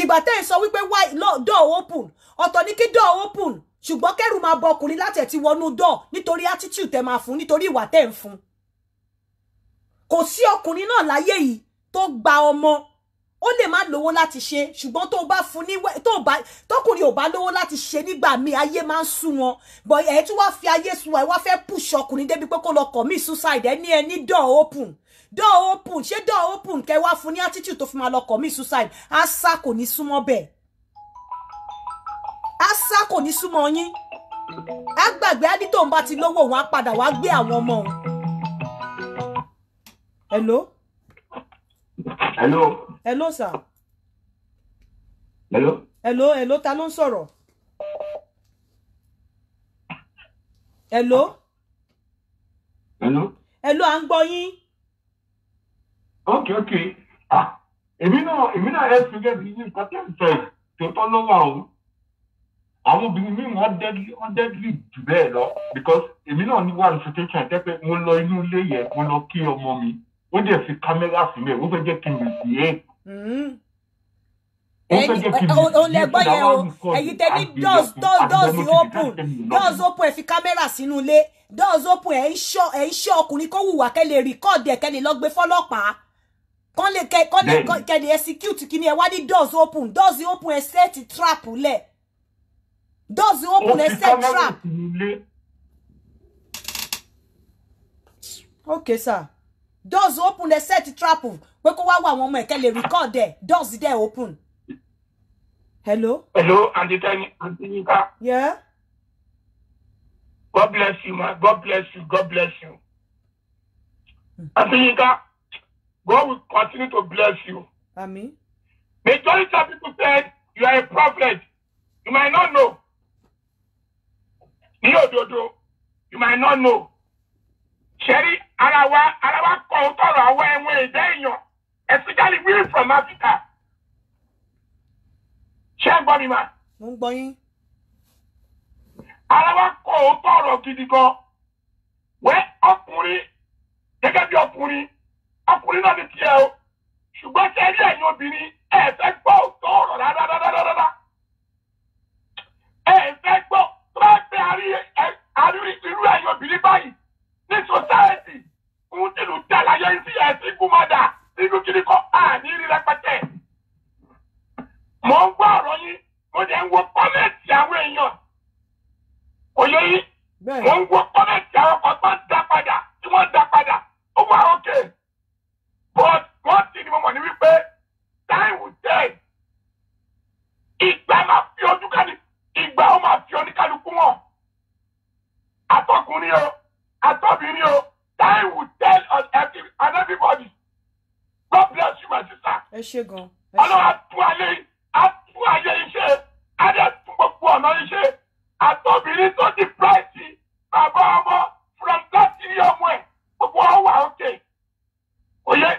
S1: ìgbà tẹ́ ẹ̀ sọ wípé why door open ọ̀tọ̀ ní kí door open ṣùgbọ́n kẹ́rù máa bọ ọkùnrin láti ẹ̀ ti wọnú door nítorí attitude tẹ́ máa fún nítorí ìwà tẹ́ ń fún kò sí ọkùnrin náà láyé yìí tó gba ọmọ ó lè má lówó láti ṣe ṣùgbọ́n tó bá fún ní tó bá tọkùnrin ò bá lówó láti ṣe nígbà míì ayé máa ń sú wọn bọ̀ ẹ̀ tí wàá fi ayé sú wa ẹ̀ wá fẹ́ push ọkùnrin débi pé kó lọ commit suicide ẹ̀ ní door open door open ṣé door open kẹ́ wá fún ní attitude tó fi máa lọ commit suicide asa kò ní súnmọ́ bẹ́ẹ̀ asa kò ní súnmọ́ yín á gbàgbé á ní tóun bá ti lówó òun á padà wá gbé àwọn ọmọ òun hello. hello. hello sir. hello. hello hello ta ló ń hello. hello. hello à ń gbọ́ yín.
S2: ok ah emi na emi na ẹ fi gẹ́gẹ́ bí nǹkan tẹ̀ ń sọ yìí tó tọ́ o àwọn obìnrin mi wọn deadly wọn deadly jù bẹ́ẹ̀ lọ because èmi náà ní one situation tẹ́pẹ́ mo lọ inú ilé yẹn mo lọ kí ọmọ mi wọ́n dẹ̀ fi kámẹ́rà sílẹ̀ wọ́n fẹ́ jẹ́ kí n bì í.
S4: òun lè gbọ́ yẹn o ẹ̀yin tẹ ní doors doors doors
S1: open doors open ẹ̀ fi kámẹ́rà sínú ilé doors open ẹ̀ ń ṣọ́ ẹ̀ ń ṣọ́ ọkùnrin kó wùwà kẹ́ lè rìkọ́ọ̀dì ẹ̀ kẹ́ lè lọ gbé fọ́lọ́pàá kán lè kán lè kẹ́ lè execute kíní ẹ̀ wá ní doors open doors open ẹ̀ set trap lẹ̀ doors open ẹ̀ set trap. ok sir doors open they set trap pé kó wá wá àwọn ọmọ ẹ̀kẹ́ lè record there doors there open. hello. hello
S4: aunty tani aunty yeah. god bless you ma god bless you god bless you. Hmm. god will continue to bless you. ami. majority of people said you are a prophet you might not know ní you might not know ṣẹ́rí ara wa ara wa kọ̀ ń tọrọ àwọn ẹ̀wọ̀n ẹ̀dá èèyàn especially we from Africa ṣé ẹ gbọ́ mi ma. mo ń gbọ́ yín. ara wa kọ̀ ń tọrọ gidi gan wẹ́ ọkùnrin gẹ́gẹ́ bí ọkùnrin ọkùnrin náà ti tiẹ̀ o ṣùgbọ́n ṣẹ́rí ẹ̀yin obìnrin ẹ̀ fẹ́ gbọ́ òótọ́ ọ̀rọ̀ rárá fẹ́ gbọ́ tó bá gbé àrí irú ẹ̀yin obìnrin báyìí ní sọsáyẹtì ohun tí ìlú dá láyé ń sí ẹsìn gúnmọdà nínú kiri kọ àní rí rẹpẹtẹ mò ń gbọ́ ọ̀rọ̀ yín mo dẹ̀ ń wo kọ́mẹ̀tì àwọn èèyàn kò yẹ yín mò ń wo kọ́mẹ̀tì àwọn kan tó ń dá padà tí wọ́n dá padà ó wà ókè but wọ́n ti ni mo mọ̀ ní wípé time will tell ìgbà máa fi ojú kálí ìgbà ó máa fi oníkálukú wọn àtọkùnrin o atọ́bìnrin o time will tell on every and everybody God bless you my sister. ẹ ṣe gan. ọlọ́wà tún ayé atún ayé iṣẹ́ adé tún gbogbo ọ̀nà iṣẹ́ atọ́bìnrin tó di price bàbá ọmọ from that year ọmọ ẹ̀ gbogbo ọwà òkè òye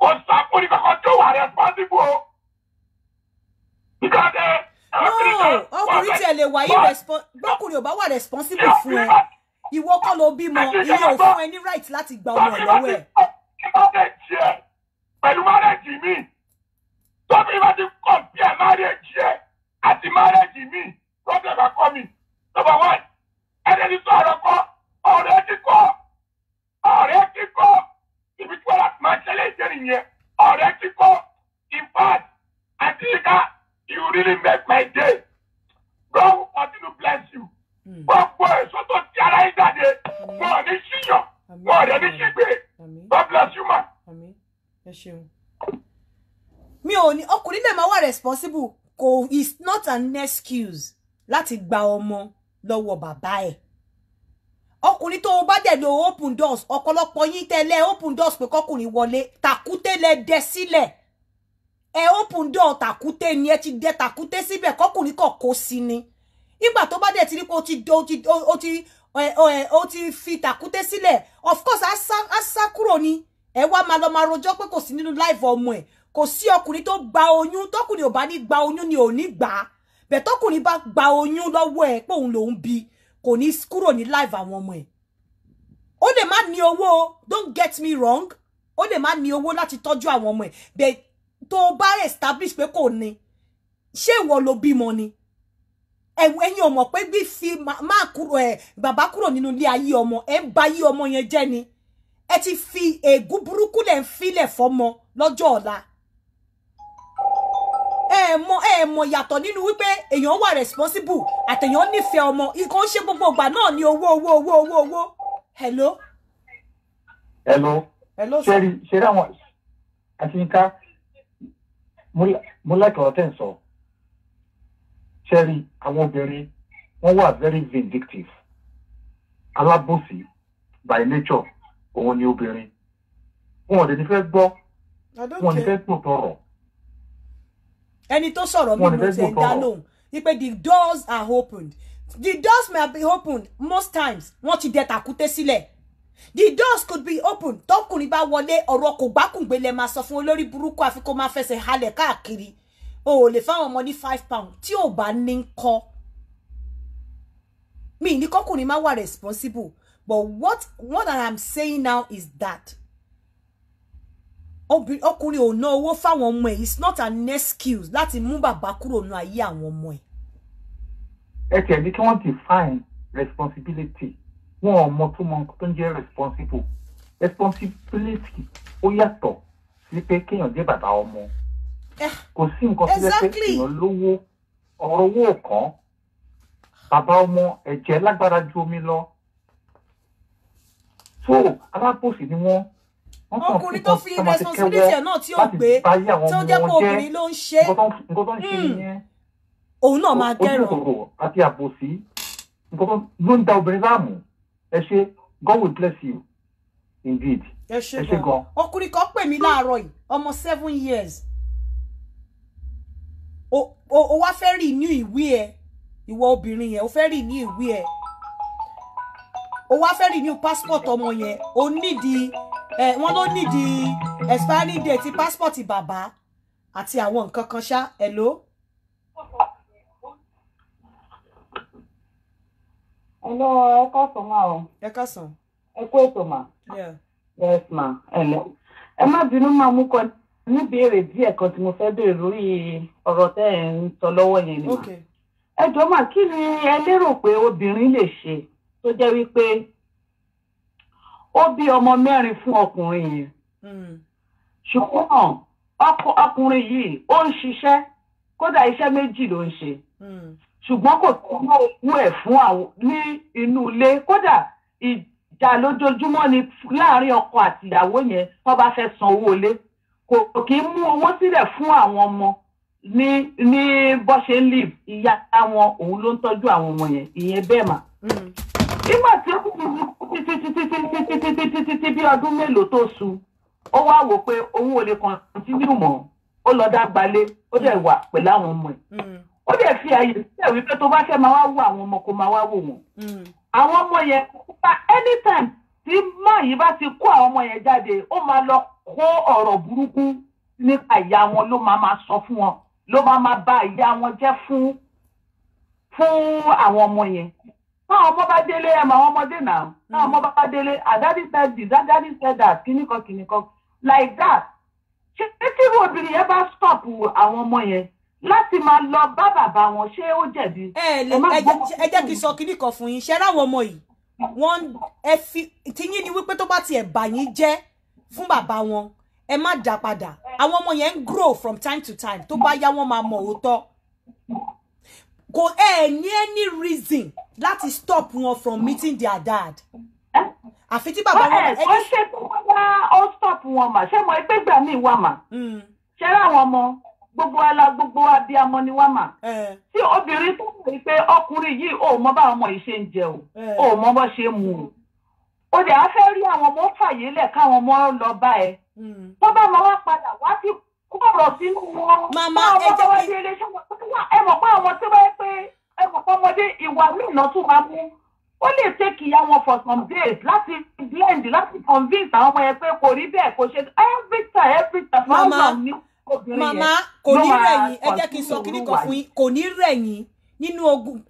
S4: kò sàkóni kankan tó wà responsible o.
S1: because eh, ẹ. no ọkùnrin tiẹ̀ lè wà irresponsible bọ́kùnrin ò bá wà responsible fún ẹ ìwọ kọ́ ló bímọ ìyẹn ò fún ẹ ní right láti gba ọmọ ẹ lọ́wọ́ ẹ̀. kí ló dé jẹ pẹ̀lú márẹ́jì mi
S4: tóbi bá ti kọ̀ bí ẹ̀ márẹ́jì ẹ̀ àti márẹ́jì mi lọ́dọ̀ bá kọ́ mi lọ́ba wá ẹ̀rẹ́ ti sọ̀rọ̀ kọ́ ọ̀rẹ́ kíkọ́ ọ̀rẹ́ kíkọ́ ibi tí wọ́n máa ṣẹlẹ̀ ìjẹ́ nìyẹn ọ̀rẹ́ kíkọ́ in fact àti ìka you really make my day God continue bless you. Hmm. gbogbo èso tó ti ara yín jáde wọn ní ṣíyàn wọn ò ní ṣígbè God bless you ma.
S1: mi ò ní ọkùnrin lè máa wà responsible kò is not an excuse láti gba ọmọ lọ́wọ́ bàbá ẹ̀ ọkùnrin tó o bá dẹ̀ lo open doors ọ̀pọ̀lọpọ̀ yín tẹ́lẹ̀ open doors pé kọkùnrin wọlé tàkúté lẹ dẹ sílẹ̀ ẹ open door tàkúté ni ẹ ti dẹ tàkúté síbẹ̀ kọkùnrin kọ̀ kó sí ni ìgbà tó bá dẹ̀ ti rí pé o ti o ti o ti o ti fi tàkúté sílẹ̀ of course á sá kúrò ni ẹ wá máa lọ máa rojọ́ pé kò sí nínú láìfọ ọmọ ẹ̀ kò sí ọkùnrin tó gba oyún tọkùnrin ò bá ní gba oyún ni ò ní gbà á bẹ̀ tọkùnrin bá gba oyún lọ́wọ́ ẹ̀ pé òun lòún bí kò ní kúrò ní láìfọ àwọn ọmọ ẹ̀ ó lè má ní owó don't get me wrong ó lè má ni owó láti tọ́jú àwọn ọmọ ẹ̀ bẹ̀ tó bá establish pé kò ní ṣé ìwọ ló bímọ ni ẹ̀yin ò mọ̀ pé bí fi máa kúrò ẹ̀ bàbá kúrò nínú ilé ayé ọmọ ẹ̀ ń ba ayé ọmọ yẹn jẹ́ ni ẹ ti fi ègún burúkú lẹ̀ ń filẹ̀ fọmọ lọ́jọ́ ọ̀la ẹ mọ ẹ mọ yàtọ̀ nínú wípé èèyàn wà responsible àtẹ̀yàn nífẹ̀ẹ́ ọmọ ikọ̀ ṣe gbogbo ìgbà náà ní owó owó owó owó owó hello. hello hello sẹ́rí sẹ́rí àwọn àti nǹkan
S2: mo láìpẹ́ ń sọ ṣẹ́rí àwọn obìnrin wọ́n wà very vindictive alábòsí by nature òun ni obìnrin wọn ò lè ní fẹ́ gbọ́ wọn ò ní fẹ́ gbọ́ tọrọ.
S1: ẹni tó sọ̀rọ̀ mi ló ṣe ń dá lóhùn wípé the doors are opened the doors may be opened most times wọ́n ti dẹ tàkúté sílẹ̀ the doors could be opened tọkùnrin bá wọlé ọ̀rọ̀ kò gbákùngbélé máa sọ fún olórí burúkú àfi kó máa fẹsẹ̀ halẹ̀ káàkiri o ò lè fáwọn ọmọ ní five pound tí ò bá ní ń kọ́ mi ní kọ́kùnrin má wà responsible but what what I am saying now is that ọkùnrin ò ná owó fáwọn ọmọ ẹ̀ it's not an excuse láti mú bàbá kúrò nù aye àwọn ọmọ ẹ̀.
S2: ẹ tẹ̀ ní kí define responsibility wọn ò mọ tó mọ tó responsible responsibility ó yàtọ̀ sí pé kéèyàn jẹ́ bàbá ọmọ Eh, kò sí nǹkan tó yẹ pé èèyàn lówó ọ̀rọ̀ owó kan bàbá ọmọ ẹ̀jẹ̀ lágbára ju omi lọ so alábòsí ni wọ́n
S1: ọkùnrin tó fi responsibility ẹ̀ náà tí ó gbé tó jẹ́ pé obìnrin ló ń ṣe
S2: òun náà máa dẹ́rọ̀ ojú òrò àti àbòsí nǹkan tó ló ń da obìnrin láàmú ẹ ṣe God will bless you indeed
S1: ẹ ṣe gan ọkùnrin kan pè mí láàárọ̀ yìí ọmọ seven years o wá fẹ́ rí ní ìwé ẹ ìwọ obìnrin yẹn o fẹ́ rí ní ìwé ẹ o wá fẹ́ rí ní passport ọmọ yẹn o nídìí Eh, wọ́n ló nídìí expiry date passport bàbá àti àwọn nǹkan kan ṣá Hello. Hello. Hello, ẹ káàsán máa o. Ẹ káàsán. Ẹ kú ètò mà.
S3: Yes mà, ẹ lẹ. Ẹ má bínú máa mú ní béèrè díẹ̀ kan tí mo fẹ́
S1: béèrè lórí ọ̀rọ̀ tẹ́ ẹ̀ ń sọ lọ́wọ́ yẹn ni mà ẹ jọ mà kí ni ẹ lérò pé obìnrin lè ṣe tó jẹ́ wípé ó bí ọmọ mẹ́rin fún ọkùnrin yìí hmm. ṣùgbọ́n ọkùnrin yìí ó ń ṣiṣẹ́ kódà iṣẹ́ méjì ló ń ṣe hmm. ṣùgbọ́n kò tó mọ́ owó ẹ̀ fún ní inú ilé kódà ìjà lójoojúmọ́ ni láàárín ọkọ àti ìyàwó yẹn wọ́n bá fẹ́ san owó ilé kò kì í mú owó sílẹ̀ fún àwọn ọmọ ní ní bó ṣe ìyá wọn òun ló ń tọ́jú àwọn ọmọ yẹn ìyẹn bẹ́ẹ̀ mà.
S4: Hmm. nígbà tí ó kúkú títí títí títí títí títí títí
S1: bí ọdún mélòó tó su ó wá wò pé òun ò lè kọ̀ǹtínú mọ́ ó lọ dá gbalé ó dẹ̀ wà pẹ̀lú àwọn ọmọ ẹ̀. Hmm. ó dẹ̀ fi àyè sílẹ̀ wípé tó bá fẹ́ máa wá wo àwọn ọmọ kó máa wá wò wọ́n. Hmm. àwọn ọmọ yẹn kópa anytime tí máa bá ti kó àwọn ọmọ yẹn jáde ó máa lọ kó ọ̀rọ̀ burúkú nípa ìyá wọn ló máa máa sọ fún wọn ló máa máa bà ìyá wọn jẹ́ fún fún àwọn ọmọ yẹn táwọn ọmọ bá délé ẹ̀ máa wọn ọmọdé náà táwọn ọmọ bá délé àdádi ah, said this àdádi said that kìnnìkan kìnnìkan like that ṣé tí obìnrin yẹn bá stop àwọn ọmọ yẹn láti máa lọ bá bàbá wọn ṣé ó jẹ̀bi. ẹ ẹ jẹ́ kí n sọ kinní kan fún yín ṣe ráwọn ọmọ yìí wọ́n ẹ fi tiyín ni wípé tó bá tiẹ̀ bà yín jẹ́ fún bàbá wọn ẹ má dá padà àwọn ọmọ yẹn ń grow from time to time tó bá yá wọn máa mọ òótọ́ kò ẹ ní any reason láti stop wọn from meeting their dad àfi tí bàbá wọn. ó ṣe kó wá ó stop wọn mà ṣé mo ẹgbẹ́ gbà mí wà mà hmm. ṣé láwọn ọmọ gbogbo ala gbogbo abiyamọ ni wà mà tí obìnrin tó mọ̀ pé ọkùnrin yìí ò mọ bá ọmọ yìí ṣe ń jẹ o ò mọ bó ṣe ń mu o o dẹ̀ á fẹ́ rí àwọn ọmọ fàyélẹ̀ káwọn ọmọ lọ bá ẹ hmm. tó bá máa wá padà wá sí kó sínú wọn màmá ẹ jẹ́ kí ẹ mọ̀ pé àwọn tó bá yẹ pé ẹ mọ̀ pé ọmọdé ìwà mìíràn tún máa mú ó lè take ìyá wọn for some days láti blend láti convince àwọn ọmọ yẹn pé kò rí bẹ́ẹ̀ kò ṣe every time every time. màmá màmá kò ní rẹ̀ ẹ jẹ́ kí n sọ kíní kan fún yín kò ní rẹ̀ nínú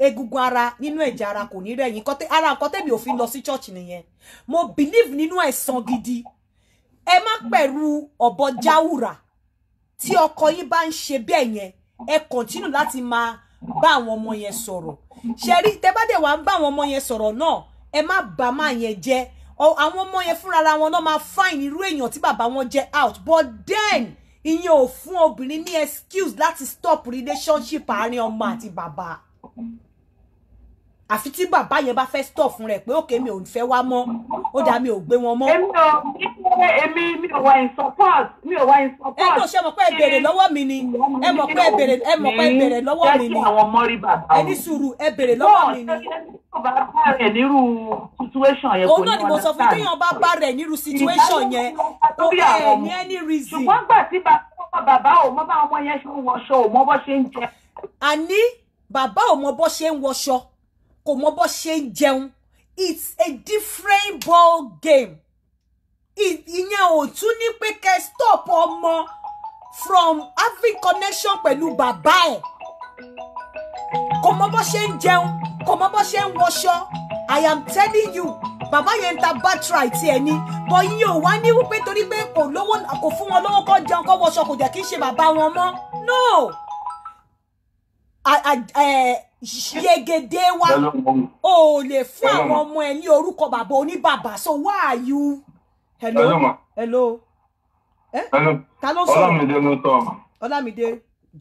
S1: egungun ara nínú ẹ̀jẹ̀ ara kò ní rẹ̀yìn ara nǹkan tẹ̀mí ò lọ sí church nìyẹn mo believe nínú ẹ̀san gidi ẹ má pẹ̀rù ọ̀bọ jáwùrà tí ọkọ yín bá ń ṣe bẹ́ẹ̀ yẹn ẹ kọ̀ntínù láti máa bá àwọn ọmọ yẹn sọ̀rọ̀ ṣe rí tẹ bá dẹ̀ wá ń bá àwọn ọmọ yẹn sọ̀rọ̀ náà ẹ má bà máa yẹn jẹ́ àwọn ọmọ yẹn fúnra wọn náà máa fáìn irú èèyàn tí bàbá wọn jẹ́ out but then ìyẹn ò fún obìnrin ní excuse láti stop relationship àárín ọmọ àti bàbá àfi tí bàbá yẹn bá fẹ́ stop fún rẹ̀ pé òkè mi ò fẹ́ wá mọ́ ó dá mi ò gbé wọn mọ́. èmi
S4: ò èmi mi ò wà
S1: in support mi ò wà in support. ẹ mọ̀ ṣe mọ̀ pé ẹ bèrè lọ́wọ́ mi ni ẹ mọ̀ pé ẹ bèrè ẹ mọ̀ pé ẹ bèrè lọ́wọ́ mi ni ẹ ní sùúrù ẹ bèrè lọ́wọ́ mi ni. bá bá rẹ̀ nírú situation yẹn kò ní wọn náà. òun náà ni mo sọ fún téèyàn bá bá rẹ̀ nírú situation yẹn kò ẹ̀ ní any reason. ṣùgbọ́n gbà tí bàbá ò mọ bá ọmọ yẹn ṣe ń wọṣọ ò mọ bó ṣe ń jẹ. àní bàbá ò mọ bó ṣe ń wọṣọ kò mọ bó ṣe ń jẹun it's a different ball game ìyẹn ò tún ní pé kẹ́ stop ọmọ from having connection pẹ̀lú bàbá ẹ̀ kò mọ bó ṣe ń jẹun kò mọ bó ṣe ń wọṣọ i am telling you bàbá yẹn ń ta bátìrì àti ẹni bọ iye ò wá ní wípé torí pé kò lówó kò fún wọn lówó kó jẹun kó wọṣọ kò jẹ́ kí n ṣe bàbá wọn mọ́ no eh, yegede wa o lè fún àwọn ọmọ ẹ ní orúkọ bàbá oníbàbà so why are you. hello hello eh ta ló sọ Ọlámídé ló tọ Ọlámídé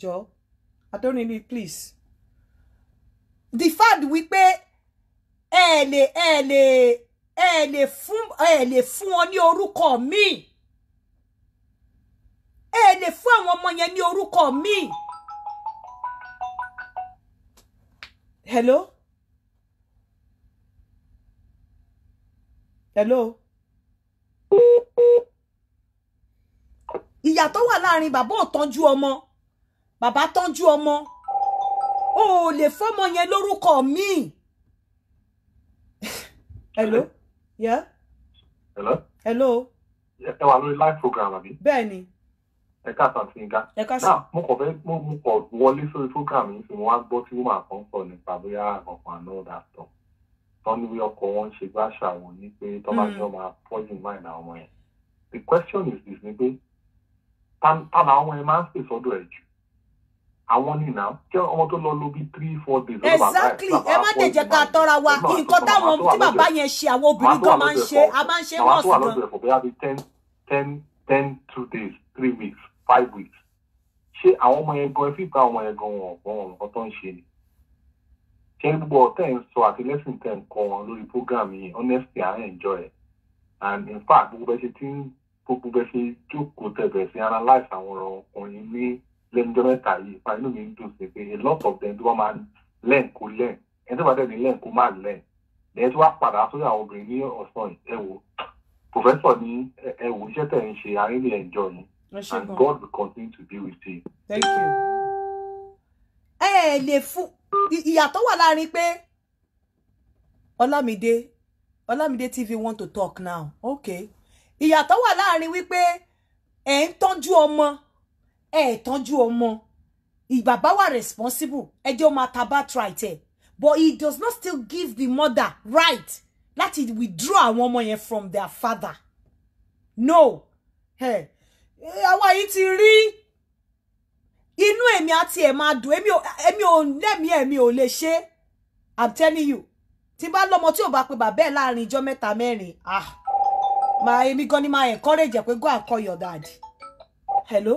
S1: jọ atọ́nimi please the fact wípé ẹ lè ẹ lè ẹ lè fún ẹ lè fún ọ ní orúkọ míì ẹ lè fún àwọn ọmọ yẹn ní orúkọ míì. hello hello ìyà tó wà láàrin bàbá ò tọ́jú ọmọ bàbá tọ́jú ọmọ o ò lè fọ́mọ yẹn lórúkọ míì
S2: hello yeah hello hello ẹ wà lórí live program àbí. bẹ́ẹ̀ni ẹ káàtó àti ìga náà mo kàn fẹ́ mo kàn wọlé sórí program yìí fún wa gbọ́ tí woman kan sọ nípa bóyá ọkàn àná ọ̀dà sọ tán ní ọkọ̀ wọn ṣe gbá ṣàwò ní pé tọ́ba ní hmm. ọmọ poison mind àwọn yẹn the question is this ni pé ta la àwọn yẹn máa ń pè sọ́dọ̀ ẹ̀ jù àwọn nìyà jẹ́ ọmọ tó lọ lo bí three four days. exactly ẹ má tẹ̀jẹ̀ ká
S1: tọ́ra wa nǹkan táwọn tí bàbá yẹn ṣe àwọn obìnrin gan máa ń ṣe a máa ń ṣe wọ́ọ̀sì gan. àwọn tó wà lọ́dọ̀ ẹ̀fọ́
S2: bóyá bíi ten ten two days three weeks five weeks ṣé àwọn ọmọ yẹn gan fífa ọmọ yẹn gan wọn wọn wọn nǹkan tó ń ṣe ni ṣé gbogbo ọ̀tẹ̀ ń sọ àti lesson ten kọ wọn lórí program yìí honestly I enjoy it and in fact gbogbo ẹ ṣe ti ń gbogbo ẹ ṣe jókòó tẹ̀bẹ̀ sí analyse àwọn ọ̀rọ̀ ọkùnrin ní lẹ́nujọ́ mẹ́ta yìí fa inú mi ń dùn sí pé a lot of them tó bá máa learn kó learn ẹni tó bá dẹ̀ ní learn kó máa learn lẹ́yìn tó wá padà sórí àwọn obìnrin ní ọ̀sán ẹ wò professor ní ẹ wò iṣẹ́ tẹ̀ ń ṣe I really enjoy yìí
S1: and God
S2: will continue to be with him.
S1: Thank you. ẹ ẹ lè fún ìyàtọ̀ wà láàrin pé Ọlámídé Ọlámídé TV want to talk now okay ìyàtọ̀ wà láàrin wípé ẹ̀ ń tọ́jú ọmọ ẹ̀ tọ́jú ọmọ bàbá wa responsible ẹ jẹ́ ó máa ta birthright ẹ̀ but he does not still give the mother right láti withdraw àwọn ọmọ yẹn from their father no hey. Eh, àwa yìí ti rí inú èmi àti ẹ̀ máa dùn èmi ò lẹ́mìí èmi ò lè ṣe i'm telling you tí bá lọ́mọ tí ò bá pe bàbá ẹ̀ láàrin ijọ́ mẹ́ta mẹ́rin ah màá èmi gan ni máa encourage ẹ̀ pé go and call your dad hello.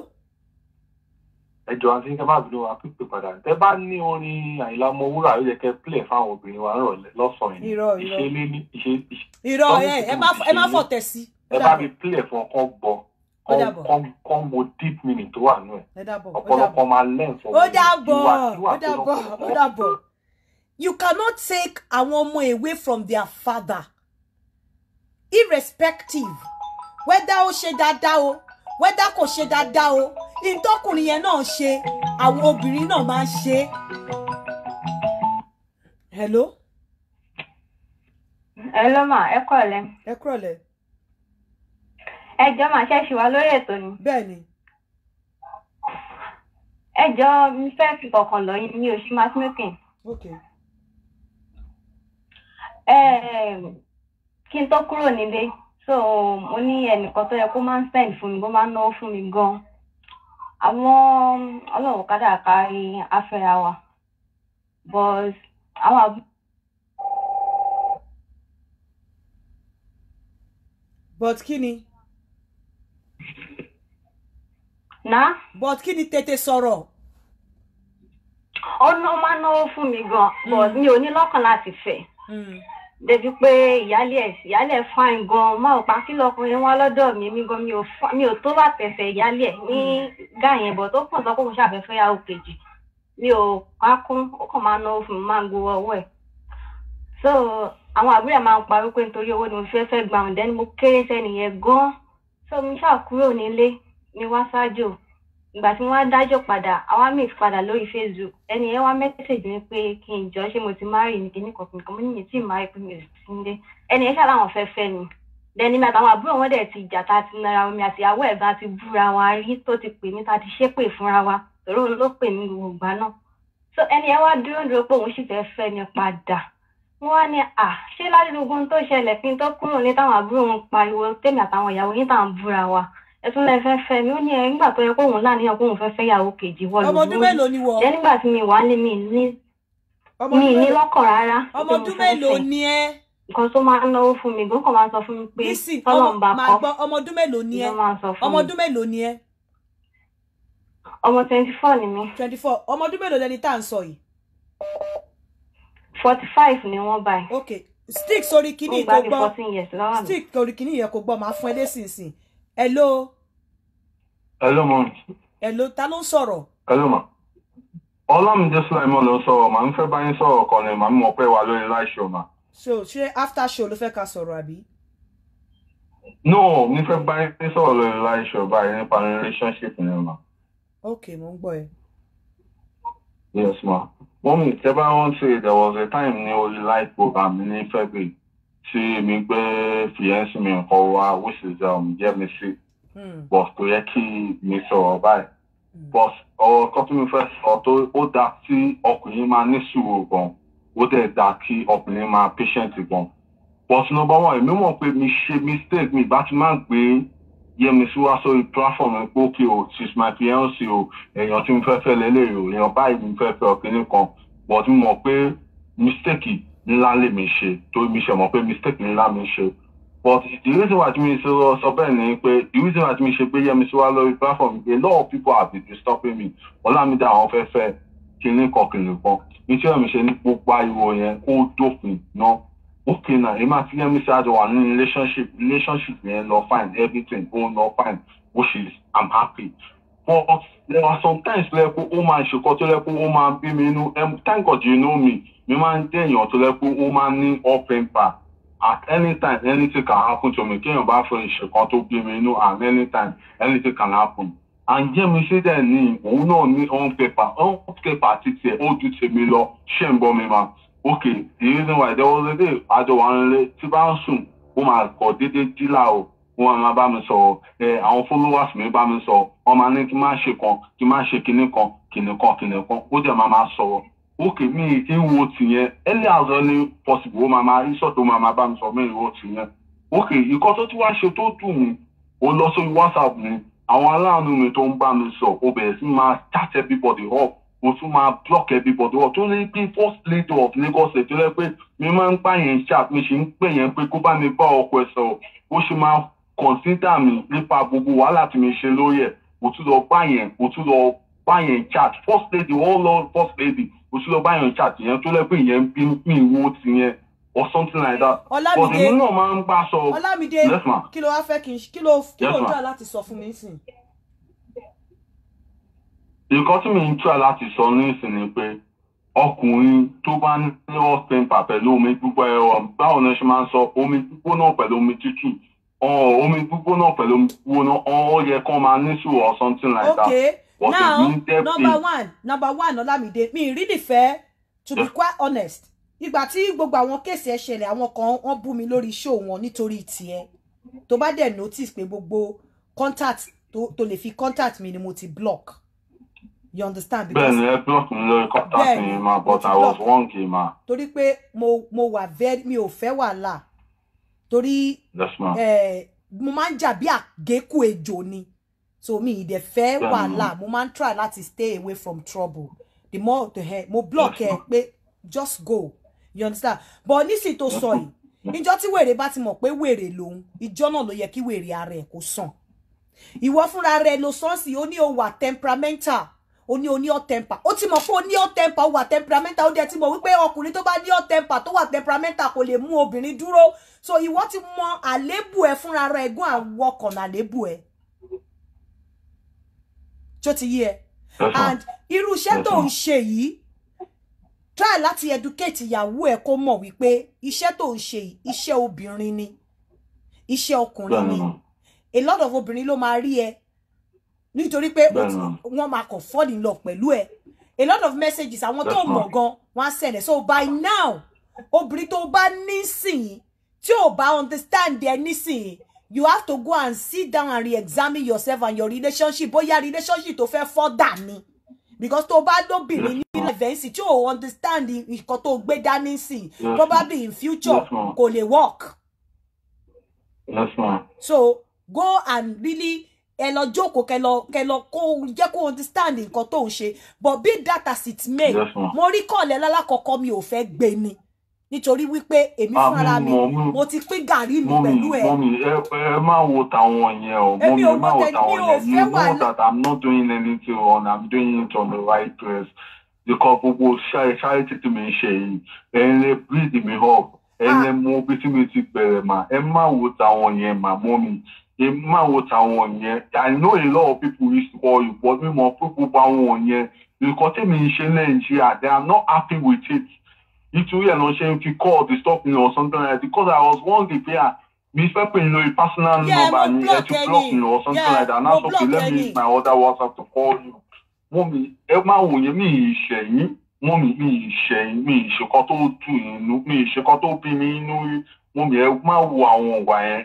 S2: ẹ jọ àti ẹ má bínú apípé padà tẹ bá ní orin Àyìnlá Ọmọwúrà yóò yẹ kẹ pílẹ fáwọn obìnrin wa rọ̀lẹ́ lọ́sàn-án yìí ìṣe lé ní ìṣe. irọ́ ẹ ẹ má fọ̀tẹ̀
S1: sí. ẹ bá
S2: mi pílẹ fún ọkọ gbọ́
S1: kán
S2: mo deep meaning tó wà nù
S1: ẹ̀ ọ̀pọ̀lọpọ̀
S2: máa learn from ó dàbọ̀ ó dàbọ̀ ó
S1: dàbọ̀ you cannot take àwọn ọmọ away from their father irrespective whether ó ṣe dáadáa o whether kò ṣe dáadáa o ìtọ́kùnrin yẹn náà ṣe àwọn obìnrin náà máa ń ṣe. hello. hello ma ẹ kúrọ̀lẹ́. ẹ kúrọ̀lẹ́
S3: ẹ jọ máa ṣẹ́ṣì wá lórí ètò ni. bẹ́ẹ̀ni. ẹ jọ mi fẹ́ fi kọ̀ọ̀kan lọ yín ní oṣù matchmaking. okay. kí n tó kúrò nílé so mo ní ẹnìkan tó yẹ kó máa ń send fún mi kó máa ń náwó fún mi gan-an àwọn ọlọ́run kádà kárí afẹ́ra wa but àwọn àbúrò.
S1: but kí ni na. but kini tete tètè sọ̀rọ̀. ọ̀nà máa náwó fún mi gan hmm. but mi ò ní lọ́kàn láti
S3: fẹ́. Hmm. débi pé ìyálé ẹ̀ ìyálé ẹ̀ fáin gan máa ò pa kí lọkùnrin wá lọ́dọ̀ mi mi gan mi ò tó bá tẹ̀fẹ̀ ìyálé ẹ̀ ní hmm. gá yẹn bọ̀ tó kàn sọ́kùnrin ṣàfẹ́fẹ́ yàwó kejì mi ò kákún ó kàn máa náwó fún mi máa ń gbowó ọwọ́ ẹ̀. so àwọn àbúrò ẹ̀ máa ń parí pé nítorí owó ni mo fẹ́ fẹ́ gbà wọ́n dẹ́ni mo kéré sẹ́niyẹn gan-an so mo ṣáà kúrò nílé mi wá ṣáájò ìgbà tí mo wá padà àwa mix padà lórí facebook ẹni yẹn wá mẹ́sẹ̀jì mi pé kí n jọ ṣé mo ti má rìn ní kíní kankan kan mo ní mi tí ì pé mi ò sí nílé ẹni yẹn ṣáà láwọn fẹ́ fẹ́ ni dẹni mi àtàwọn àbúrò wọn dẹ̀ ti jà tá a ti nara omi àtìyàwó ẹ̀ bá ti búra wa rí tó ti pè mí tá a ti ṣépè fúnra wa tòró ló pè mí gbogbo ìgbà náà so ẹni yẹn wá dúró dúró pé òun sì fẹ́ fẹ́ ni padà wọ́n wá ní à ṣé ládùúgbò ohun tó ṣẹlẹ̀ fi tó kúrò ní táwọn àbúrò òun pariwo tèmi àtàwọn ìyàwó yín táwọn búra wa ẹ tún lẹ fẹ́ fẹ́ mi ó ní ẹ nígbà tó yẹ kó òun láàníyàn kó òun fẹ́ fẹ́ ìyàwó kejì wọ lójú ó jẹ nígbà tí mi wà ní mi ní mi ní lọ́kàn rárá ọmọ ọdún mélòó ni ẹ nǹkan tó máa ń náwó fún mi gbọ́n kan máa ń sọ fún mi pé fọlọ́n bá kọ́
S1: ọmọ ọdún mélòó ni ẹ ọmọ ọdún mélòó ni ẹ. ọmọ twenty four ni mi. twenty four ọmọ ọdún mélòó lẹni tá à ń sọ yìí forty five ni wọ́n báyìí. ok stick sórí kínní kò gbọ́ stick sórí kínní yẹn kò gbọ́ máa fún ẹ lẹ́sìnsìn hello. hello mo. hello ta ló ń sọ̀rọ̀.
S2: hello ma ọlámídé sulaimon ló ń sọ̀rọ̀ màá ń fẹ́ bá yín sọ̀rọ̀ kan ni màá mọ̀ pé wà lórí láìṣọ ma.
S1: so ṣé after show ló fẹ́ ká sọ̀rọ̀ àbí.
S2: no mi fẹ́ bá yín sọ̀rọ̀ lórí láìṣọ báyìí nípa relationship ni ma.
S1: ok mo ń gbọ́ ẹ.
S2: yes ma mọ́mì tẹ́ bá wọ́n ṣe there was a time ní orí live program ní February tí mi gbé fiẹ́nsì mi nǹkan wá which is um Yẹ́misí hmm. but kò yẹ kí mi sọ̀rọ̀ báyìí hmm. but ọ̀rọ̀ kan tí mo fẹ́ sọ tó ó dáa tí ọkùnrin máa ní sùúrù gan ó dẹ̀ dáa kí ọkùnrin máa patient gan but number one èmi mọ̀ pé mi ṣe mistake mi ìbá ti máa ń gbé. Yẹmisí wá sórí platform ẹ pé òkè o sis michael hensi o èèyàn tí mo fẹ́ fẹ́ lélẹ̀ o èèyàn báyìí mo fẹ́ fẹ́ ọ̀kìnrin kan but mo mọ̀ pé mistake ńlá lè mi ṣe torí mi ṣe mọ̀ pé mistake ńlá mi ṣe but the reason why mi ṣe sọ bẹ́ẹ̀ ni pé the reason why mi ṣe pé Yẹmisí wá lórí platform a lot of people have been stopping me Ọlámídé àwọn fẹ́ fẹ́ kìnìkan kìnìkan nítorí mi ṣe ní gbogbo ariwo yẹn kó dófin náà okay na ẹ máa ti lẹ́ mi sí àjọ wà relationship relationship yẹn lọ fine everything ó lọ fine which is i'm happy but there are sometimes lẹ́ pé ó máa ṣèkọ́ tó lẹ́ pé ó máa bí know. inú thank God you know me Me máa ń jẹ́ èèyàn tó lẹ́ pé ó máa ní up at any time anything can happen to me Can kéèyàn bá fẹ́ ìṣèkan tó bí mi know. at any time anything can happen And àǹjẹ́mi ṣe dẹ̀ ní you know ní on paper on paper àti tiẹ̀ ó ju tèmi lọ ṣé Shame bọ́ me man okay the reason why there was a day àjọ wà nílé tí bá ń sùn ó máa kọ déédéé dílà o wọn máa bá mi sọ̀rọ̀ ẹ àwọn followers mi bá mi sọ̀rọ̀ wọn máa ní kí n má ṣe kan kí n má ṣe kinní kan kinní kan kinní kan ó dẹ̀ máa máa sọ̀rọ̀ okay mi ì kí n wo tìyẹn early as early possible ó máa máa iṣọ́ tó máa máa bá mi sọ mi ì tìyẹn okay ìkọ́ tó ti wá ṣe tó dùn mí ó lọ sórí whatsapp mi àwọn aláàánú mi tó ń bá mi sọ ó bẹ̀rẹ̀ sí máa chat everybody up mo tún máa block everybody ọ̀ tó ní pé first lady of Lagos ẹ̀ tó yẹ pé mi máa ń pa yẹn ṣáà mi ṣe ń pè yẹn pé kó bá mi bá ọkọ ẹ̀ sọ̀rọ̀ bó ṣe máa consider mi nípa gbogbo wàhálà tí mi ṣe lórí ẹ̀ mo tún lọ bá yẹn mo tún lọ bá yẹn chat first lady all lord first lady mo tún lọ bá yẹn chat yẹn tó lẹ́pẹ́ yẹn bí mi wo ti yẹn or something like that. Ọlámídé Ọlámídé kí
S1: ló wá fẹ́ kí n kí ló kí ló dúrà láti sọ fún mi sìn
S2: nǹkan tí mi ń tura láti sọ nísìn ni pé ọkùnrin tó bá ní hot temper pẹ̀lú omi gbígbóná ẹ̀rọ báwo ni ṣe máa ń sọ omi gbígbóná pẹ̀lú omi tútù omi gbígbóná pẹ̀lú omi gbígbóná ó yẹ kán máa ní sùúrù something like that. okay
S1: now number one number one Olamide mi really fẹ́ to be quite honest ìgbà tí gbogbo àwọn kéèsì ẹ ṣẹlẹ̀ àwọn kan wọ́n bú mi lórí show wọn nítorí tiẹ̀ tó bá dẹ̀ notice pé gbogbo contact tó lè fi contact mi ni mo ti block you understand. bẹ́ẹ̀ni ẹ block mi lórí contact mi ma but i was
S2: wrong ma.
S1: torí pé mo mo wà very mi ò fẹ́ wàhálà torí mo máa ń jà bí àgékù ni so mi ìdẹ̀ fẹ́ wàhálà mo máa ń try láti stay away from trouble the more the hair eh, mo block eh. pé just go you understand but nísìnyí tó sọ yìí ìjọ tí wèrè bá ti mọ̀ pé wèrè lòun ìjọ náà ló yẹ kí wèrè ara ẹ̀ kó sàn ìwọ fúnra rẹ ló sọ sí ó ní o wà temperamental o ní o ní hot temper ó ti mọ̀ pé o ní hot temper ó wà temperamental ó dẹ̀ ti mọ̀ wípé ọkùnrin tó bá ní hot temper tó wà temperamental kò lè mú obìnrin dúró so ìwọ ti mọ àlébù ẹ fúnra rẹ ẹgún àwọkàn àlébù ẹ tó ti yé ẹ and irú iṣẹ́ tó ń ṣe yìí try láti educate ìyàwó ẹ kó mọ̀ wípé iṣẹ́ tó ń ṣe yìí iṣẹ́ obìnrin ni iṣẹ́ ọkùnrin ni a lot of obìnrin ló máa rí ẹ nítorí pé wọ́n máa kàn fall in love pẹ̀lú ẹ̀ a lot of messages àwọn tó mọ̀ gan wọ́n á sẹ̀lẹ̀ so by now obìnrin tó bá nísìnyí tí ò bá understand ẹ nísìnyí you have to go and sit down and re-examine yourself and your relationship bóyá relationship tó fẹ́ further ni because tó bá lóbìnrin ní ìfẹ̀yìntì tí ò understand nǹkan tó gbé dání sí probably in future kò lè work. Yes, so go and really ẹ lọ jókòó kẹ lọ kẹ lọ kó jẹ́ kó understand nǹkan tó ń ṣe but be that as it mo rí kọ̀ọ̀lẹ́ lálákọ̀ọ́kọ́ mi ò fẹ́ gbé ni nítorí wípé èmi ah, fúnra mi mo ti pín gàrí mi pẹ̀lú ẹ. mọ́mí ẹ má
S2: wo tàwọn yẹn o mọ́mí ẹ má wo tàwọn yẹn you know that i'm not doing anything wrong i'm doing it on the right place because gbogbo charity tí mi ń ṣe yìí ẹ ń lè breed mi up ẹ ń lè mú bí tí mi ti bẹ̀rẹ̀ mà ẹ má wo tàwọn yẹn mà mọ́mí máa wo tàwọn yẹn i know a lot of people used to call is for ìbọn mímọ pípọ̀ àwọn yẹn nǹkan tí mi ń ṣe nàìjíríà they are not happy with it nítorí ẹ̀ lọ́n ṣe ń fi call the stop me or something like that because i was one day there ah, mi fẹ́ know a personal yeah, number ni ẹ ti block me or something yeah, like that now so you let me use my other whatsapp to call you mo Emma, ẹ máa wò yẹn mi ì me mo mi mi ì ṣẹ̀yìn mi ì ṣèkọ́ tó tù inú mi ì ṣèkọ́ tó bí mi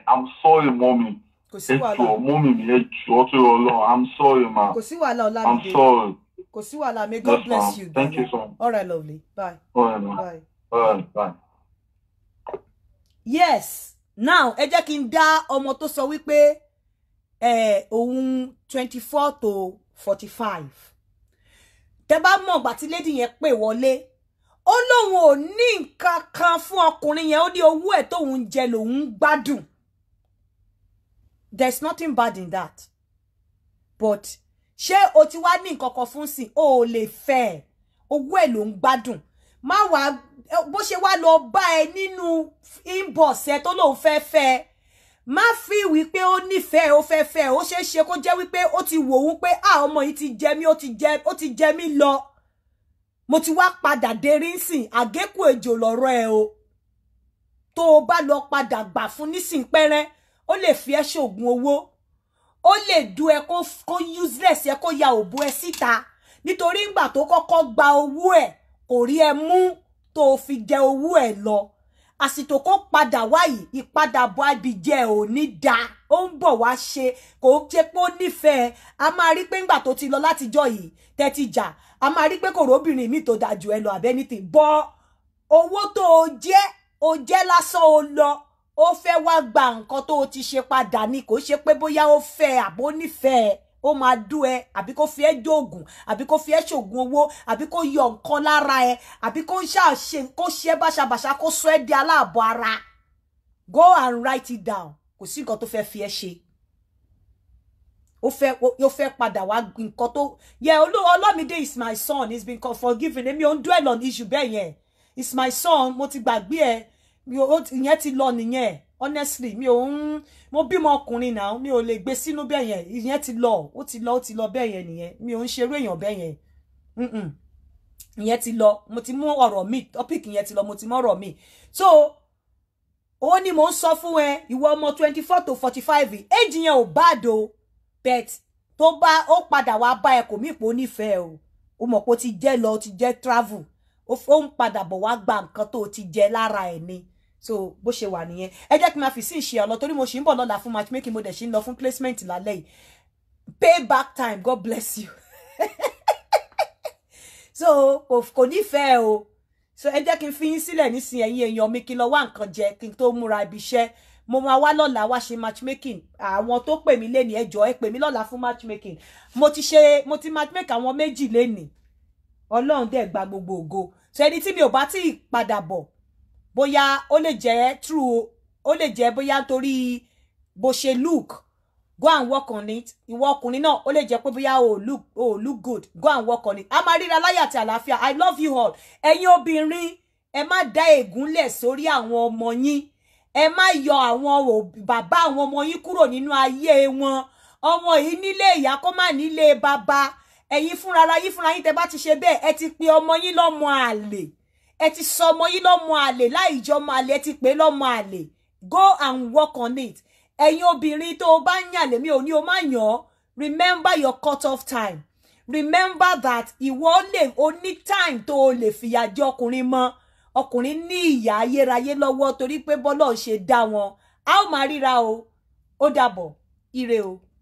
S2: i'm sorry mo kò sí mú mi mi ẹjọ tó yọ lọ i'm sorry ma
S1: i'm sorry kò sí wàhálà may god yes, bless you thank you so much all right lovely bye all right bye
S2: all right bye.
S1: yes now ẹ jẹ́ kí n dá ọmọ tó sọ wípé òun twenty four to forty five tẹ bá mọ̀ ọ̀gbà tí lady yẹn pè wọlé ó lóun ò ní nǹkan kan fún ọkùnrin yẹn ó ní owó ẹ̀ tóun jẹ lòun gbádùn there's nothing bad in that but ṣé o ti wá ní nǹkan kan fún sìn o ò lè fẹ́ owó ẹ̀ ló ń gbádùn má wàá bó ṣe wá lọ bá ẹ nínú inbox ẹ tó lóun fẹ́ fẹ́ má fi wípé ó nífẹ̀ẹ́ ó fẹ́ fẹ́ ó ṣeé ṣe kó jẹ́ wípé ó ti wò ó pé à ọmọ yìí ti jẹ mí ó ti jẹ mí lọ mo ti wá padà dérí nsìn àgékù èjò lọ̀rọ̀ ẹ o tó o bá lọ padà gbà fún nísìn pẹ́rẹ́ O le fi ẹ́ ṣoògùn owó ó lè du ẹ kó kó useless ẹ kó ya òbó ẹ síta nítorí ńgbà tó kọ́kọ́ gba owó ẹ̀ kò rí ẹ mú tó fi jẹ owó ẹ̀ lọ àsìtò kó padà wáyìí ìpadàbọ̀ abìjẹ ò ní da ó ń bọ̀ wá ṣe kò ń ṣe pé ó nífẹ̀ẹ́ a máa rí pé ńgbà tó ti lọ látijọ́ yìí tẹ́tí jà a máa rí pé kò róbìnrin mi tó dájú ẹ lọ àbẹ́ni ti bọ́ owó tó o jẹ́ o o lọ ó fẹ́ wá gba nǹkan tó o ti ṣe padà ni kò ṣe pé bóyá ó fẹ́ àbó nífẹ̀ẹ́ ó máa dú ẹ àbí kó fi ẹ́ dóògùn àbí kó fi ẹ́ ṣògùn owó àbí kó yọ nǹkan lára ẹ àbí kó ṣàṣe kó ṣe báṣabàṣa kó sọ ẹ́ di aláàbọ̀ ara go and write it down kò sí nǹkan tó fẹ́ fi ẹ́ ṣe ó fẹ́ ó fẹ́ padà wá nǹkan tó yẹ Ọlámídé is my son he's been forgiven èmi ò ń dwell on issue bẹ́ẹ̀ yẹn is my son mo ti gbàgbé ẹ mi ò ìyẹn ti lọ nìyẹn honestly mi ò ń mo bímọ ọkùnrin náà mi ò lè gbé sínú bẹ́ẹ̀ yẹn ìyẹn ti lọ ó ti lọ ó ti lọ bẹ́ẹ̀ yẹn nìyẹn mi ò ń ṣerú èèyàn bẹ́ẹ̀ yẹn ìyẹn ti lọ mo ti mú ọ̀rọ̀ mi topic ìyẹn ti lọ mo ti mú ọ̀rọ̀ mi so ó ní mo ń sọ fún ẹ ìwọ ọmọ twenty four to forty five age yẹn bad bá do bet tó bá pada wa wá bá ẹ kò mí pò nífẹ̀ẹ́ o ó mọ̀ pé ó ti jẹ́ lọ ó ti jẹ́ travel ó ń padà bọ̀ wá gba nǹkan tó ti jẹ lára ẹ̀ ni so bó ṣe wà nìyẹn ẹ jẹ́ kí n máa fi sí ìṣe ọ̀nà torí mo ṣì ń bọ̀ lọ́la fún matchmaking mo dẹ̀ ṣì ń lọ fún placement lálẹ́ yìí pay back time god bless you so kò nífẹ̀ẹ́ o so ẹ jẹ́ kí n fi yín sílẹ̀ nísìnyí ẹ̀yin èèyàn mi kí n lọ wá nǹkan jẹ kí n tó múra ibi iṣẹ́ mo máa wá lọ́la wá ṣe matchmaking àwọn tó pè mí lénìí ẹjọ́ ẹ pè mí lọ́la fún matchmaking mo ti ṣe mo ti matchmake àwọn méjì lénìí ọlọ́run dẹ̀ gba gbogbo ògo so ẹni tí mi ò bá tí ì padà bọ̀ bóyá ó lè jẹ́ true ó lè jẹ́ bóyá torí bó ṣe look go and work on it ìwọ ọkùnrin náà ó lè jẹ́ pé bóyá o look o look good go and work on it a máa ríra láyà àti àlàáfíà i love you all ẹ̀yin obìnrin ẹ má dá ègúnlẹ̀ sórí àwọn ọmọ yín ẹ má yọ àwọn bàbá àwọn ọmọ yín kúrò nínú ayé wọn ọmọ yìí nílé ìyá kó má nílé bàbá ẹ̀yin fúnra ara yín fúnra yín tẹ́ bá ti ṣe bẹ́ẹ̀ ẹ ti pe ọmọ yín lọ́mọ àlè ẹ ti sọ ọmọ yín lọ́mọ àlè láìjọ ọmọ àlè ẹ ti pè é lọ́mọ àlè go and work on it ẹ̀yin obìnrin tó o bá ń yàn lèmi ò ní o má yàn ọ́ remember your cut off time remember that ìwọ lè o ní time tó o lè fìyà jẹ ọkùnrin mọ́ ọkùnrin ní ìyà ayérayé lọ́wọ́ torí pé bọ́lọ̀ ṣe dá wọn a ó máa ríra o ó dàbọ̀ ire o.